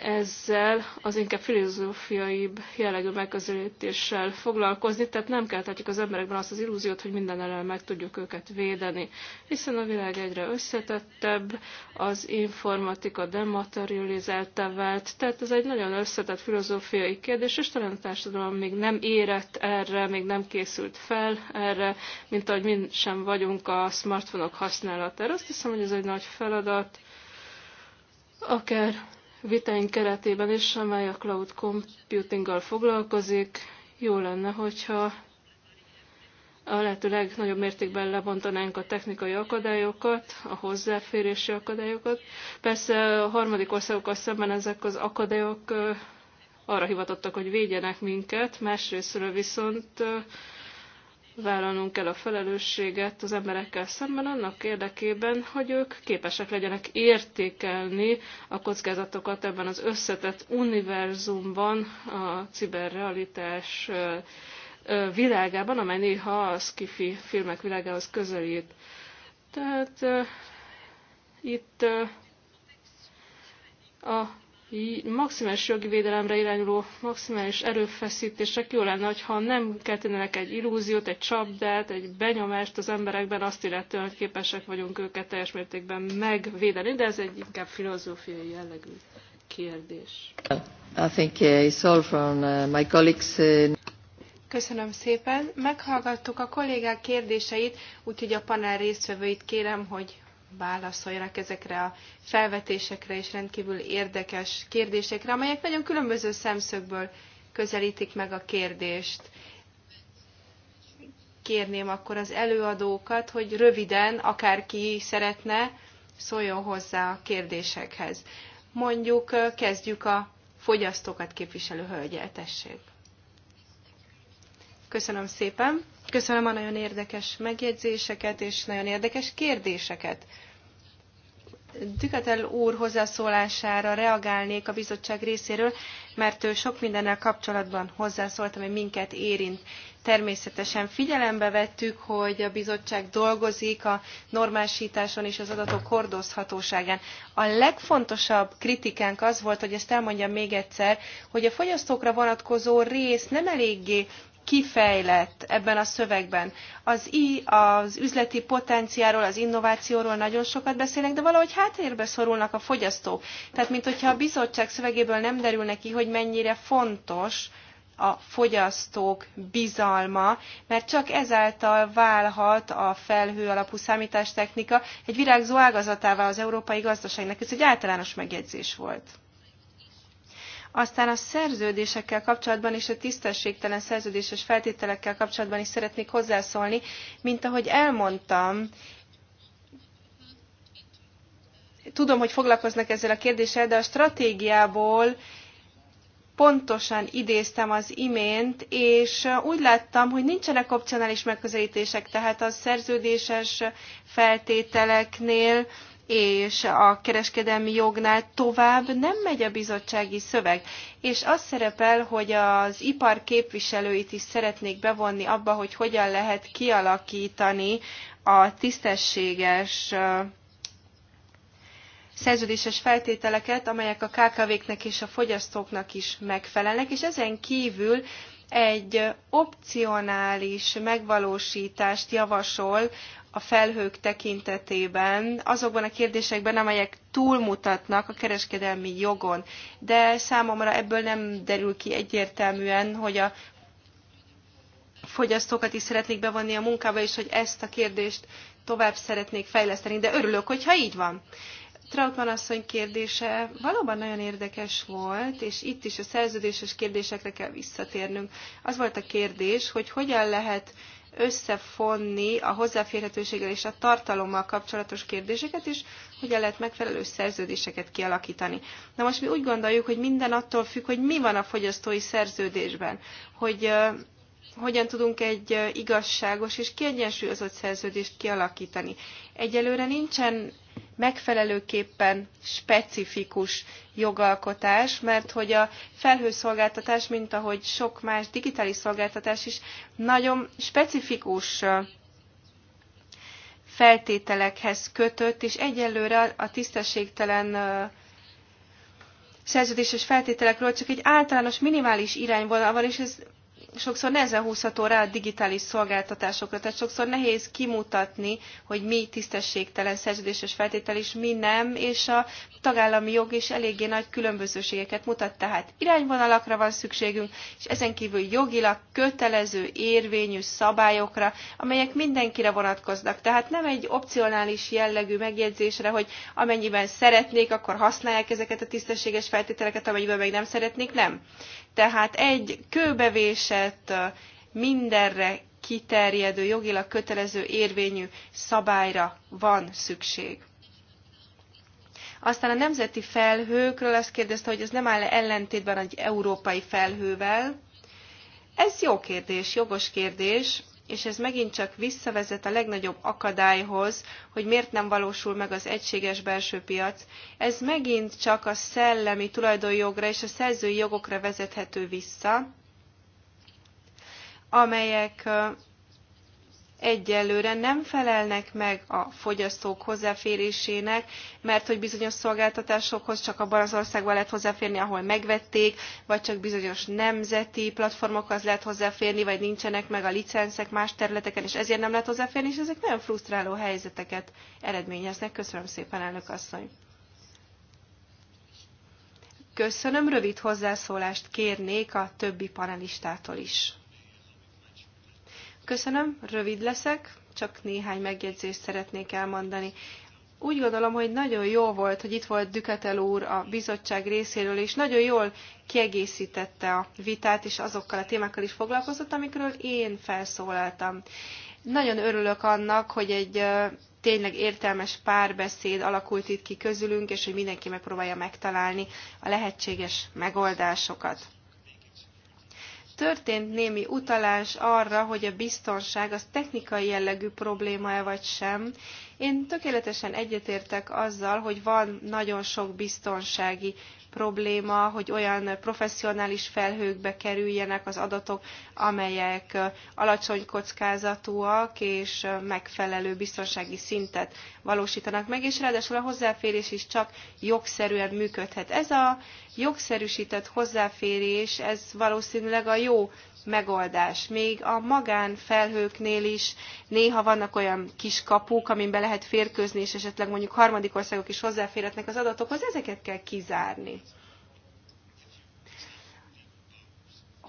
Speaker 2: ezzel az inkább filozófiai jellegű megközelítéssel foglalkozni, tehát nem kelthetjük az emberekben azt az illúziót, hogy minden ellen meg tudjuk őket védeni, hiszen a világ egyre összetettebb, az informatika dematerializálta vált, tehát ez egy nagyon összetett filozófiai kérdés, és talán a társadalom még nem érett erre, még nem készült fel erre, mint ahogy mi sem vagyunk a smartfonok használatára. Azt hiszem, hogy ez egy nagy feladat, akár vitáink keretében is, amely a cloud computinggal foglalkozik. Jó lenne, hogyha a lehető legnagyobb mértékben lebontanánk a technikai akadályokat, a hozzáférési akadályokat. Persze a harmadik országokkal szemben ezek az akadályok arra hivatottak, hogy védjenek minket, másrésztről viszont vállalnunk kell a felelősséget az emberekkel szemben annak érdekében, hogy ők képesek legyenek értékelni a kockázatokat ebben az összetett univerzumban, a ciberrealitás világában, amely néha a skifi filmek világához közelít. Tehát uh, itt uh, a maximális jogi védelemre irányuló maximális erőfeszítések jó lenne, hogyha nem keltenének egy illúziót, egy csapdát, egy benyomást az emberekben azt illetően, hogy képesek vagyunk őket teljes mértékben megvédeni, de ez egy inkább
Speaker 3: filozófiai jellegű kérdés.
Speaker 1: I think uh, it's all from uh, my colleagues. Uh,
Speaker 3: Köszönöm szépen. Meghallgattuk a kollégák kérdéseit, úgyhogy a panel résztvevőit kérem, hogy válaszoljanak ezekre a felvetésekre és rendkívül érdekes kérdésekre, amelyek nagyon különböző szemszögből közelítik meg a kérdést. Kérném akkor az előadókat, hogy röviden, akárki szeretne, szóljon hozzá a kérdésekhez. Mondjuk kezdjük a fogyasztókat képviselő hölgyel, tessék. Köszönöm szépen. Köszönöm a nagyon érdekes megjegyzéseket és nagyon érdekes kérdéseket. Dükatel úr hozzászólására reagálnék a bizottság részéről, mert ő sok mindennel kapcsolatban hozzászólt, ami minket érint. Természetesen figyelembe vettük, hogy a bizottság dolgozik a normásításon és az adatok hordozhatóságán. A legfontosabb kritikánk az volt, hogy ezt elmondjam még egyszer, hogy a fogyasztókra vonatkozó rész nem eléggé kifejlett ebben a szövegben. Az I az üzleti potenciáról, az innovációról nagyon sokat beszélnek, de valahogy háttérbe szorulnak a fogyasztók. Tehát, mint hogyha a bizottság szövegéből nem derül neki, hogy mennyire fontos a fogyasztók bizalma, mert csak ezáltal válhat a felhő alapú számítástechnika egy virágzó ágazatává az európai gazdaságnak. Ez egy általános megjegyzés volt. Aztán a szerződésekkel kapcsolatban és a tisztességtelen szerződéses feltételekkel kapcsolatban is szeretnék hozzászólni. Mint ahogy elmondtam, tudom, hogy foglalkoznak ezzel a kérdéssel, de a stratégiából pontosan idéztem az imént, és úgy láttam, hogy nincsenek opcionális megközelítések, tehát a szerződéses feltételeknél és a kereskedelmi jognál tovább nem megy a bizottsági szöveg. És az szerepel, hogy az ipar képviselőit is szeretnék bevonni abba, hogy hogyan lehet kialakítani a tisztességes szerződéses feltételeket, amelyek a KKV-knek és a fogyasztóknak is megfelelnek, és ezen kívül egy opcionális megvalósítást javasol a felhők tekintetében, azokban a kérdésekben, amelyek túlmutatnak a kereskedelmi jogon. De számomra ebből nem derül ki egyértelműen, hogy a fogyasztókat is szeretnék bevonni a munkába, és hogy ezt a kérdést tovább szeretnék fejleszteni, de örülök, hogyha így van. Trautmann asszony kérdése valóban nagyon érdekes volt, és itt is a szerződéses kérdésekre kell visszatérnünk. Az volt a kérdés, hogy hogyan lehet összefonni a hozzáférhetőséggel és a tartalommal kapcsolatos kérdéseket is, el lehet megfelelő szerződéseket kialakítani. Na most mi úgy gondoljuk, hogy minden attól függ, hogy mi van a fogyasztói szerződésben, hogy hogyan tudunk egy igazságos és kiegyensúlyozott szerződést kialakítani. Egyelőre nincsen megfelelőképpen specifikus jogalkotás, mert hogy a felhőszolgáltatás, mint ahogy sok más digitális szolgáltatás is, nagyon specifikus feltételekhez kötött, és egyelőre a tisztességtelen szerződéses feltételekről csak egy általános minimális irányvonal van, és ez sokszor nehezen húzható rá a digitális szolgáltatásokra, tehát sokszor nehéz kimutatni, hogy mi tisztességtelen szerződéses feltétel is, mi nem, és a tagállami jog is eléggé nagy különbözőségeket mutat, tehát irányvonalakra van szükségünk, és ezen kívül jogilag kötelező, érvényű szabályokra, amelyek mindenkire vonatkoznak. Tehát nem egy opcionális jellegű megjegyzésre, hogy amennyiben szeretnék, akkor használják ezeket a tisztességes feltételeket, amennyiben meg nem szeretnék, nem. Tehát egy kőbevése összetett, mindenre kiterjedő, jogilag kötelező érvényű szabályra van szükség. Aztán a nemzeti felhőkről azt kérdezte, hogy ez nem áll ellentétben egy európai felhővel. Ez jó kérdés, jogos kérdés, és ez megint csak visszavezet a legnagyobb akadályhoz, hogy miért nem valósul meg az egységes belső piac. Ez megint csak a szellemi tulajdonjogra és a szerzői jogokra vezethető vissza amelyek egyelőre nem felelnek meg a fogyasztók hozzáférésének, mert hogy bizonyos szolgáltatásokhoz csak abban az országban lehet hozzáférni, ahol megvették, vagy csak bizonyos nemzeti platformokhoz lehet hozzáférni, vagy nincsenek meg a licenszek más területeken, és ezért nem lehet hozzáférni, és ezek nagyon frusztráló helyzeteket eredményeznek. Köszönöm szépen, elnök asszony! Köszönöm, rövid hozzászólást kérnék a többi panelistától is. Köszönöm, rövid leszek, csak néhány megjegyzést szeretnék elmondani. Úgy gondolom, hogy nagyon jó volt, hogy itt volt Düketel úr a bizottság részéről, és nagyon jól kiegészítette a vitát, és azokkal a témákkal is foglalkozott, amikről én felszólaltam. Nagyon örülök annak, hogy egy tényleg értelmes párbeszéd alakult itt ki közülünk, és hogy mindenki megpróbálja megtalálni a lehetséges megoldásokat. Történt némi utalás arra, hogy a biztonság az technikai jellegű probléma-e vagy sem. Én tökéletesen egyetértek azzal, hogy van nagyon sok biztonsági probléma, hogy olyan professzionális felhőkbe kerüljenek az adatok, amelyek alacsony kockázatúak és megfelelő biztonsági szintet valósítanak meg, és ráadásul a hozzáférés is csak jogszerűen működhet. Ez a jogszerűsített hozzáférés, ez valószínűleg a jó megoldás. Még a magánfelhőknél is néha vannak olyan kis kapuk, amin be lehet férkőzni, és esetleg mondjuk harmadik országok is hozzáférhetnek az adatokhoz, ezeket kell kizárni.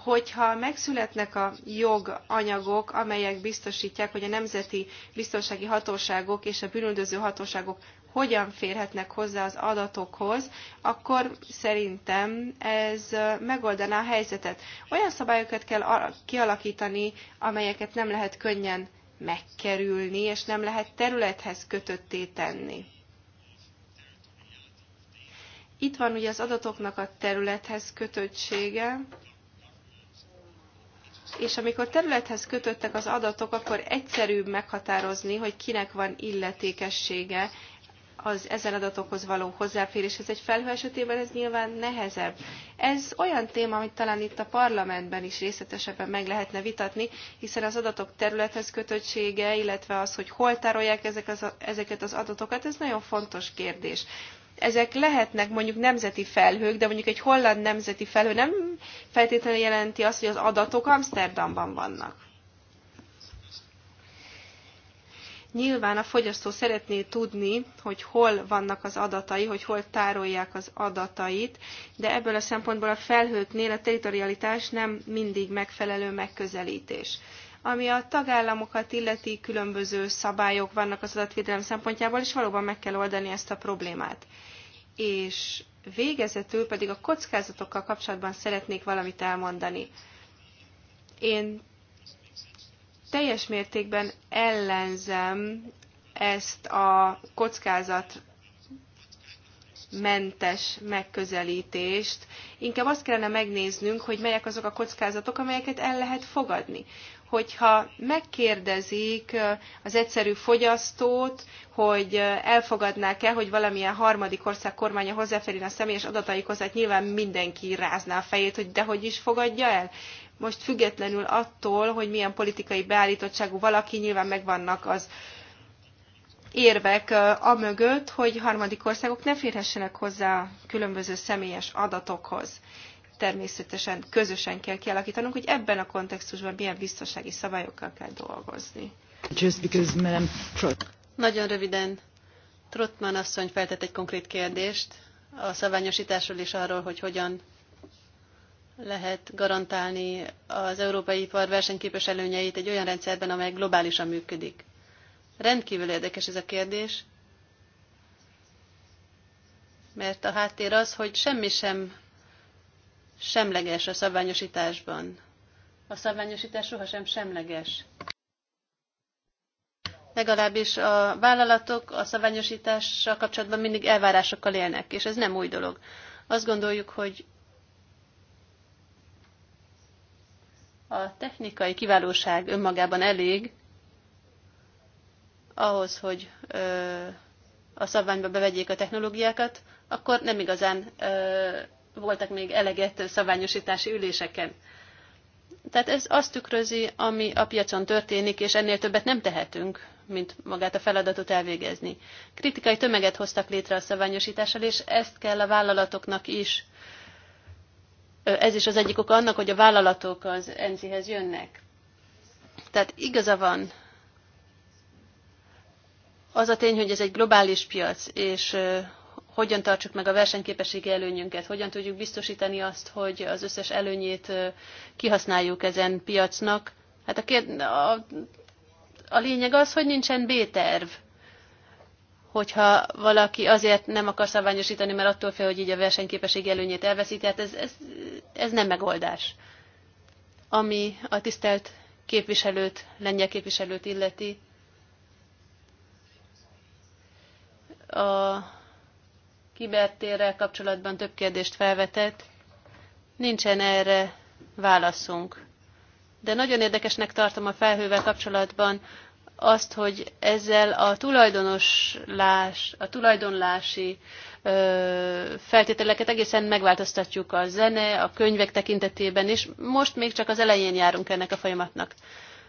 Speaker 3: hogyha megszületnek a joganyagok, amelyek biztosítják, hogy a nemzeti biztonsági hatóságok és a bűnöldöző hatóságok hogyan férhetnek hozzá az adatokhoz, akkor szerintem ez megoldaná a helyzetet. Olyan szabályokat kell kialakítani, amelyeket nem lehet könnyen megkerülni, és nem lehet területhez kötötté tenni. Itt van ugye az adatoknak a területhez kötöttsége, és amikor területhez kötöttek az adatok, akkor egyszerűbb meghatározni, hogy kinek van illetékessége az ezen adatokhoz való hozzáféréshez egy felhő esetében ez nyilván nehezebb. Ez olyan téma, amit talán itt a parlamentben is részletesebben meg lehetne vitatni, hiszen az adatok területhez kötöttsége, illetve az, hogy hol tárolják ezek az, ezeket az adatokat, ez nagyon fontos kérdés ezek lehetnek mondjuk nemzeti felhők, de mondjuk egy holland nemzeti felhő nem feltétlenül jelenti azt, hogy az adatok Amsterdamban vannak. Nyilván a fogyasztó szeretné tudni, hogy hol vannak az adatai, hogy hol tárolják az adatait, de ebből a szempontból a felhőknél a teritorialitás nem mindig megfelelő megközelítés. Ami a tagállamokat illeti, különböző szabályok vannak az adatvédelem szempontjából, és valóban meg kell oldani ezt a problémát. És végezetül pedig a kockázatokkal kapcsolatban szeretnék valamit elmondani. Én teljes mértékben ellenzem ezt a kockázat mentes megközelítést. Inkább azt kellene megnéznünk, hogy melyek azok a kockázatok, amelyeket el lehet fogadni. Hogyha megkérdezik az egyszerű fogyasztót, hogy elfogadnák-e, hogy valamilyen harmadik ország kormánya hozzáférjen a személyes adataikhoz, hát nyilván mindenki rázná a fejét, hogy dehogy is fogadja el most függetlenül attól, hogy milyen politikai beállítottságú valaki, nyilván megvannak az érvek amögött, hogy harmadik országok ne férhessenek hozzá különböző személyes adatokhoz. Természetesen közösen kell kialakítanunk, hogy ebben a kontextusban milyen biztonsági szabályokkal kell dolgozni.
Speaker 2: Just because, madam,
Speaker 1: Nagyon röviden, Trottman asszony feltett egy konkrét kérdést a szabványosításról és arról, hogy hogyan lehet garantálni az európai ipar versenyképes előnyeit egy olyan rendszerben, amely globálisan működik? Rendkívül érdekes ez a kérdés, mert a háttér az, hogy semmi sem semleges a szabványosításban. A szabványosítás sohasem semleges. Legalábbis a vállalatok a szabványosítással kapcsolatban mindig elvárásokkal élnek, és ez nem új dolog. Azt gondoljuk, hogy A technikai kiválóság önmagában elég ahhoz, hogy a szabványba bevegyék a technológiákat, akkor nem igazán voltak még eleget szabványosítási üléseken. Tehát ez azt tükrözi, ami a piacon történik, és ennél többet nem tehetünk, mint magát a feladatot elvégezni. Kritikai tömeget hoztak létre a szabványosítással, és ezt kell a vállalatoknak is ez is az egyik oka annak, hogy a vállalatok az ENSZI-hez jönnek. Tehát igaza van. Az a tény, hogy ez egy globális piac, és hogyan tartsuk meg a versenyképességi előnyünket, hogyan tudjuk biztosítani azt, hogy az összes előnyét kihasználjuk ezen piacnak. Hát a, kérd... a... a lényeg az, hogy nincsen B-terv hogyha valaki azért nem akar szabványosítani, mert attól fél, hogy így a versenyképesség előnyét elveszíti, tehát ez, ez, ez nem megoldás. Ami a tisztelt képviselőt, lengyel képviselőt illeti, a kibertérrel kapcsolatban több kérdést felvetett, nincsen erre válaszunk. De nagyon érdekesnek tartom a felhővel kapcsolatban azt, hogy ezzel a tulajdonoslás, a tulajdonlási feltételeket egészen megváltoztatjuk a zene, a könyvek tekintetében is. Most még csak az elején járunk ennek a folyamatnak.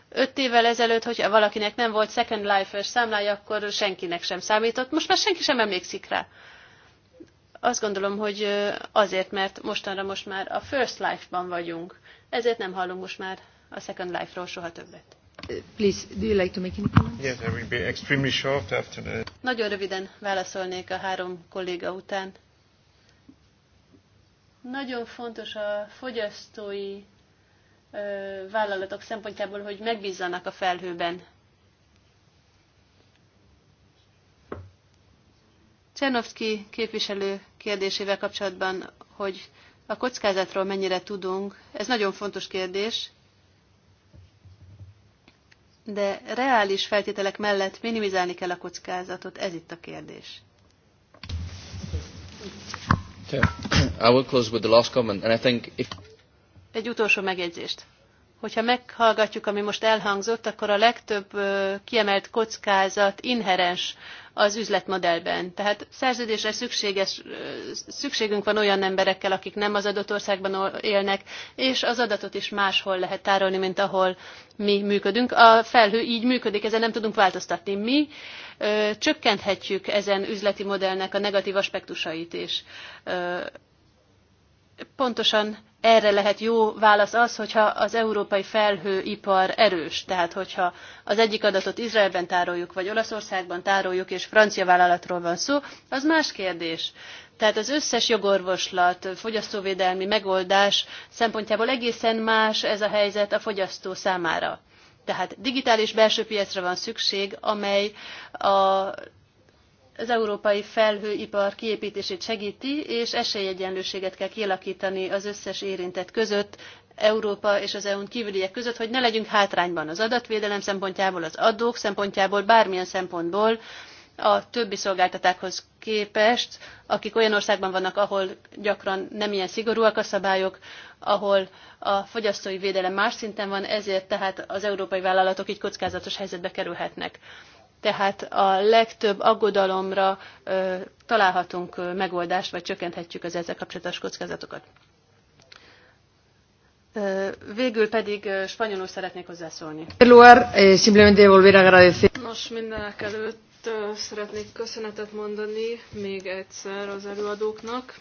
Speaker 1: Öt évvel ezelőtt, hogyha valakinek nem volt Second Life-es számlája, akkor senkinek sem számított. Most már senki sem emlékszik rá. Azt gondolom, hogy azért, mert mostanra most már a First Life-ban vagyunk. Ezért nem hallunk most már a Second Life-ról soha többet. Please, do you like to make any comments? Yes, I will be extremely short after the... Nagyon röviden válaszolnék a három kolléga után. Nagyon fontos a fogyasztói ö, vállalatok szempontjából, hogy megbízzanak a felhőben. Csernovszki képviselő kérdésével kapcsolatban, hogy a kockázatról mennyire tudunk, ez nagyon fontos kérdés, de reális feltételek mellett minimizálni kell a kockázatot, ez itt a kérdés. (coughs) Egy utolsó megjegyzést hogyha meghallgatjuk, ami most elhangzott, akkor a legtöbb kiemelt kockázat inherens az üzletmodellben. Tehát szerződésre szükséges, szükségünk van olyan emberekkel, akik nem az adott országban élnek, és az adatot is máshol lehet tárolni, mint ahol mi működünk. A felhő így működik, ezen nem tudunk változtatni. Mi ö, csökkenthetjük ezen üzleti modellnek a negatív aspektusait is. Ö, pontosan erre lehet jó válasz az, hogyha az európai felhőipar erős. Tehát, hogyha az egyik adatot Izraelben tároljuk, vagy Olaszországban tároljuk, és francia vállalatról van szó, az más kérdés. Tehát az összes jogorvoslat, fogyasztóvédelmi megoldás szempontjából egészen más ez a helyzet a fogyasztó számára. Tehát digitális belső piacra van szükség, amely a az európai felhőipar kiépítését segíti, és esélyegyenlőséget kell kialakítani az összes érintett között, Európa és az EU-n kívüliek között, hogy ne legyünk hátrányban az adatvédelem szempontjából, az adók szempontjából, bármilyen szempontból a többi szolgáltatákhoz képest, akik olyan országban vannak, ahol gyakran nem ilyen szigorúak a szabályok, ahol a fogyasztói védelem más szinten van, ezért tehát az európai vállalatok így kockázatos helyzetbe kerülhetnek tehát a legtöbb aggodalomra találhatunk megoldást, vagy csökkenthetjük az ezzel kapcsolatos kockázatokat. Végül pedig spanyolul szeretnék hozzászólni. Eh, Nos,
Speaker 2: mindenek előtt szeretnék köszönetet mondani még egyszer az előadóknak,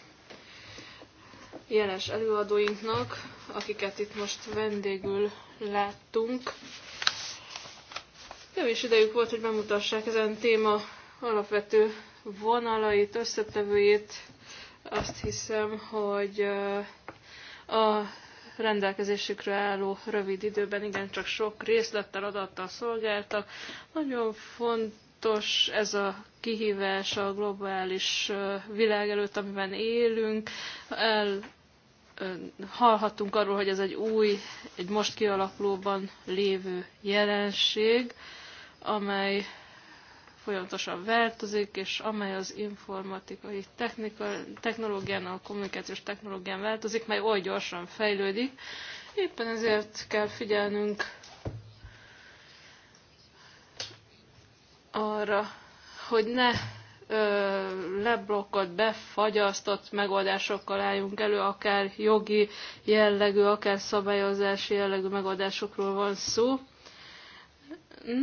Speaker 2: jeles előadóinknak, akiket itt most vendégül láttunk. Kevés idejük volt, hogy bemutassák ezen téma alapvető vonalait, összetevőjét. Azt hiszem, hogy a rendelkezésükre álló rövid időben igencsak sok részlettel, adattal szolgáltak. Nagyon fontos ez a kihívás a globális világ előtt, amiben élünk. El hallhattunk arról, hogy ez egy új, egy most kialakulóban lévő jelenség amely folyamatosan változik, és amely az informatikai technika, technológián, a kommunikációs technológián változik, mely oly gyorsan fejlődik. Éppen ezért kell figyelnünk arra, hogy ne ö, leblokkot, befagyasztott megoldásokkal álljunk elő, akár jogi jellegű, akár szabályozási jellegű megoldásokról van szó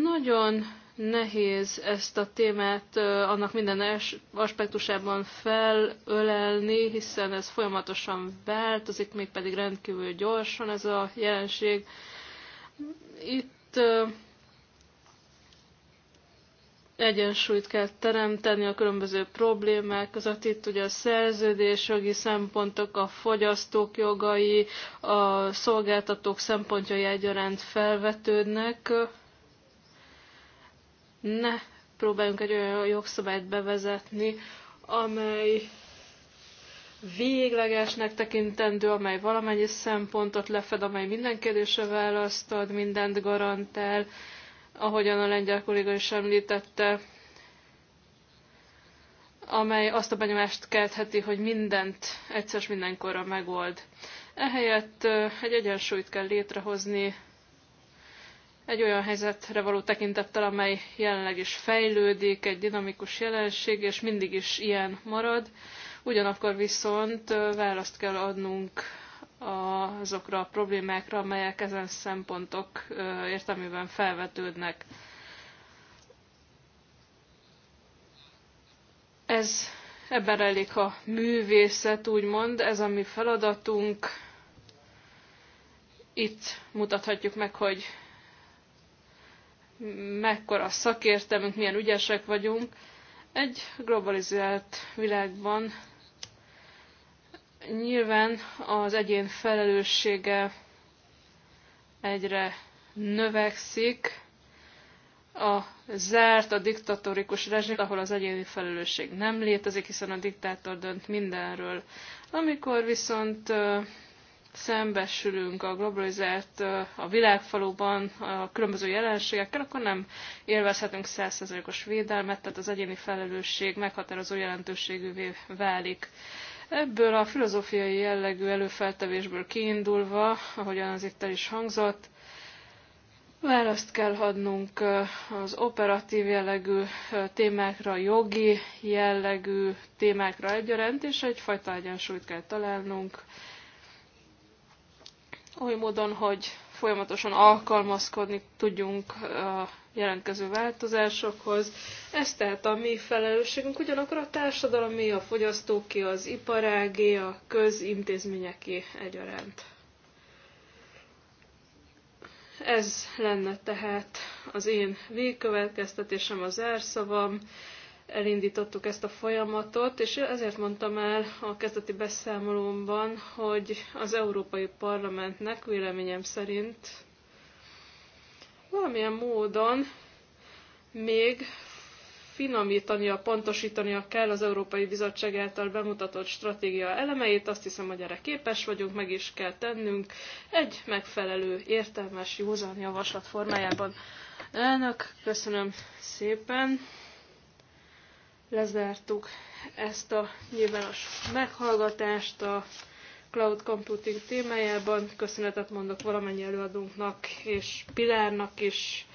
Speaker 2: nagyon nehéz ezt a témát annak minden aspektusában felölelni, hiszen ez folyamatosan változik, mégpedig rendkívül gyorsan ez a jelenség. Itt egyensúlyt kell teremteni a különböző problémák között. Itt ugye a jogi szempontok, a fogyasztók jogai, a szolgáltatók szempontjai egyaránt felvetődnek ne próbáljunk egy olyan jogszabályt bevezetni, amely véglegesnek tekintendő, amely valamennyi szempontot lefed, amely minden kérdésre választ ad, mindent garantál, ahogyan a lengyel kolléga is említette, amely azt a benyomást keltheti, hogy mindent egyszer mindenkorra megold. Ehelyett egy egyensúlyt kell létrehozni egy olyan helyzetre való tekintettel, amely jelenleg is fejlődik, egy dinamikus jelenség, és mindig is ilyen marad. Ugyanakkor viszont választ kell adnunk azokra a problémákra, amelyek ezen szempontok értelmében felvetődnek. Ez ebben elég a művészet, úgymond, ez a mi feladatunk. Itt mutathatjuk meg, hogy mekkora szakértelmünk, milyen ügyesek vagyunk. Egy globalizált világban nyilván az egyén felelőssége egyre növekszik, a zárt, a diktatórikus rezsim, ahol az egyéni felelősség nem létezik, hiszen a diktátor dönt mindenről. Amikor viszont szembesülünk a globalizált, a világfaluban a különböző jelenségekkel, akkor nem élvezhetünk százszerzalékos védelmet, tehát az egyéni felelősség meghatározó jelentőségűvé válik. Ebből a filozófiai jellegű előfeltevésből kiindulva, ahogyan az itt el is hangzott, Választ kell adnunk az operatív jellegű témákra, jogi jellegű témákra egyaránt, és egyfajta egyensúlyt kell találnunk oly módon, hogy folyamatosan alkalmazkodni tudjunk a jelentkező változásokhoz. Ez tehát a mi felelősségünk, ugyanakkor a társadalomi, a fogyasztóké, az iparágé, a közintézményeké egyaránt. Ez lenne tehát az én végkövetkeztetésem, az árszavam elindítottuk ezt a folyamatot, és ezért mondtam el a kezdeti beszámolómban, hogy az Európai Parlamentnek véleményem szerint valamilyen módon még finomítania, pontosítania kell az Európai Bizottság által bemutatott stratégia elemeit. Azt hiszem, hogy erre képes vagyunk, meg is kell tennünk egy megfelelő, értelmes, józan javaslat formájában. Elnök, köszönöm szépen lezártuk ezt a nyilvános meghallgatást a cloud computing témájában. Köszönetet mondok valamennyi előadónknak és Pilárnak is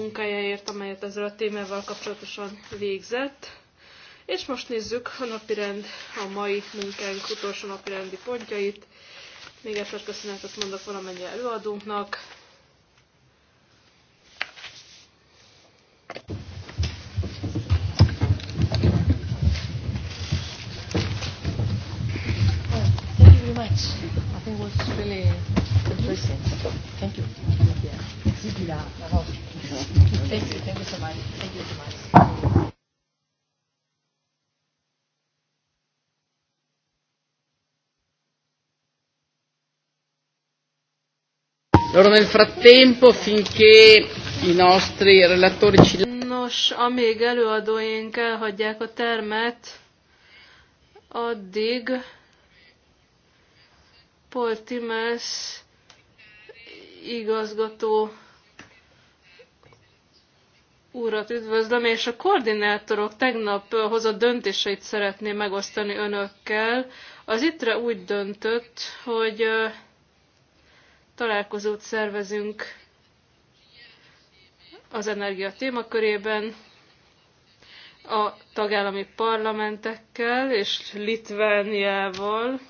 Speaker 2: munkájáért, amelyet ezzel a témával kapcsolatosan végzett. És most nézzük a napirend, a mai munkánk utolsó napirendi pontjait. Még egyszer köszönetet mondok valamennyi előadónknak.
Speaker 1: much. I think it was really interesting. Thank you. Thank you. Thank you. Thank you so much. Thank you
Speaker 3: so much.
Speaker 2: Allora nel frattempo finché i nostri relatori ci... Nos, amíg előadóink elhagyják a termet, addig Paul Timers igazgató úrat üdvözlöm, és a koordinátorok tegnap hozott döntéseit szeretném megosztani önökkel. Az ITRE úgy döntött, hogy találkozót szervezünk az energia témakörében a tagállami parlamentekkel és Litvániával.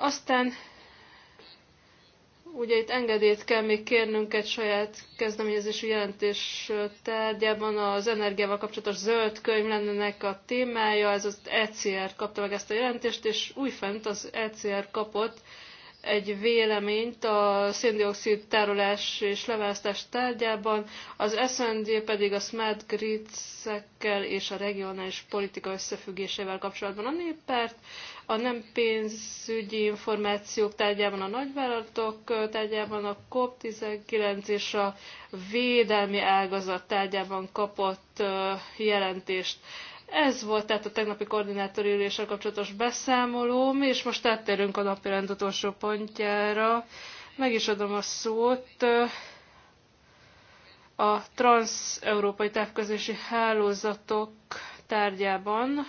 Speaker 2: Aztán ugye itt engedélyt kell még kérnünk egy saját kezdeményezésű jelentés tárgyában, az energiával kapcsolatos zöld könyv lennenek a témája, ez az ECR kapta meg ezt a jelentést, és újfent az ECR kapott egy véleményt a széndiokszid tárolás és leválasztás tárgyában, az SND pedig a smart grid-szekkel és a regionális politika összefüggésével kapcsolatban a néppárt, a nem pénzügyi információk tárgyában a nagyvállalatok tárgyában a COP19 és a védelmi ágazat tárgyában kapott jelentést. Ez volt tehát a tegnapi koordinátori üléssel kapcsolatos beszámolóm, és most áttérünk a napirend utolsó pontjára. Meg is adom a szót a transz-európai távközlési hálózatok tárgyában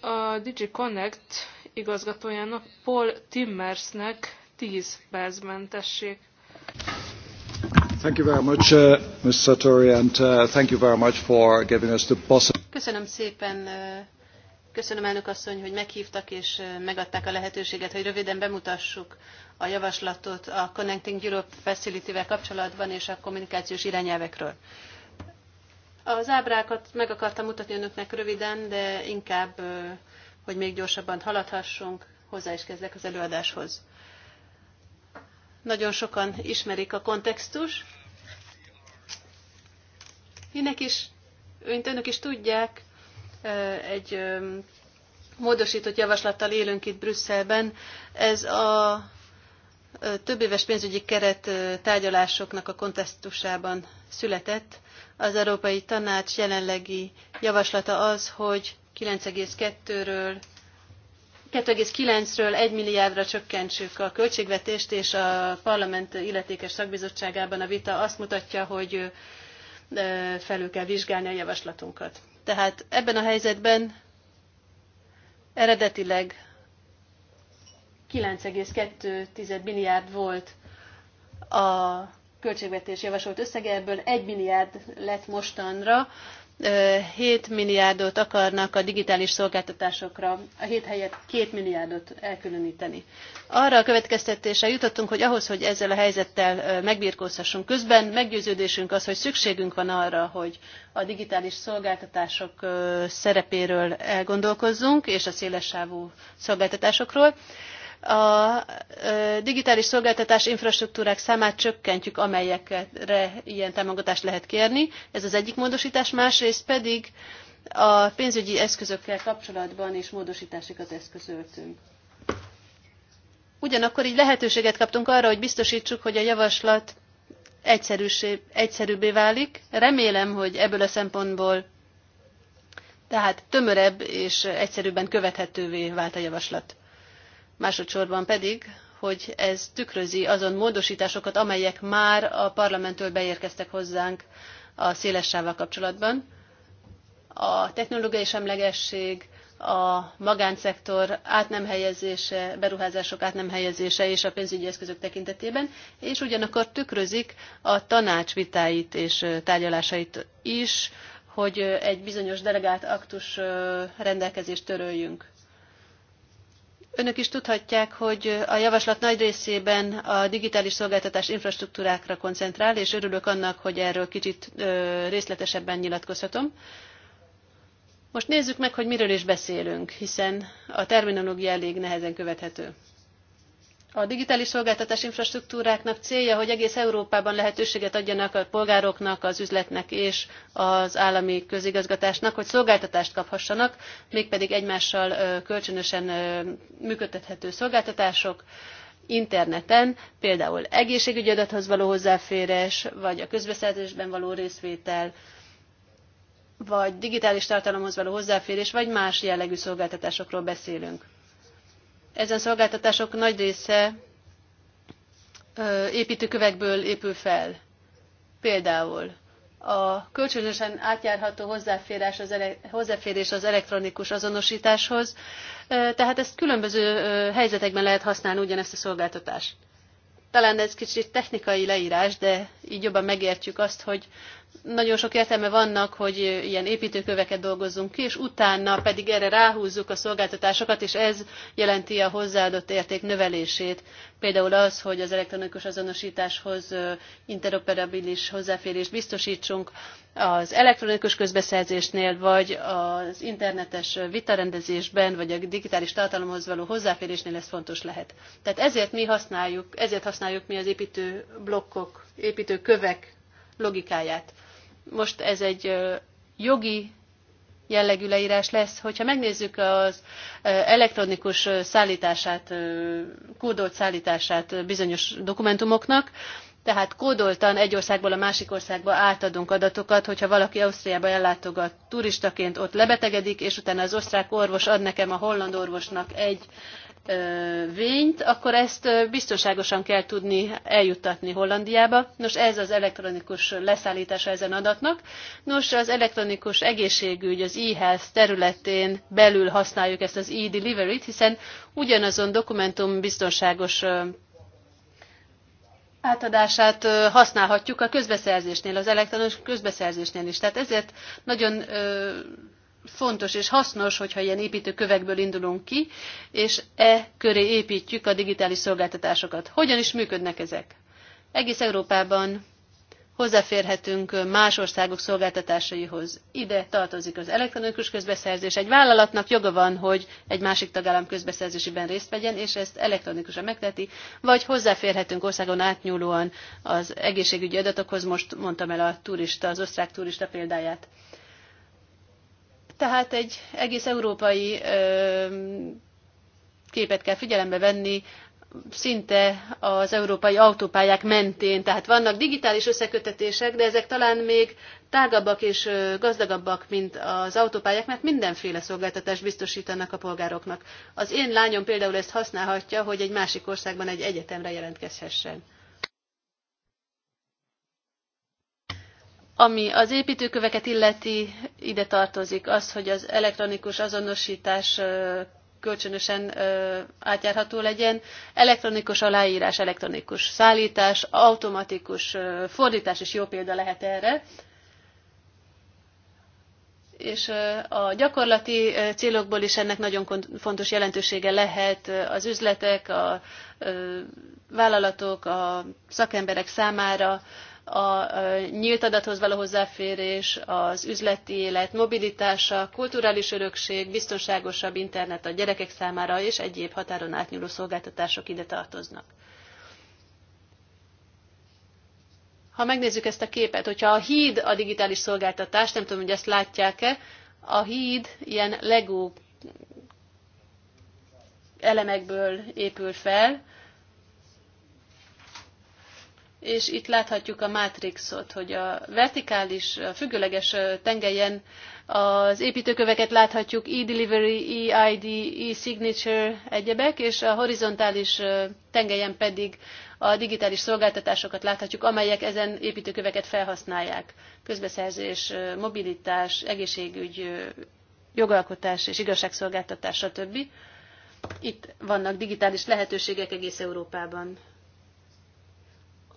Speaker 2: a DigiConnect igazgatójának Paul Timmersnek 10 percben tessék.
Speaker 1: Köszönöm szépen, uh, köszönöm elnök asszony, hogy meghvtak és uh, megadták a lehetőséget, hogy röviden bemutassuk a javaslatot a Connecting Europe Facility-vel kapcsolatban és a kommunikációs irányelvekről. Az ábrákat meg akartam mutatni önöknek röviden, de inkább, uh, hogy még gyorsabban haladhassunk, hozzá is kezdek az előadáshoz. Nagyon sokan ismerik a kontextus. Minek is, mint önök is tudják, egy módosított javaslattal élünk itt Brüsszelben. Ez a több éves pénzügyi keret tárgyalásoknak a kontextusában született. Az Európai Tanács jelenlegi javaslata az, hogy 9,2-ről 2,9-ről 1 milliárdra csökkentsük a költségvetést, és a parlament illetékes szakbizottságában a vita azt mutatja, hogy felül kell vizsgálni a javaslatunkat. Tehát ebben a helyzetben eredetileg 9,2 milliárd volt a költségvetés javasolt összege, ebből 1 milliárd lett mostanra, 7 milliárdot akarnak a digitális szolgáltatásokra, a 7 helyett 2 milliárdot elkülöníteni. Arra a következtetésre jutottunk, hogy ahhoz, hogy ezzel a helyzettel megbirkózhassunk közben, meggyőződésünk az, hogy szükségünk van arra, hogy a digitális szolgáltatások szerepéről elgondolkozzunk, és a szélessávú szolgáltatásokról a digitális szolgáltatás infrastruktúrák számát csökkentjük, amelyekre ilyen támogatást lehet kérni. Ez az egyik módosítás, másrészt pedig a pénzügyi eszközökkel kapcsolatban is módosításokat eszközöltünk. Ugyanakkor így lehetőséget kaptunk arra, hogy biztosítsuk, hogy a javaslat egyszerűbbé válik. Remélem, hogy ebből a szempontból tehát tömörebb és egyszerűbben követhetővé vált a javaslat másodszorban pedig, hogy ez tükrözi azon módosításokat, amelyek már a parlamenttől beérkeztek hozzánk a széles sávval kapcsolatban. A technológiai semlegesség, a magánszektor átnem beruházások átnem helyezése és a pénzügyi eszközök tekintetében, és ugyanakkor tükrözik a tanács vitáit és tárgyalásait is, hogy egy bizonyos delegált aktus rendelkezést töröljünk. Önök is tudhatják, hogy a javaslat nagy részében a digitális szolgáltatás infrastruktúrákra koncentrál, és örülök annak, hogy erről kicsit részletesebben nyilatkozhatom. Most nézzük meg, hogy miről is beszélünk, hiszen a terminológia elég nehezen követhető. A digitális szolgáltatás infrastruktúráknak célja, hogy egész Európában lehetőséget adjanak a polgároknak, az üzletnek és az állami közigazgatásnak, hogy szolgáltatást kaphassanak, mégpedig egymással kölcsönösen működtethető szolgáltatások interneten, például egészségügyi adathoz való hozzáférés, vagy a közbeszerzésben való részvétel, vagy digitális tartalomhoz való hozzáférés, vagy más jellegű szolgáltatásokról beszélünk. Ezen szolgáltatások nagy része építőkövekből épül fel. Például a kölcsönösen átjárható hozzáférés az, hozzáférés az elektronikus azonosításhoz, tehát ezt különböző helyzetekben lehet használni ugyanezt a szolgáltatást. Talán ez kicsit technikai leírás, de így jobban megértjük azt, hogy nagyon sok értelme vannak, hogy ilyen építőköveket dolgozzunk ki, és utána pedig erre ráhúzzuk a szolgáltatásokat, és ez jelenti a hozzáadott érték növelését. Például az, hogy az elektronikus azonosításhoz interoperabilis hozzáférést biztosítsunk az elektronikus közbeszerzésnél, vagy az internetes vitarendezésben, vagy a digitális tartalomhoz való hozzáférésnél ez fontos lehet. Tehát ezért mi használjuk, ezért használjuk mi az építő blokkok, építő kövek logikáját. Most ez egy jogi jellegű leírás lesz. Hogyha megnézzük az elektronikus szállítását, kódolt szállítását bizonyos dokumentumoknak, tehát kódoltan egy országból a másik országba átadunk adatokat, hogyha valaki Ausztriába ellátogat turistaként, ott lebetegedik, és utána az osztrák orvos ad nekem a holland orvosnak egy vényt, akkor ezt biztonságosan kell tudni eljuttatni Hollandiába. Nos, ez az elektronikus leszállítása ezen adatnak. Nos, az elektronikus egészségügy, az e-health területén belül használjuk ezt az e-delivery-t, hiszen ugyanazon dokumentum biztonságos átadását használhatjuk a közbeszerzésnél, az elektronikus közbeszerzésnél is. Tehát ezért nagyon fontos és hasznos, hogyha ilyen építőkövekből indulunk ki, és e köré építjük a digitális szolgáltatásokat. Hogyan is működnek ezek? Egész Európában hozzáférhetünk más országok szolgáltatásaihoz. Ide tartozik az elektronikus közbeszerzés. Egy vállalatnak joga van, hogy egy másik tagállam közbeszerzésében részt vegyen, és ezt elektronikusan megteti, vagy hozzáférhetünk országon átnyúlóan az egészségügyi adatokhoz. Most mondtam el a turista, az osztrák turista példáját. Tehát egy egész európai képet kell figyelembe venni, szinte az európai autópályák mentén. Tehát vannak digitális összekötetések, de ezek talán még tágabbak és gazdagabbak, mint az autópályák, mert mindenféle szolgáltatást biztosítanak a polgároknak. Az én lányom például ezt használhatja, hogy egy másik országban egy egyetemre jelentkezhessen. Ami az építőköveket illeti, ide tartozik az, hogy az elektronikus azonosítás kölcsönösen átjárható legyen. Elektronikus aláírás, elektronikus szállítás, automatikus fordítás is jó példa lehet erre. És a gyakorlati célokból is ennek nagyon fontos jelentősége lehet az üzletek, a vállalatok, a szakemberek számára, a nyílt adathoz való hozzáférés, az üzleti élet mobilitása, kulturális örökség, biztonságosabb internet a gyerekek számára és egyéb határon átnyúló szolgáltatások ide tartoznak. Ha megnézzük ezt a képet, hogyha a híd a digitális szolgáltatás, nem tudom, hogy ezt látják-e, a híd ilyen legó elemekből épül fel, és itt láthatjuk a mátrixot, hogy a vertikális, a függőleges tengelyen az építőköveket láthatjuk, e-delivery, e-ID, e-signature, egyebek, és a horizontális tengelyen pedig a digitális szolgáltatásokat láthatjuk, amelyek ezen építőköveket felhasználják. Közbeszerzés, mobilitás, egészségügy, jogalkotás és igazságszolgáltatás, stb. Itt vannak digitális lehetőségek egész Európában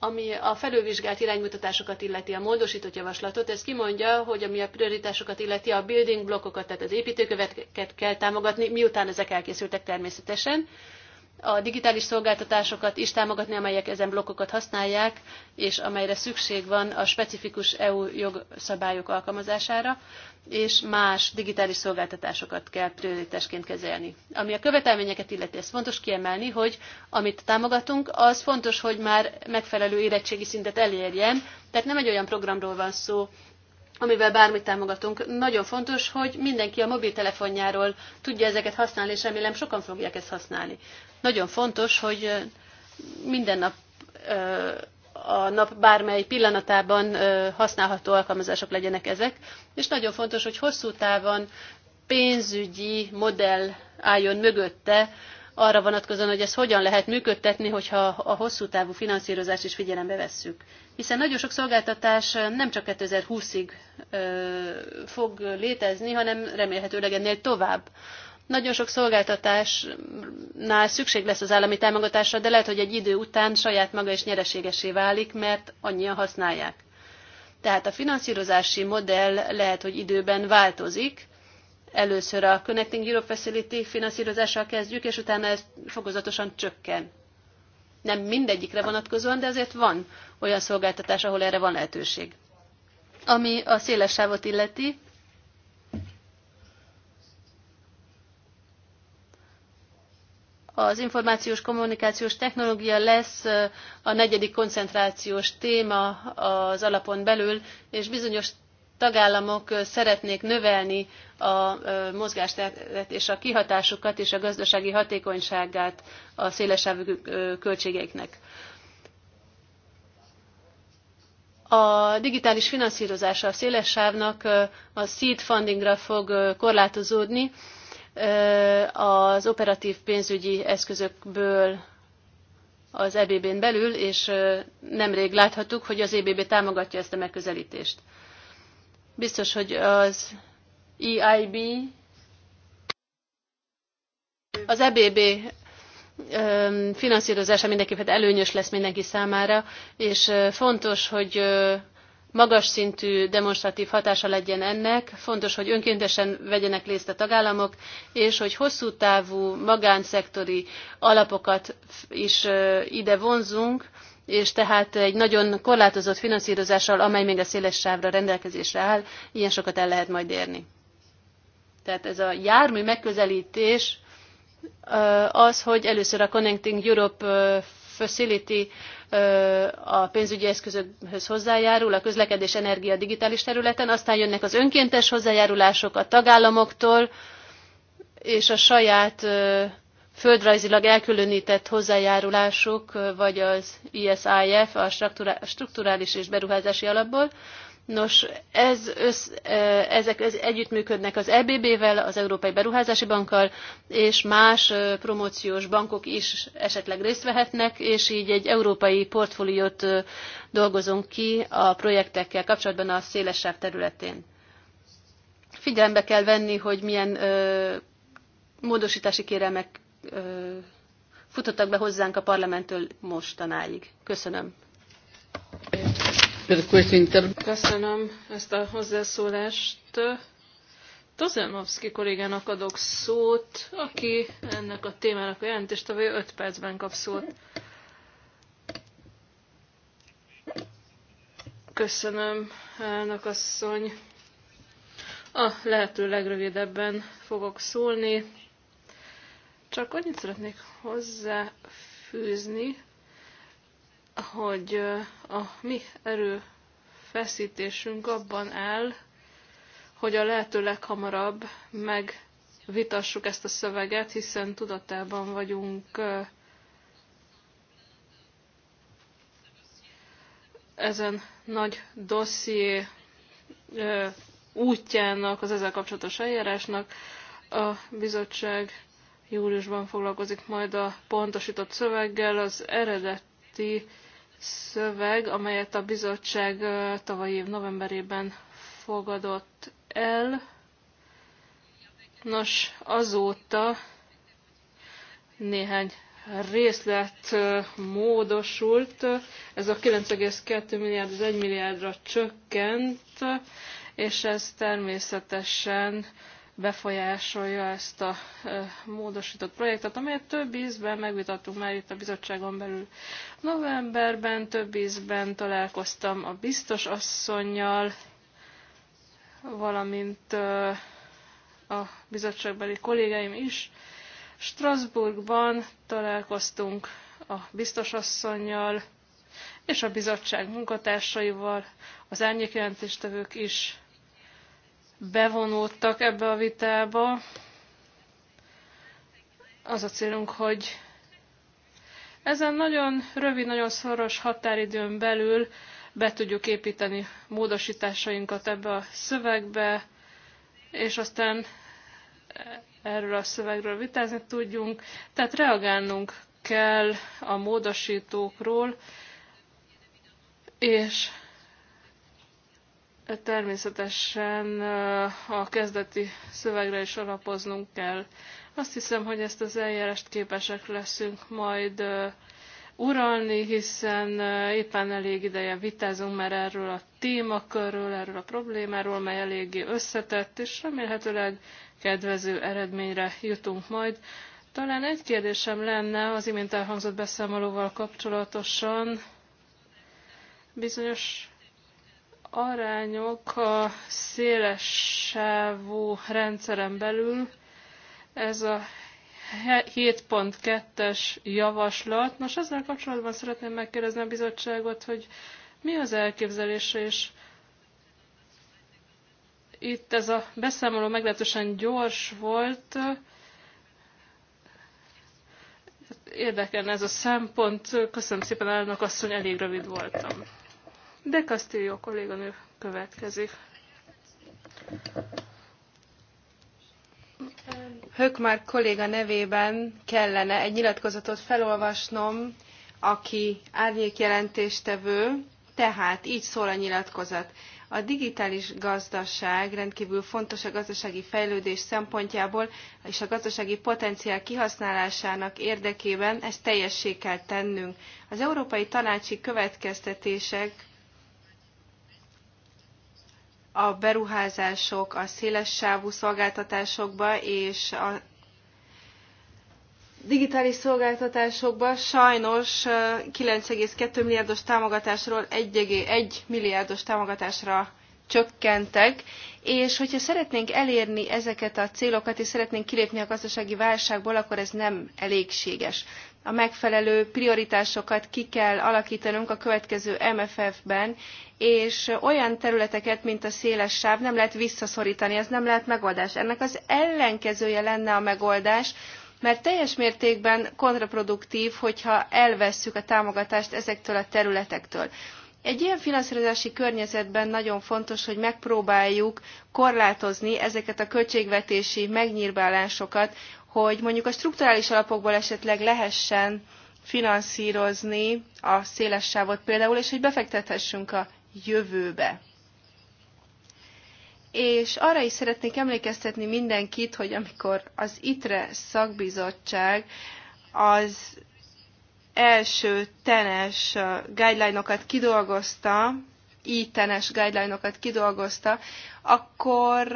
Speaker 1: ami a felülvizsgált iránymutatásokat illeti a módosított javaslatot, ez kimondja, hogy ami a prioritásokat illeti a building blokkokat, tehát az építőköveket kell támogatni, miután ezek elkészültek természetesen, a digitális szolgáltatásokat is támogatni, amelyek ezen blokkokat használják, és amelyre szükség van a specifikus EU jogszabályok alkalmazására, és más digitális szolgáltatásokat kell prioritásként kezelni. Ami a követelményeket illeti, ez fontos kiemelni, hogy amit támogatunk, az fontos, hogy már megfelelő érettségi szintet elérjen, tehát nem egy olyan programról van szó, amivel bármit támogatunk. Nagyon fontos, hogy mindenki a mobiltelefonjáról tudja ezeket használni, és remélem sokan fogják ezt használni. Nagyon fontos, hogy minden nap a nap bármely pillanatában használható alkalmazások legyenek ezek, és nagyon fontos, hogy hosszú távon pénzügyi modell álljon mögötte, arra vonatkozóan, hogy ezt hogyan lehet működtetni, hogyha a hosszú távú finanszírozást is figyelembe vesszük. Hiszen nagyon sok szolgáltatás nem csak 2020-ig fog létezni, hanem remélhetőleg ennél tovább. Nagyon sok szolgáltatásnál szükség lesz az állami támogatásra, de lehet, hogy egy idő után saját maga is nyereségesé válik, mert annyian használják. Tehát a finanszírozási modell lehet, hogy időben változik. Először a Connecting Europe Facility finanszírozással kezdjük, és utána ez fokozatosan csökken. Nem mindegyikre vonatkozóan, de azért van olyan szolgáltatás, ahol erre van lehetőség. Ami a széles sávot illeti, az információs kommunikációs technológia lesz a negyedik koncentrációs téma az alapon belül, és bizonyos tagállamok szeretnék növelni a mozgásteret és a kihatásukat és a gazdasági hatékonyságát a szélesávú költségeiknek. A digitális finanszírozása a széles sávnak a seed fundingra fog korlátozódni, az operatív pénzügyi eszközökből az EBB-n belül, és nemrég láthattuk, hogy az EBB támogatja ezt a megközelítést. Biztos, hogy az EIB, az EBB finanszírozása mindenképpen előnyös lesz mindenki számára, és fontos, hogy magas szintű demonstratív hatása legyen ennek. Fontos, hogy önkéntesen vegyenek részt a tagállamok, és hogy hosszú távú magánszektori alapokat is ide vonzunk, és tehát egy nagyon korlátozott finanszírozással, amely még a széles sávra rendelkezésre áll, ilyen sokat el lehet majd érni. Tehát ez a jármű megközelítés az, hogy először a Connecting Europe Facility a pénzügyi eszközökhöz hozzájárul, a közlekedés energia digitális területen, aztán jönnek az önkéntes hozzájárulások a tagállamoktól, és a saját földrajzilag elkülönített hozzájárulásuk, vagy az ISIF, a strukturális és beruházási alapból. Nos, ez össz, ezek ez együttműködnek az EBB-vel, az Európai Beruházási Bankkal, és más promóciós bankok is esetleg részt vehetnek, és így egy európai portfóliót dolgozunk ki a projektekkel kapcsolatban a szélesebb területén. Figyelembe kell venni, hogy milyen ö, módosítási kérelmek ö, futottak be hozzánk a parlamenttől mostanáig. Köszönöm.
Speaker 2: Köszönöm ezt a hozzászólást. Tozenovszki kollégának adok szót, aki ennek a témának a jelentést, vagy 5 percben kap szót. Köszönöm, elnök asszony. A lehető legrövidebben fogok szólni. Csak annyit szeretnék hozzáfűzni, hogy a mi erőfeszítésünk abban áll, hogy a lehető leghamarabb megvitassuk ezt a szöveget, hiszen tudatában vagyunk ezen nagy dosszié útjának, az ezzel kapcsolatos eljárásnak. A bizottság júliusban foglalkozik majd a pontosított szöveggel, az eredeti szöveg, amelyet a bizottság tavalyi év novemberében fogadott el. Nos, azóta néhány részlet módosult. Ez a 9,2 milliárd az 1 milliárdra csökkent, és ez természetesen befolyásolja ezt a módosított projektet, amelyet több ízben megvitattuk már itt a bizottságon belül. Novemberben több ízben találkoztam a biztos asszonynal, valamint a bizottságbeli kollégáim is. Strasbourgban találkoztunk a asszonynal és a bizottság munkatársaival, az árnyékjelentéstevők is bevonódtak ebbe a vitába. Az a célunk, hogy ezen nagyon rövid, nagyon szoros határidőn belül be tudjuk építeni módosításainkat ebbe a szövegbe, és aztán erről a szövegről vitázni tudjunk. Tehát reagálnunk kell a módosítókról, és Természetesen a kezdeti szövegre is alapoznunk kell. Azt hiszem, hogy ezt az eljárást képesek leszünk majd uralni, hiszen éppen elég ideje vitázunk már erről a témakörről, erről a problémáról, mely eléggé összetett, és remélhetőleg kedvező eredményre jutunk majd. Talán egy kérdésem lenne az imént elhangzott beszámolóval kapcsolatosan. Bizonyos arányok a széles sávú rendszeren belül. Ez a 7.2-es javaslat. Nos, ezzel kapcsolatban szeretném megkérdezni a bizottságot, hogy mi az elképzelése, és itt ez a beszámoló meglehetősen gyors volt. Érdekelne ez a szempont. Köszönöm szépen, elnök asszony, elég rövid voltam. De Castillo kolléganő következik.
Speaker 3: Hökmár kolléga nevében kellene egy nyilatkozatot felolvasnom, aki árnyékjelentéstevő, tehát így szól a nyilatkozat. A digitális gazdaság rendkívül fontos a gazdasági fejlődés szempontjából, és a gazdasági potenciál kihasználásának érdekében ezt teljessé kell tennünk. Az Európai Tanácsi következtetések a beruházások a széles sávú szolgáltatásokba és a digitális szolgáltatásokba sajnos 9,2 milliárdos támogatásról 1,1 milliárdos támogatásra csökkentek, és hogyha szeretnénk elérni ezeket a célokat, és szeretnénk kilépni a gazdasági válságból, akkor ez nem elégséges a megfelelő prioritásokat ki kell alakítanunk a következő MFF-ben, és olyan területeket, mint a széles sáv nem lehet visszaszorítani, ez nem lehet megoldás. Ennek az ellenkezője lenne a megoldás, mert teljes mértékben kontraproduktív, hogyha elvesszük a támogatást ezektől a területektől. Egy ilyen finanszírozási környezetben nagyon fontos, hogy megpróbáljuk korlátozni ezeket a költségvetési megnyírbálásokat, hogy mondjuk a strukturális alapokból esetleg lehessen finanszírozni a széles sávot például, és hogy befektethessünk a jövőbe. És arra is szeretnék emlékeztetni mindenkit, hogy amikor az ITRE szakbizottság az első tenes guideline-okat kidolgozta, ítenes guideline-okat kidolgozta, akkor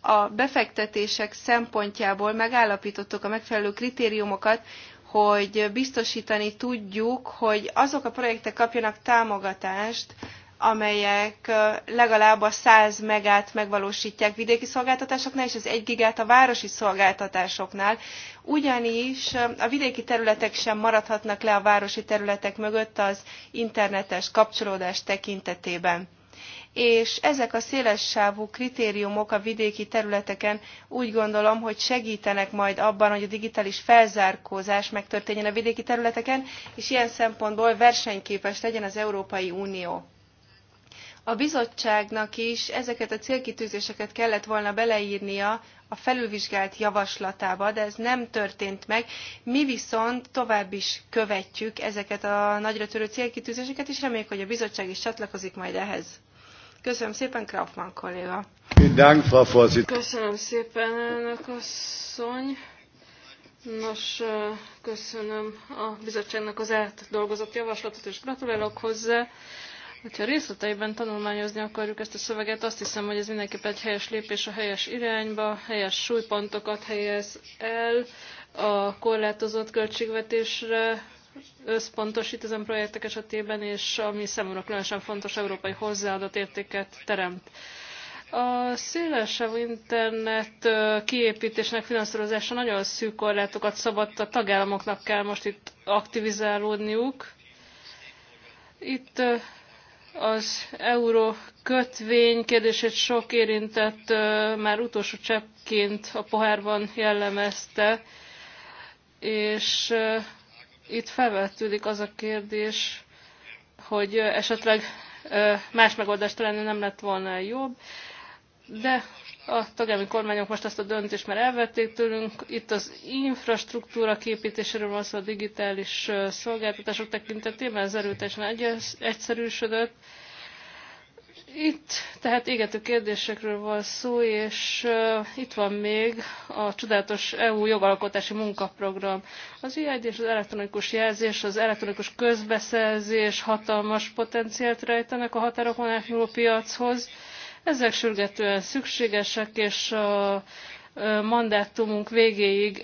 Speaker 3: a befektetések szempontjából megállapítottuk a megfelelő kritériumokat, hogy biztosítani tudjuk, hogy azok a projektek kapjanak támogatást, amelyek legalább a 100 megát megvalósítják vidéki szolgáltatásoknál, és az 1 gigát a városi szolgáltatásoknál, ugyanis a vidéki területek sem maradhatnak le a városi területek mögött az internetes kapcsolódás tekintetében és ezek a szélessávú kritériumok a vidéki területeken úgy gondolom, hogy segítenek majd abban, hogy a digitális felzárkózás megtörténjen a vidéki területeken, és ilyen szempontból versenyképes legyen az Európai Unió. A bizottságnak is ezeket a célkitűzéseket kellett volna beleírnia a felülvizsgált javaslatába, de ez nem történt meg. Mi viszont tovább is követjük ezeket a nagyra törő célkitűzéseket, és reméljük, hogy a bizottság is csatlakozik majd ehhez. Köszönöm szépen, Kraufmann kolléga. Köszönöm szépen, elnök
Speaker 2: asszony. Nos, köszönöm a bizottságnak az átdolgozott javaslatot, és gratulálok hozzá. Hogyha részleteiben tanulmányozni akarjuk ezt a szöveget, azt hiszem, hogy ez mindenképp egy helyes lépés a helyes irányba, helyes súlypontokat helyez el a korlátozott költségvetésre összpontosít ezen projektek esetében, és ami számomra különösen fontos, európai hozzáadott értéket teremt. A szélesebb internet kiépítésnek finanszírozása nagyon szűk korlátokat szabad, a tagállamoknak kell most itt aktivizálódniuk. Itt az euró kötvény kérdését sok érintett már utolsó cseppként a pohárban jellemezte, és itt felvetődik az a kérdés, hogy esetleg más megoldást találni nem lett volna jobb, de a tagállami kormányok most ezt a döntést már elvették tőlünk. Itt az infrastruktúra képítéséről van szó a digitális szolgáltatások tekintetében, ez erőteljesen egyszerűsödött, itt tehát égető kérdésekről van szó, és uh, itt van még a csodálatos EU jogalkotási munkaprogram. Az e IID és az elektronikus jelzés, az elektronikus közbeszerzés hatalmas potenciált rejtenek a határokon átnyúló piachoz. Ezek sürgetően szükségesek, és a mandátumunk végéig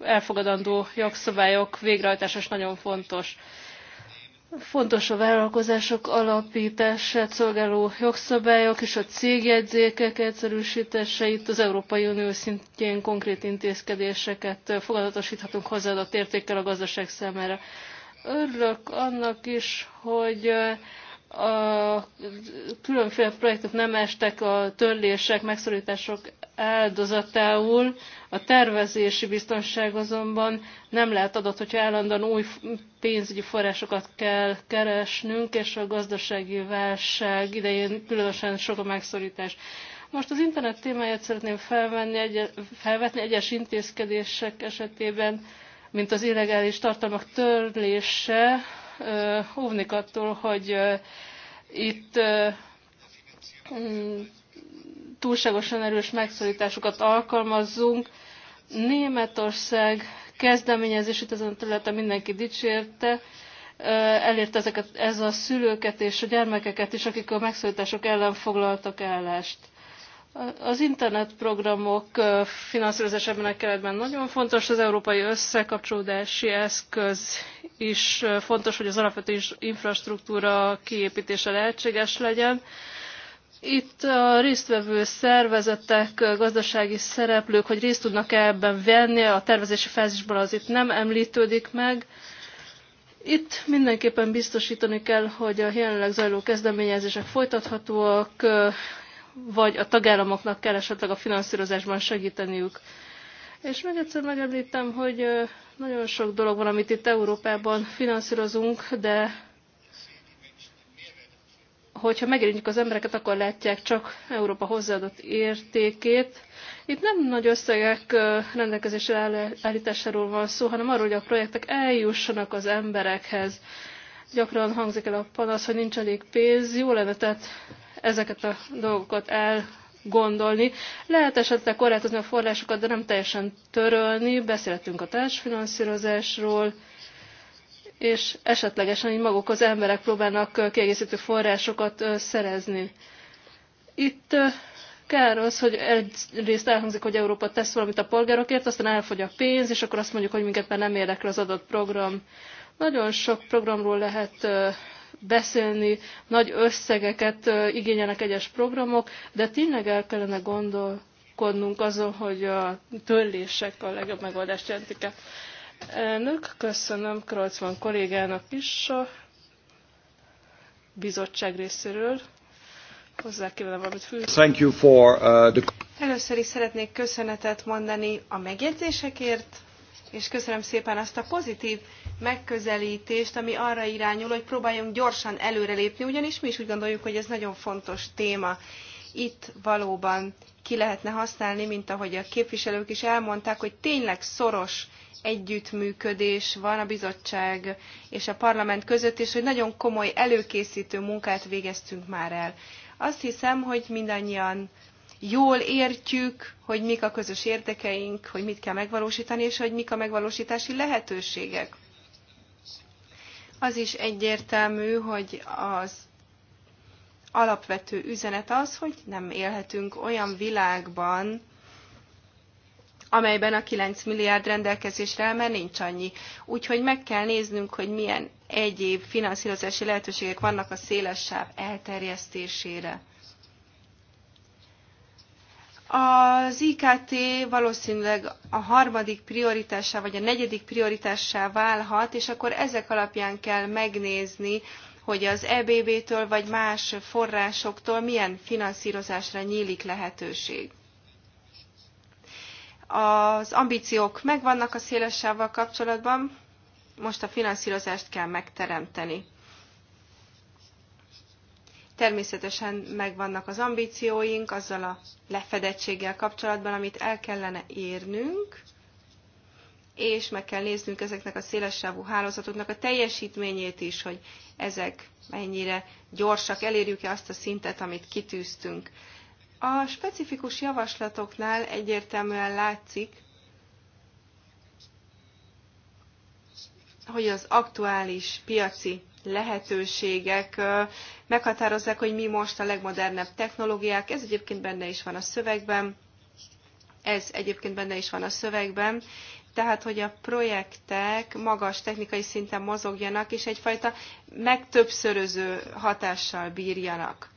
Speaker 2: elfogadandó jogszabályok végrehajtása is nagyon fontos. Fontos a vállalkozások alapítását szolgáló jogszabályok és a cégjegyzékek egyszerűsítése. Itt az Európai Unió szintjén konkrét intézkedéseket fogadatosíthatunk hozzáadott értékkel a gazdaság számára. Örülök annak is, hogy a különféle projektek nem estek a törlések, megszorítások áldozatául, a tervezési biztonság azonban nem lehet adott, hogyha állandóan új pénzügyi forrásokat kell keresnünk, és a gazdasági válság idején különösen sok a megszorítás. Most az internet témáját szeretném felvenni, egy, felvetni egyes intézkedések esetében, mint az illegális tartalmak törlése, óvni attól, hogy itt mm, túlságosan erős megszorításokat alkalmazzunk. Németország kezdeményezését ezen a területen mindenki dicsérte, elérte ezeket, ez a szülőket és a gyermekeket is, akik a megszólítások ellen foglaltak állást. Az internetprogramok finanszírozásában a keretben nagyon fontos, az európai összekapcsolódási eszköz is fontos, hogy az alapvető infrastruktúra kiépítése lehetséges legyen. Itt a résztvevő szervezetek, gazdasági szereplők, hogy részt tudnak -e ebben venni, a tervezési fázisban az itt nem említődik meg. Itt mindenképpen biztosítani kell, hogy a jelenleg zajló kezdeményezések folytathatóak, vagy a tagállamoknak kell esetleg a finanszírozásban segíteniük. És még egyszer megemlítem, hogy nagyon sok dolog van, amit itt Európában finanszírozunk, de hogyha megérintjük az embereket, akkor látják csak Európa hozzáadott értékét. Itt nem nagy összegek rendelkezésre állításáról van szó, hanem arról, hogy a projektek eljussanak az emberekhez. Gyakran hangzik el a panasz, hogy nincs elég pénz. Jó lenne tehát ezeket a dolgokat elgondolni. Lehet esetleg korlátozni a forrásokat, de nem teljesen törölni. Beszéltünk a társfinanszírozásról, és esetlegesen így maguk az emberek próbálnak kiegészítő forrásokat szerezni. Itt kár az, hogy egyrészt elhangzik, hogy Európa tesz valamit a polgárokért, aztán elfogy a pénz, és akkor azt mondjuk, hogy minket már nem érdekel az adott program. Nagyon sok programról lehet beszélni, nagy összegeket igényelnek egyes programok, de tényleg el kellene gondolkodnunk azon, hogy a törlések a legjobb megoldást jelentik-e. Elnök, köszönöm Krolcman kollégának is a bizottság részéről.
Speaker 3: Hozzá kívánom amit fűzni. Thank you for, uh, the... Először is szeretnék köszönetet mondani a megjegyzésekért, és köszönöm szépen azt a pozitív megközelítést, ami arra irányul, hogy próbáljunk gyorsan előrelépni, ugyanis mi is úgy gondoljuk, hogy ez nagyon fontos téma. Itt valóban ki lehetne használni, mint ahogy a képviselők is elmondták, hogy tényleg szoros együttműködés van a bizottság és a parlament között, és hogy nagyon komoly előkészítő munkát végeztünk már el. Azt hiszem, hogy mindannyian jól értjük, hogy mik a közös érdekeink, hogy mit kell megvalósítani, és hogy mik a megvalósítási lehetőségek. Az is egyértelmű, hogy az alapvető üzenet az, hogy nem élhetünk olyan világban, amelyben a 9 milliárd rendelkezésre áll, mert nincs annyi. Úgyhogy meg kell néznünk, hogy milyen egyéb finanszírozási lehetőségek vannak a széles sáv elterjesztésére. Az IKT valószínűleg a harmadik prioritássá vagy a negyedik prioritássá válhat, és akkor ezek alapján kell megnézni, hogy az EBB-től vagy más forrásoktól milyen finanszírozásra nyílik lehetőség. Az ambíciók megvannak a szélessávval kapcsolatban, most a finanszírozást kell megteremteni. Természetesen megvannak az ambícióink azzal a lefedettséggel kapcsolatban, amit el kellene érnünk, és meg kell néznünk ezeknek a szélessávú hálózatoknak a teljesítményét is, hogy ezek mennyire gyorsak, elérjük-e azt a szintet, amit kitűztünk. A specifikus javaslatoknál egyértelműen látszik, hogy az aktuális piaci lehetőségek meghatározzák, hogy mi most a legmodernebb technológiák. Ez egyébként benne is van a szövegben. Ez egyébként benne is van a szövegben, tehát hogy a projektek magas technikai szinten mozogjanak, és egyfajta megtöbbszöröző hatással bírjanak.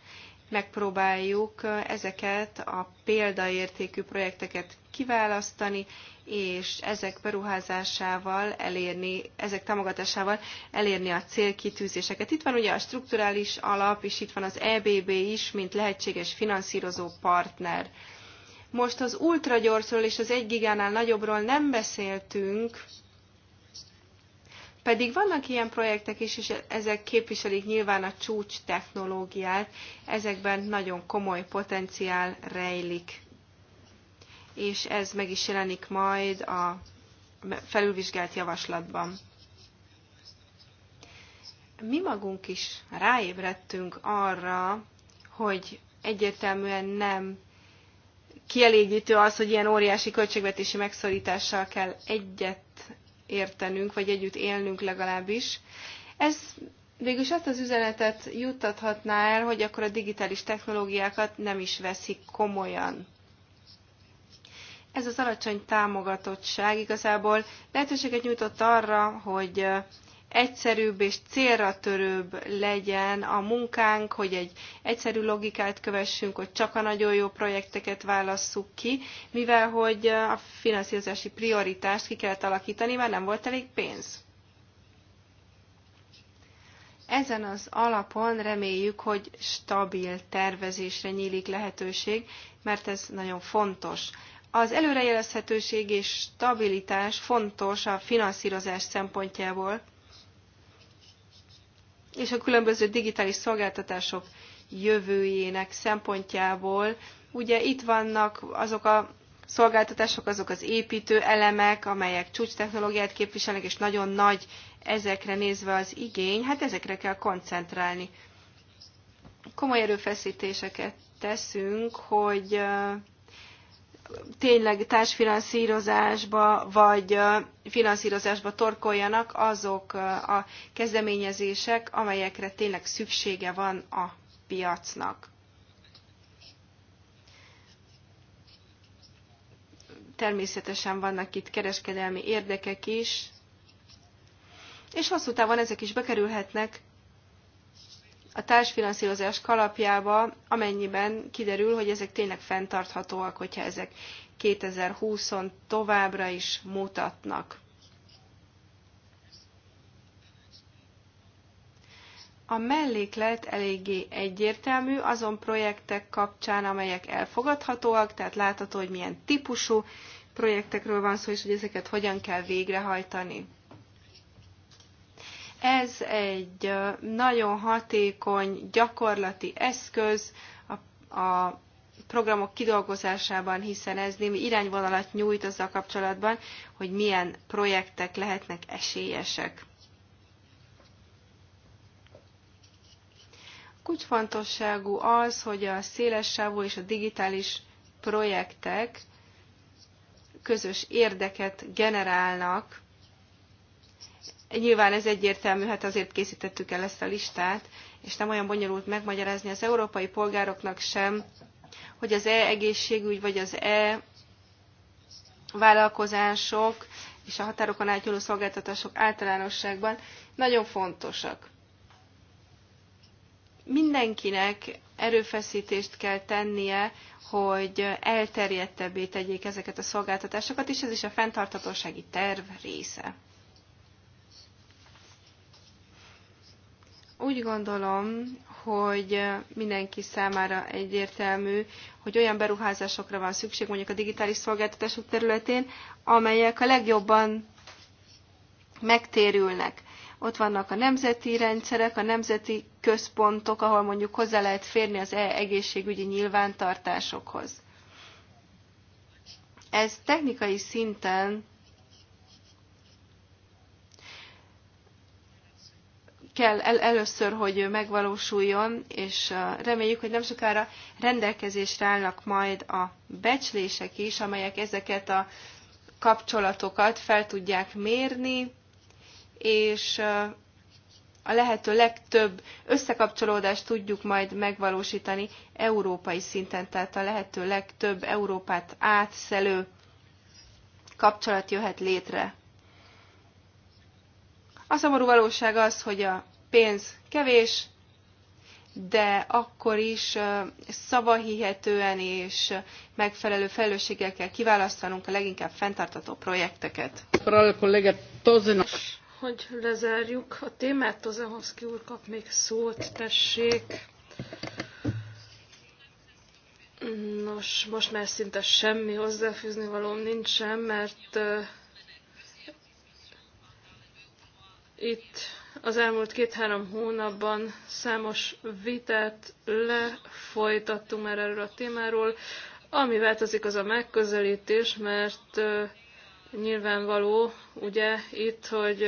Speaker 3: Megpróbáljuk ezeket a példaértékű projekteket kiválasztani, és ezek beruházásával elérni, ezek támogatásával elérni a célkitűzéseket. Itt van ugye a strukturális alap, és itt van az EBB is, mint lehetséges finanszírozó partner. Most az ultragyorsról és az egy gigánál nagyobbról nem beszéltünk, pedig vannak ilyen projektek is, és ezek képviselik nyilván a csúcs technológiát, ezekben nagyon komoly potenciál rejlik és ez meg is jelenik majd a felülvizsgált javaslatban. Mi magunk is ráébredtünk arra, hogy egyértelműen nem kielégítő az, hogy ilyen óriási költségvetési megszorítással kell egyet értenünk, vagy együtt élnünk legalábbis. Ez végülis azt az üzenetet juttathatná el, hogy akkor a digitális technológiákat nem is veszik komolyan. Ez az alacsony támogatottság igazából lehetőséget nyújtott arra, hogy egyszerűbb és célra törőbb legyen a munkánk, hogy egy egyszerű logikát kövessünk, hogy csak a nagyon jó projekteket válasszuk ki, mivel hogy a finanszírozási prioritást ki kellett alakítani, mert nem volt elég pénz. Ezen az alapon reméljük, hogy stabil tervezésre nyílik lehetőség, mert ez nagyon fontos. Az előrejelezhetőség és stabilitás fontos a finanszírozás szempontjából, és a különböző digitális szolgáltatások jövőjének szempontjából. Ugye itt vannak azok a szolgáltatások, azok az építő elemek, amelyek csúcstechnológiát képviselnek, és nagyon nagy ezekre nézve az igény, hát ezekre kell koncentrálni. Komoly erőfeszítéseket teszünk, hogy tényleg társfinanszírozásba vagy finanszírozásba torkoljanak azok a kezdeményezések, amelyekre tényleg szüksége van a piacnak. Természetesen vannak itt kereskedelmi érdekek is, és hosszú távon ezek is bekerülhetnek a társfinanszírozás kalapjába, amennyiben kiderül, hogy ezek tényleg fenntarthatóak, hogyha ezek 2020-on továbbra is mutatnak. A melléklet eléggé egyértelmű azon projektek kapcsán, amelyek elfogadhatóak, tehát látható, hogy milyen típusú projektekről van szó, és hogy ezeket hogyan kell végrehajtani. Ez egy nagyon hatékony gyakorlati eszköz a, a programok kidolgozásában, hiszen ez némi irányvonalat nyújt azzal kapcsolatban, hogy milyen projektek lehetnek esélyesek. Kulcsfontosságú az, hogy a széles sávú és a digitális projektek közös érdeket generálnak Nyilván ez egyértelmű, hát azért készítettük el ezt a listát, és nem olyan bonyolult megmagyarázni az európai polgároknak sem, hogy az e-egészségügy vagy az e-vállalkozások és a határokon átnyúló szolgáltatások általánosságban nagyon fontosak. Mindenkinek erőfeszítést kell tennie, hogy elterjedtebbé tegyék ezeket a szolgáltatásokat, és ez is a fenntartatósági terv része. Úgy gondolom, hogy mindenki számára egyértelmű, hogy olyan beruházásokra van szükség, mondjuk a digitális szolgáltatások területén, amelyek a legjobban megtérülnek. Ott vannak a nemzeti rendszerek, a nemzeti központok, ahol mondjuk hozzá lehet férni az e egészségügyi nyilvántartásokhoz. Ez technikai szinten kell el, először, hogy megvalósuljon, és reméljük, hogy nem sokára rendelkezésre állnak majd a becslések is, amelyek ezeket a kapcsolatokat fel tudják mérni, és a lehető legtöbb összekapcsolódást tudjuk majd megvalósítani európai szinten, tehát a lehető legtöbb Európát átszelő kapcsolat jöhet létre. A szomorú valóság az, hogy a pénz kevés, de akkor is szavahihetően és megfelelő felelősséggel kell kiválasztanunk a leginkább fenntartató projekteket.
Speaker 2: Hogy lezárjuk a témát, Tozehovszki úr kap még szót, tessék. Nos, most már szinte semmi hozzáfűzni valóm nincsen, mert Itt az elmúlt két-három hónapban számos vitát lefolytattunk már erről a témáról. Ami változik, az a megközelítés, mert nyilvánvaló, ugye itt, hogy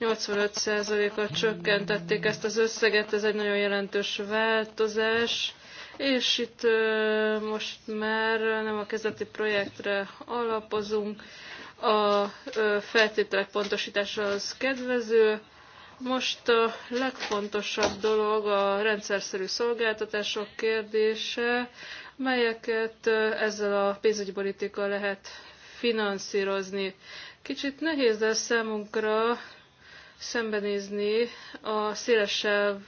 Speaker 2: 85%-kal csökkentették ezt az összeget, ez egy nagyon jelentős változás, és itt most már nem a kezdeti projektre alapozunk, a feltételek pontosítása az kedvező. Most a legfontosabb dolog a rendszerszerű szolgáltatások kérdése, melyeket ezzel a pénzügyi politika lehet finanszírozni. Kicsit nehéz lesz számunkra szembenézni a szélesebb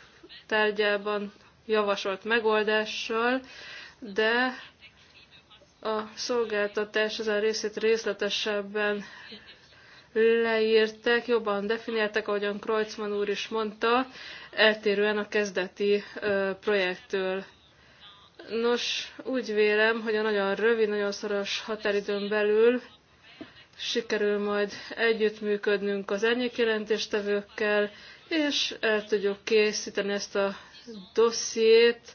Speaker 2: tárgyában javasolt megoldással, de a szolgáltatás ezen részét részletesebben leírták, jobban definiálták, ahogyan Kreutzmann úr is mondta, eltérően a kezdeti projektől. Nos, úgy vélem, hogy a nagyon rövid, nagyon szoros határidőn belül sikerül majd együttműködnünk az árnyékjelentéstevőkkel, és el tudjuk készíteni ezt a dossziét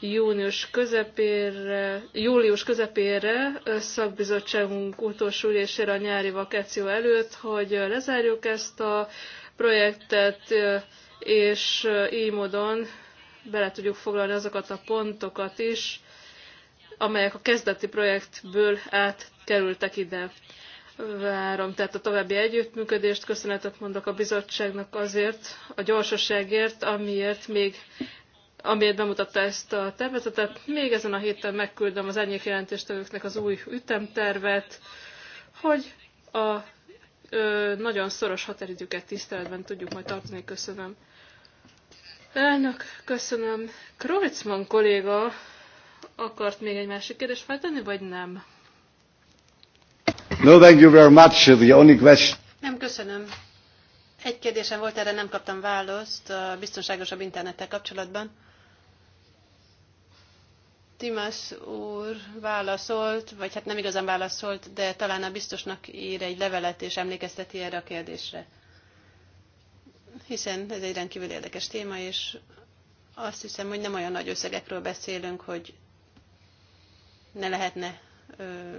Speaker 2: június közepére, július közepére szakbizottságunk utolsó ülésére a nyári vakáció előtt, hogy lezárjuk ezt a projektet, és így módon bele tudjuk foglalni azokat a pontokat is, amelyek a kezdeti projektből átkerültek ide. Várom tehát a további együttműködést. Köszönetet mondok a bizottságnak azért, a gyorsaságért, amiért még amiért bemutatta ezt a tervezetet. Még ezen a héten megküldöm az ennyi jelentéstevőknek az új ütemtervet, hogy a ö, nagyon szoros határidőket tiszteletben tudjuk majd tartani. Köszönöm. Elnök, köszönöm. Kreutzmann kolléga akart még egy másik kérdést feltenni, vagy nem?
Speaker 3: No, thank you very much. The only question...
Speaker 1: Nem, köszönöm. Egy kérdésem volt, erre nem kaptam választ a biztonságosabb internettel kapcsolatban. Timas úr válaszolt, vagy hát nem igazán válaszolt, de talán a biztosnak ír egy levelet és emlékezteti erre a kérdésre. Hiszen ez egy rendkívül érdekes téma, és azt hiszem, hogy nem olyan nagy összegekről beszélünk, hogy ne lehetne ö,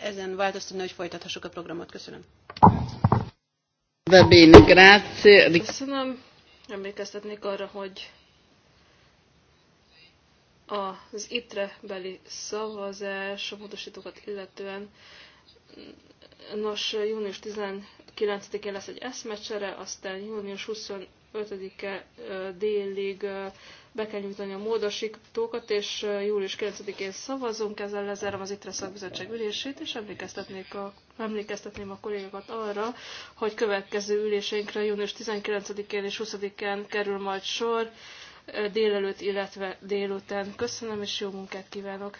Speaker 1: ezen változtatni, hogy folytathassuk a programot. Köszönöm. Köszönöm. Emlékeztetnék arra, hogy
Speaker 2: az ITRE beli szavazás a módosítókat illetően. Nos, június 19-én lesz egy eszmecsere, aztán június 25-e délig be kell nyújtani a módosítókat, és július 9-én szavazunk, ezzel lezárom az ITRE szakbizottság ülését, és emlékeztetnék a, emlékeztetném a kollégákat arra, hogy következő üléseinkre június 19-én és 20-án kerül majd sor délelőtt, illetve délután. Köszönöm, és jó munkát kívánok!